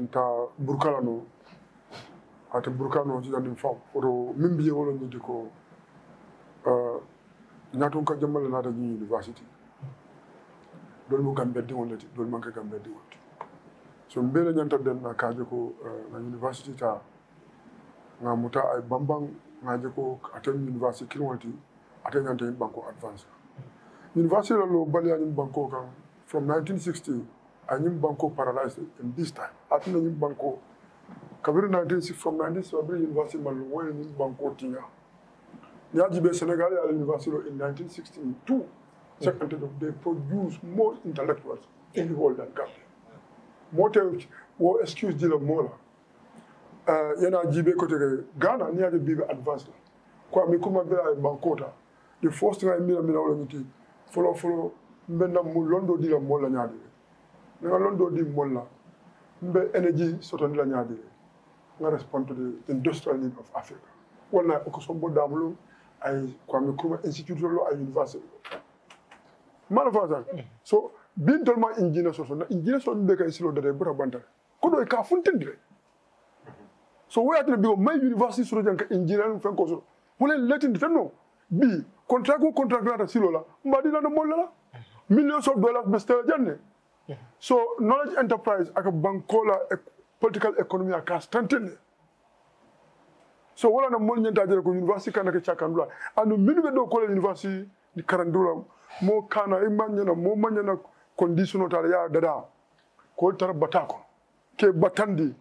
nta burkala no ate burkala no jidandi fam oto min biye wolo nyidi ko uh, ñaton ka jamala nata ñi university mm-hmm. dol mo gambe diwon lati dol man ka gambe diwon so mbele ñanta den na kaje ko uh, na university ta nga muta ay bambang nga ko atem university kilwanti atem nante in banko advance university la lo bali anyim banko kan from 1960 anyim banko paralyzed in this time atin anyim banko kabiri 1960 from 1960 abri university malu wen anyim banko tinya ni ajibe senegal ya university in 1962 second mm -hmm. they produce more intellectuals in the world than Gambia. More excuse dealer more. yana jibe ko tege Ghana ni ade bibe advance la ko mi kuma bela bankota the first thing I mira mira wala niti folo folo mbenda mu londo di la molla nyaade nga londo di molla mbe energy soton la nyaade nga respond to the industrial need of Africa wala ko so bo damlu ay ko mi kuma institute lo ay university malafata mm. so bin tolma engineer so so engineer so be kay silo dare bura bantare ko do ka funtindire so woyatino mbi o mayi université soto jan ka fenko fen ko soto wona letinde tan noon mbi contrat ko contrat lata silola mbaɗilano mollala millions of dollars ɓe janne so knowledge enterprise aka bankola e political économie a kas tantene so wala no mol ñantajere ko université kanake cakandula ando minuɓe ɗo kole université ɗi karandula mo kana e mañana mo mañana condition o tara dada ko tara bata ke battandi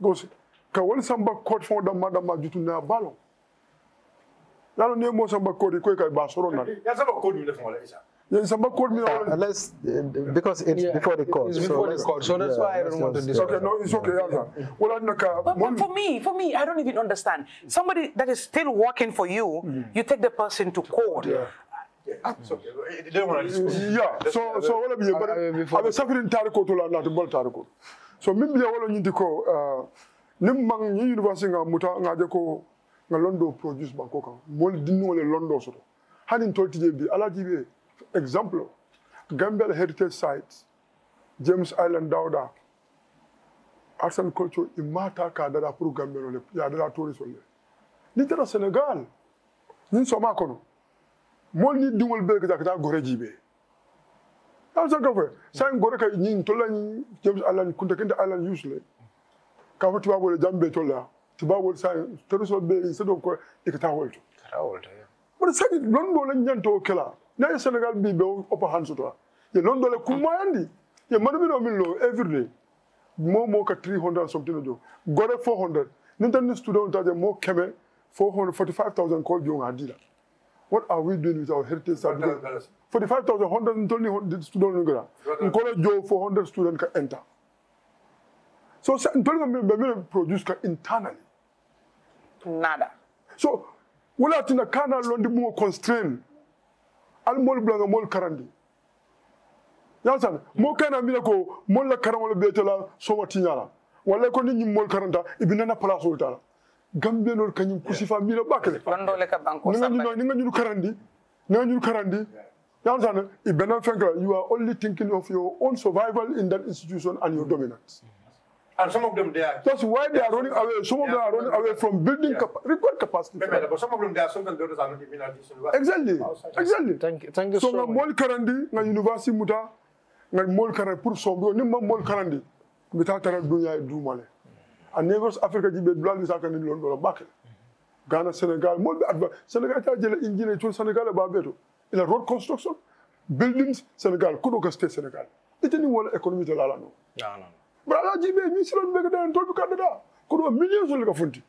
gosi ka samba kɔri fɛnw da ma jutu na ba lɔ ne mo samba kɔri ko e ba na Yeah, samba code me uh, let's uh, because it's yeah. before the court. It's before so the court, so that's yeah, why I don't want to discuss. Okay, no, it's okay. Yeah. Well, like, uh, but, but for me, for me, I don't even understand. Somebody that is still working for you, mm. you take the person to court. Yeah. Ah, yeah, so so wala biye bare abe safirin tariko to la na to bol tariko so maybe biye wala nyindi ko uh, ni university nga muta nga je ko nga londo produce banko kan mol dinno le londo soto hani tolti je bi ala jibe example Gambel heritage sites James Island Dauda arts culture i mata ka dada pour Gambel le ya dada tourism le ni tara Senegal ni soma kono mol ni dingol be ka ta gore jibe ta sa ka fe sa gore ka ni tolan James Island kunta kende Island usually. kama tuba wole jambe tola tuba wole sa teruso be sedo ko ikata wolto kata wolto ya but sagi londo la nyanto kala na ye senegal bi be opa hanso to ye londo le kuma yandi ye madu bi no min lo every day mo mo ka 300 something do gore 400 nintan ni student ta je mo keme 445000 ko bi on adila what are we doing with our heritage certificate 45100 tonni student ngora ngolo jo 400 student ka enter so certain people produce internally. Nada. So wala tina kana londi mo constrain. Al mol blanga mol karandi. Yasan mo hmm. kana mina ko mol la karam wala betela so watinyala. Wala ko ni mol karanda ibinana place wala. Gambia lol kanyum kusifa mila bakle. Londo le ka banko samba. Ninga ninga nyulu karandi. Ninga nyulu karandi. Yasan ibena you are only thinking of your own survival in that institution and your dominance. Mm -hmm. And some of them they are. That's why they, are, are running away. Some of them are running away from building yeah. capa required capacity. But, right? but some of them they are sometimes the others are not even at this university. Exactly. Outside. Exactly. Thank you. Thank you so, so much. So mol karandi na university muta na mol karandi pour somdo ni ma mol karandi mita tara dunya du male. And neighbors Africa jibe dulal ni sakani londo la bakel. Ghana Senegal mol Senegal ta jele engineer chul Senegal ba beto. Ila road construction buildings Senegal kudo ka state Senegal. Itani wala economy to lala no. No no. braɗaji ɓe mi silan ɓe kadi en tolɓe kanɗeɗa ko ɗo million sulle ka fonti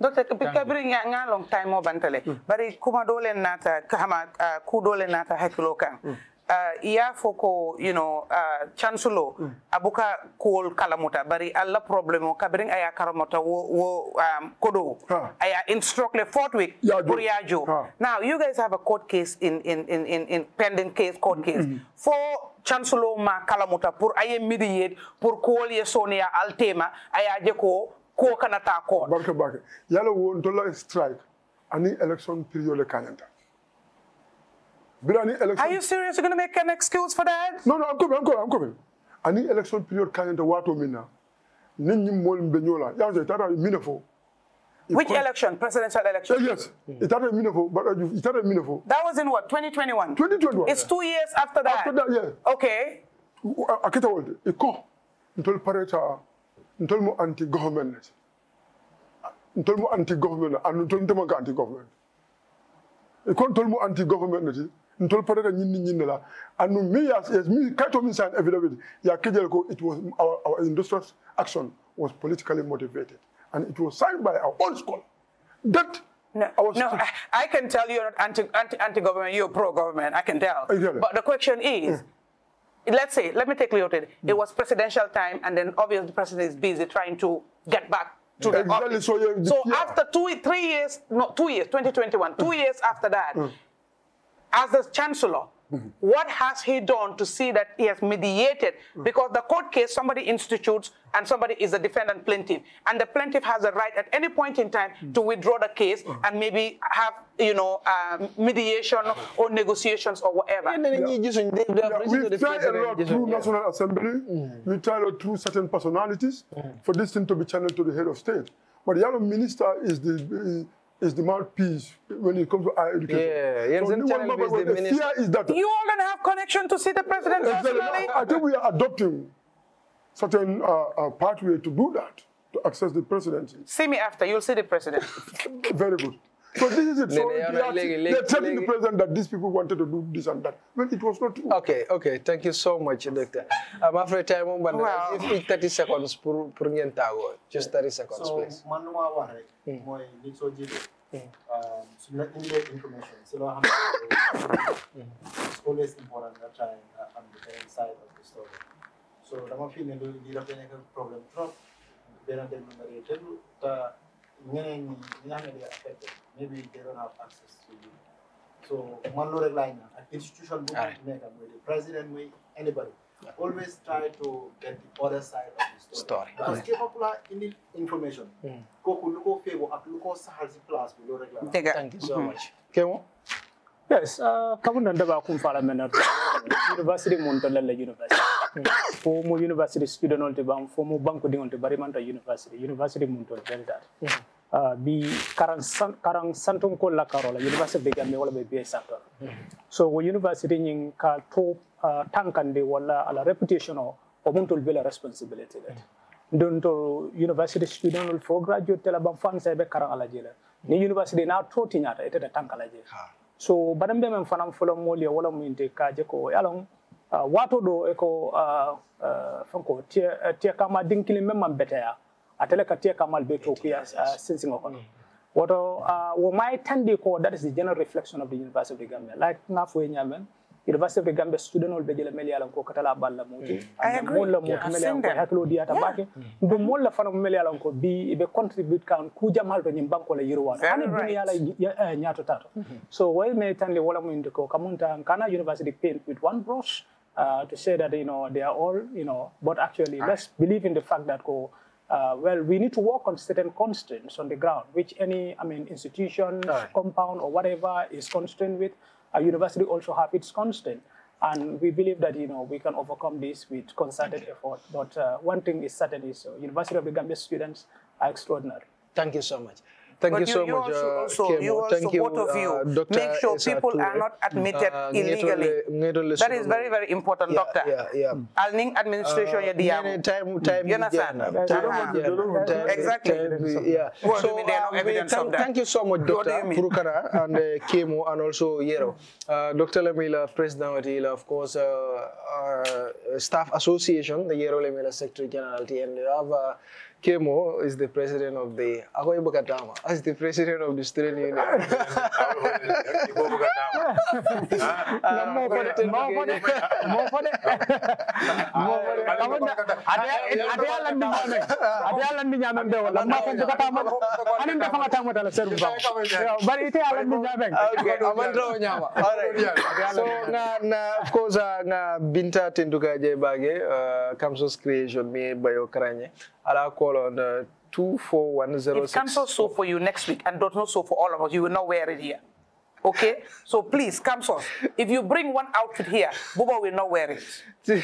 docteur kabiri nga long time mo bantale bari kuma dolen nata hama ku dolen nata hakkilo kan iya foko you know chansulo abuka kuwol kalamuta bari alla problemo kabring aya karamota wo wo kodo aya instruct le fourth week pour now you guys have a court case in in in in, in pending case court case for chansulo ma kalamuta pour aye midi yed pour kool ye soniya altema aya je ko ko kanata ko barke barke yalla won dollar strike ani election period le kanyanta Birani election. Are you serious? You're going to make an excuse for that? No, no, I'm coming, I'm coming, I'm coming. Ani election period kanyanta wato mina. Ninyi mol mbenyola. Yanzo, tata minafo. Which could, election? Presidential election? Uh, yes. Mm. It had a meaningful, but uh, it had a meaningful. That was in what? 2021? 2021. It's yeah. two years after that? After that, yeah. Okay. Akita World, it ko, ntol pareta, ntol more anti-government. Ntol more anti-government, and ntol the ka anti-government. It ko ntol more anti-government, ntol pareta nyini nyini And me, as yes, me, kaito min sign affidavit, ya kejel it was, our, our industrial action was politically motivated and it was signed by our own scholar. That no, I, no I, I, can tell you're not anti, anti, anti government, you're pro government, I can tell. Exactly. But the question is, mm. let's say, let me take Leoted. It. Mm. it was presidential time, and then obviously the president is busy trying to get back to yeah, the exactly. So, yeah, so after two, three years, not two years, 2021, two mm. years after that, mm. as the chancellor, Mm-hmm. What has he done to see that he has mediated? Mm. Because the court case, somebody institutes and somebody is the defendant plaintiff. And the plaintiff has a right at any point in time mm. to withdraw the case mm. and maybe have, you know, uh, mediation or negotiations or whatever. Yeah, we try a lot through National Assembly. We try a lot through certain personalities for this thing to be channeled to the head of state. But the other minister is the is the mouthpiece when it comes to higher education. Yeah, yeah. So the, the, the fear is that you all going to have connection to see the president personally. Exactly. I think we are adopting certain uh, uh, pathway to do that to access the presidency. See me after. You'll see the president. Very good. So this is it. So they are telling the president that these people wanted to do this and that. When it was not true. Okay, okay. Thank you so time on but seconds per per so, please. So that the side of the story. So ñeneen ñi nga xam affected maybe they don't have access to you so one loolu line, laay ñaan ak institution bu with the president mooy anybody always try to get the other side of the story parce que foofu la indi information kooku hmm. lu ko féego ak lu ko saxal si place bi thank you so hmm. much kemo yes uh, kamu nan daba kum fala mena university mun to lalle university hmm. fo mo university student on te bam fo mo banko dingon te bari man university university mun to lalle that bi ah, karan santon ko la karola university be gambe wala be be santon so wo university nyin ka to ah, tankande wala ala reputation o omuntol bela responsibility that don to university student ol fo graduate tela ban fan sai be karan ala jela ni university na to tinyata ete da tankala je so badam be men fanam fulam moli wala mu inte ka je ko yalon ah, wato do e ko fanko tie tie kama dinkilin memman betaya atele ka tiya kamal be to kuya uh, sensing okono mm. woto uh, wo mai tandi ko that is the general reflection of the university of the gambia like na fo nyamen university of the gambia student ol be jele mel ko katala balla mm. muti mol mm. la muti mel yalan ko haklo diya ta bake do mol la fana mel ko bi be contribute kan ku jamal do nyim banko la yirwa ani bini la eh, nyato tato mm-hmm. so way me tandi wala mo indiko kamunta kana university paint with one brush uh, to say that you know they are all you know but actually ah. let's believe in the fact that ko uh, well, we need to work on certain constraints on the ground, which any, I mean, institution, compound, or whatever is constrained with. A university also have its constraint. And we believe that, you know, we can overcome this with concerted effort. But uh, one thing is certain is uh, University of the Gambia students are extraordinary. Thank you so much. Thank but you, so you much, also, uh, Kemo. you also, Thank both you, of you, uh, make sure Esa people are not admitted uh, illegally. that is very, very important, yeah, doctor. Yeah, yeah. Alning administration uh, Time, time. You understand? Exactly. Yeah. So, um, thank you so much, Doctor Purukara and uh, Kemo and also Yero. Mm. Uh, Dr. Lemila, President Watila, of course, uh, Staff Association, the Yero Lemila Secretary General, and they have Kemo is the president of the Aku Ibu Katama. As the president of the student union. Ibu Katama. Mau pada, mau pada, mau pada. Kamu tidak ada, ada yang lain di mana? Ada yang lain di mana? Dewa, lama pun tidak tahu. Anu tidak pernah tahu dalam serum. Baru itu yang lain di mana? Oke, aman dulu nyawa. Alright. So, na, na, of course, na bintar tinduk aja bagai Kamsos creation me bayokranye. I'll call on uh, If cancel so for you next week and does not so for all of us, you will not wear it here. Okay? So please, cancel. If you bring one outfit here, Buba will not wear it. okay.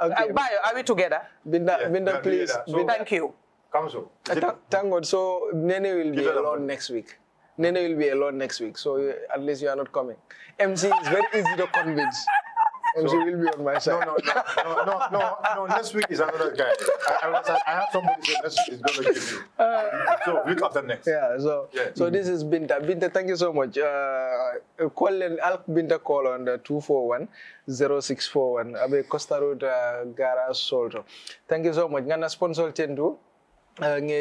Uh, Bayo, are we together? Binda, yeah, Binda please. So, Binda. Thank you. Cancel. Uh, thank God. So Nene will be alone next week. Nene will be alone next week. So uh, unless you are not coming. MC is very easy to convince. And she will be on my side. No, no, no, no, no, no, Next week is another guy. I, I, was, I have somebody say next week is gonna give you. Uh, so week after next. Yeah. So yeah. so mm this is Binta. Binta, thank you so much. Uh, call and Alk Binta call on the 241 0641 Abe Costa Road uh, Gara Solto. Thank you so much. Gana sponsor Tendu.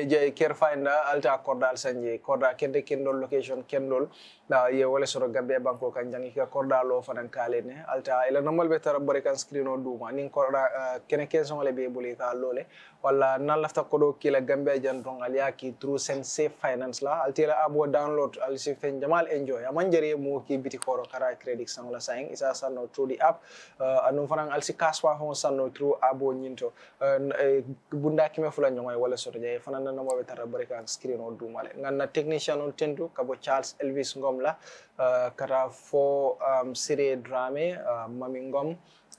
jey ker fayna alta korda al sanje korda kende kendol location kendol da ye wala soro gambe banko kan jangi ka korda lo fanan kale ne alta ila namal be tar bare kan screen o duma nin korda euh, kene keson le be boli ka lole wala na lafta kodo kila gambe jan don al yaki through sense finance la alta la abo download al si fen jamal enjoy aman jere mo ki biti koro kara credit sang la sang isa sanno through the app euh, anum fanan al si kaswa fon sanno through abo nyinto euh, bunda kime fula nyongay wala soro Kajai fana na namoɓe tata barika screen o dumale ganna technicien on tendu kabo charles elvis gomla uh, kata fo um, siré dramé uh, mami ngom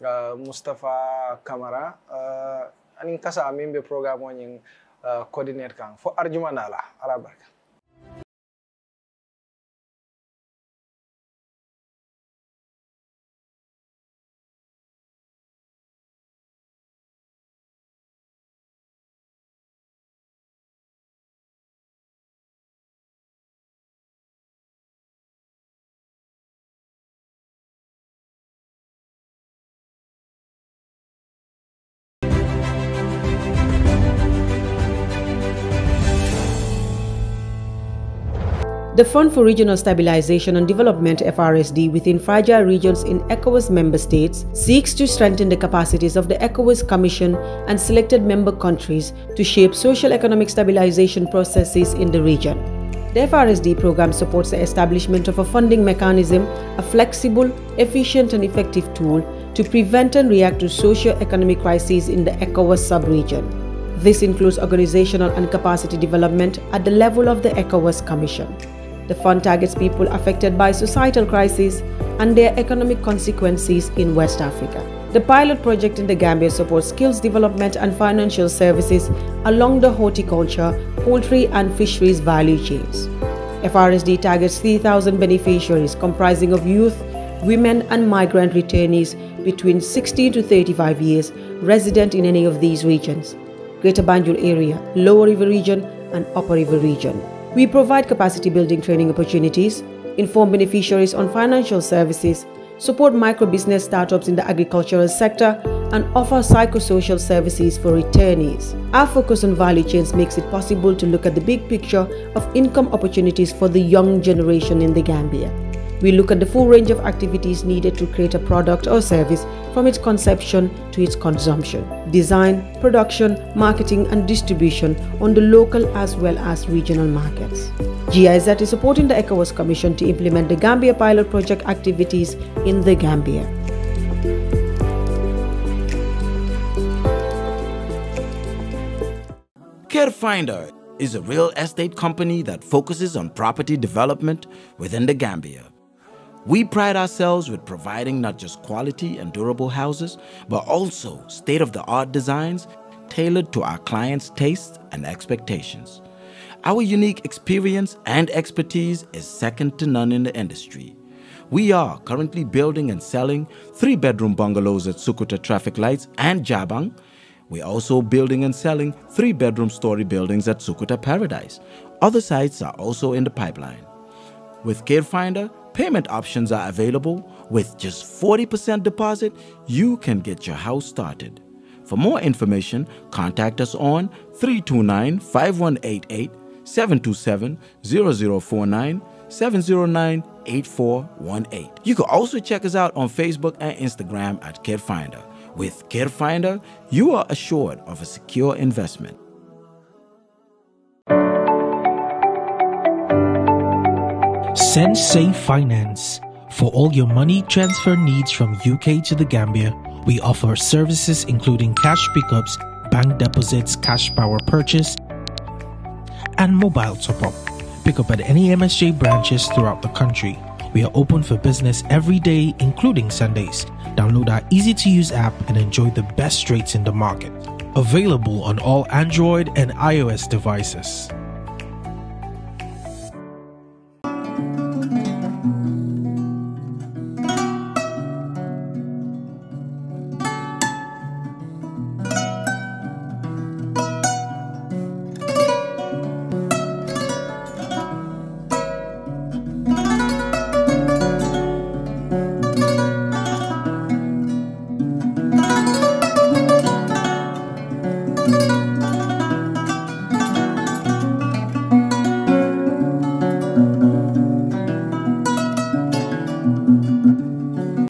uh, moustapha camara uh, anin kasa min ɓe programme oñin uh, coordinate kan fo arjumanala ala barka The Fund for Regional Stabilization and Development FRSD within fragile regions in ECOWAS member states seeks to strengthen the capacities of the ECOWAS Commission and selected member countries to shape social economic stabilization processes in the region. The FRSD program supports the establishment of a funding mechanism, a flexible, efficient and effective tool to prevent and react to socio-economic crises in the ECOWAS sub-region. This includes organizational and capacity development at the level of the ECOWAS Commission. The fund targets people affected by societal crises and their economic consequences in West Africa. The pilot project in the Gambia supports skills development and financial services along the horticulture, poultry and fisheries value chains. FRSD targets 3,000 beneficiaries comprising of youth, women and migrant returnees between 16 to 35 years resident in any of these regions, Greater Banjul area, Lower River region and Upper River region. We provide capacity building training opportunities, inform beneficiaries on financial services, support micro-business startups in the agricultural sector, and offer psychosocial services for returnees. Our focus on value chains makes it possible to look at the big picture of income opportunities for the young generation in the Gambia. We look at the full range of activities needed to create a product or service from its conception to its consumption. Design, production, marketing and distribution on the local as well as regional markets. GIZ is supporting the ECOWAS Commission to implement the Gambia pilot project activities in the Gambia. CareFinder is a real estate company that focuses on property development within the Gambia. We pride ourselves with providing not just quality and durable houses, but also state of the art designs tailored to our clients' tastes and expectations. Our unique experience and expertise is second to none in the industry. We are currently building and selling three bedroom bungalows at Sukuta Traffic Lights and Jabang. We're also building and selling three bedroom story buildings at Sukuta Paradise. Other sites are also in the pipeline. With CareFinder, Payment options are available. With just 40% deposit, you can get your house started. For more information, contact us on 329 5188 727 0049 709 8418. You can also check us out on Facebook and Instagram at CareFinder. With CareFinder, you are assured of a secure investment. Sensei Finance. For all your money transfer needs from UK to the Gambia, we offer services including cash pickups, bank deposits, cash power purchase, and mobile top up. Pick up at any MSJ branches throughout the country. We are open for business every day, including Sundays. Download our easy to use app and enjoy the best rates in the market. Available on all Android and iOS devices.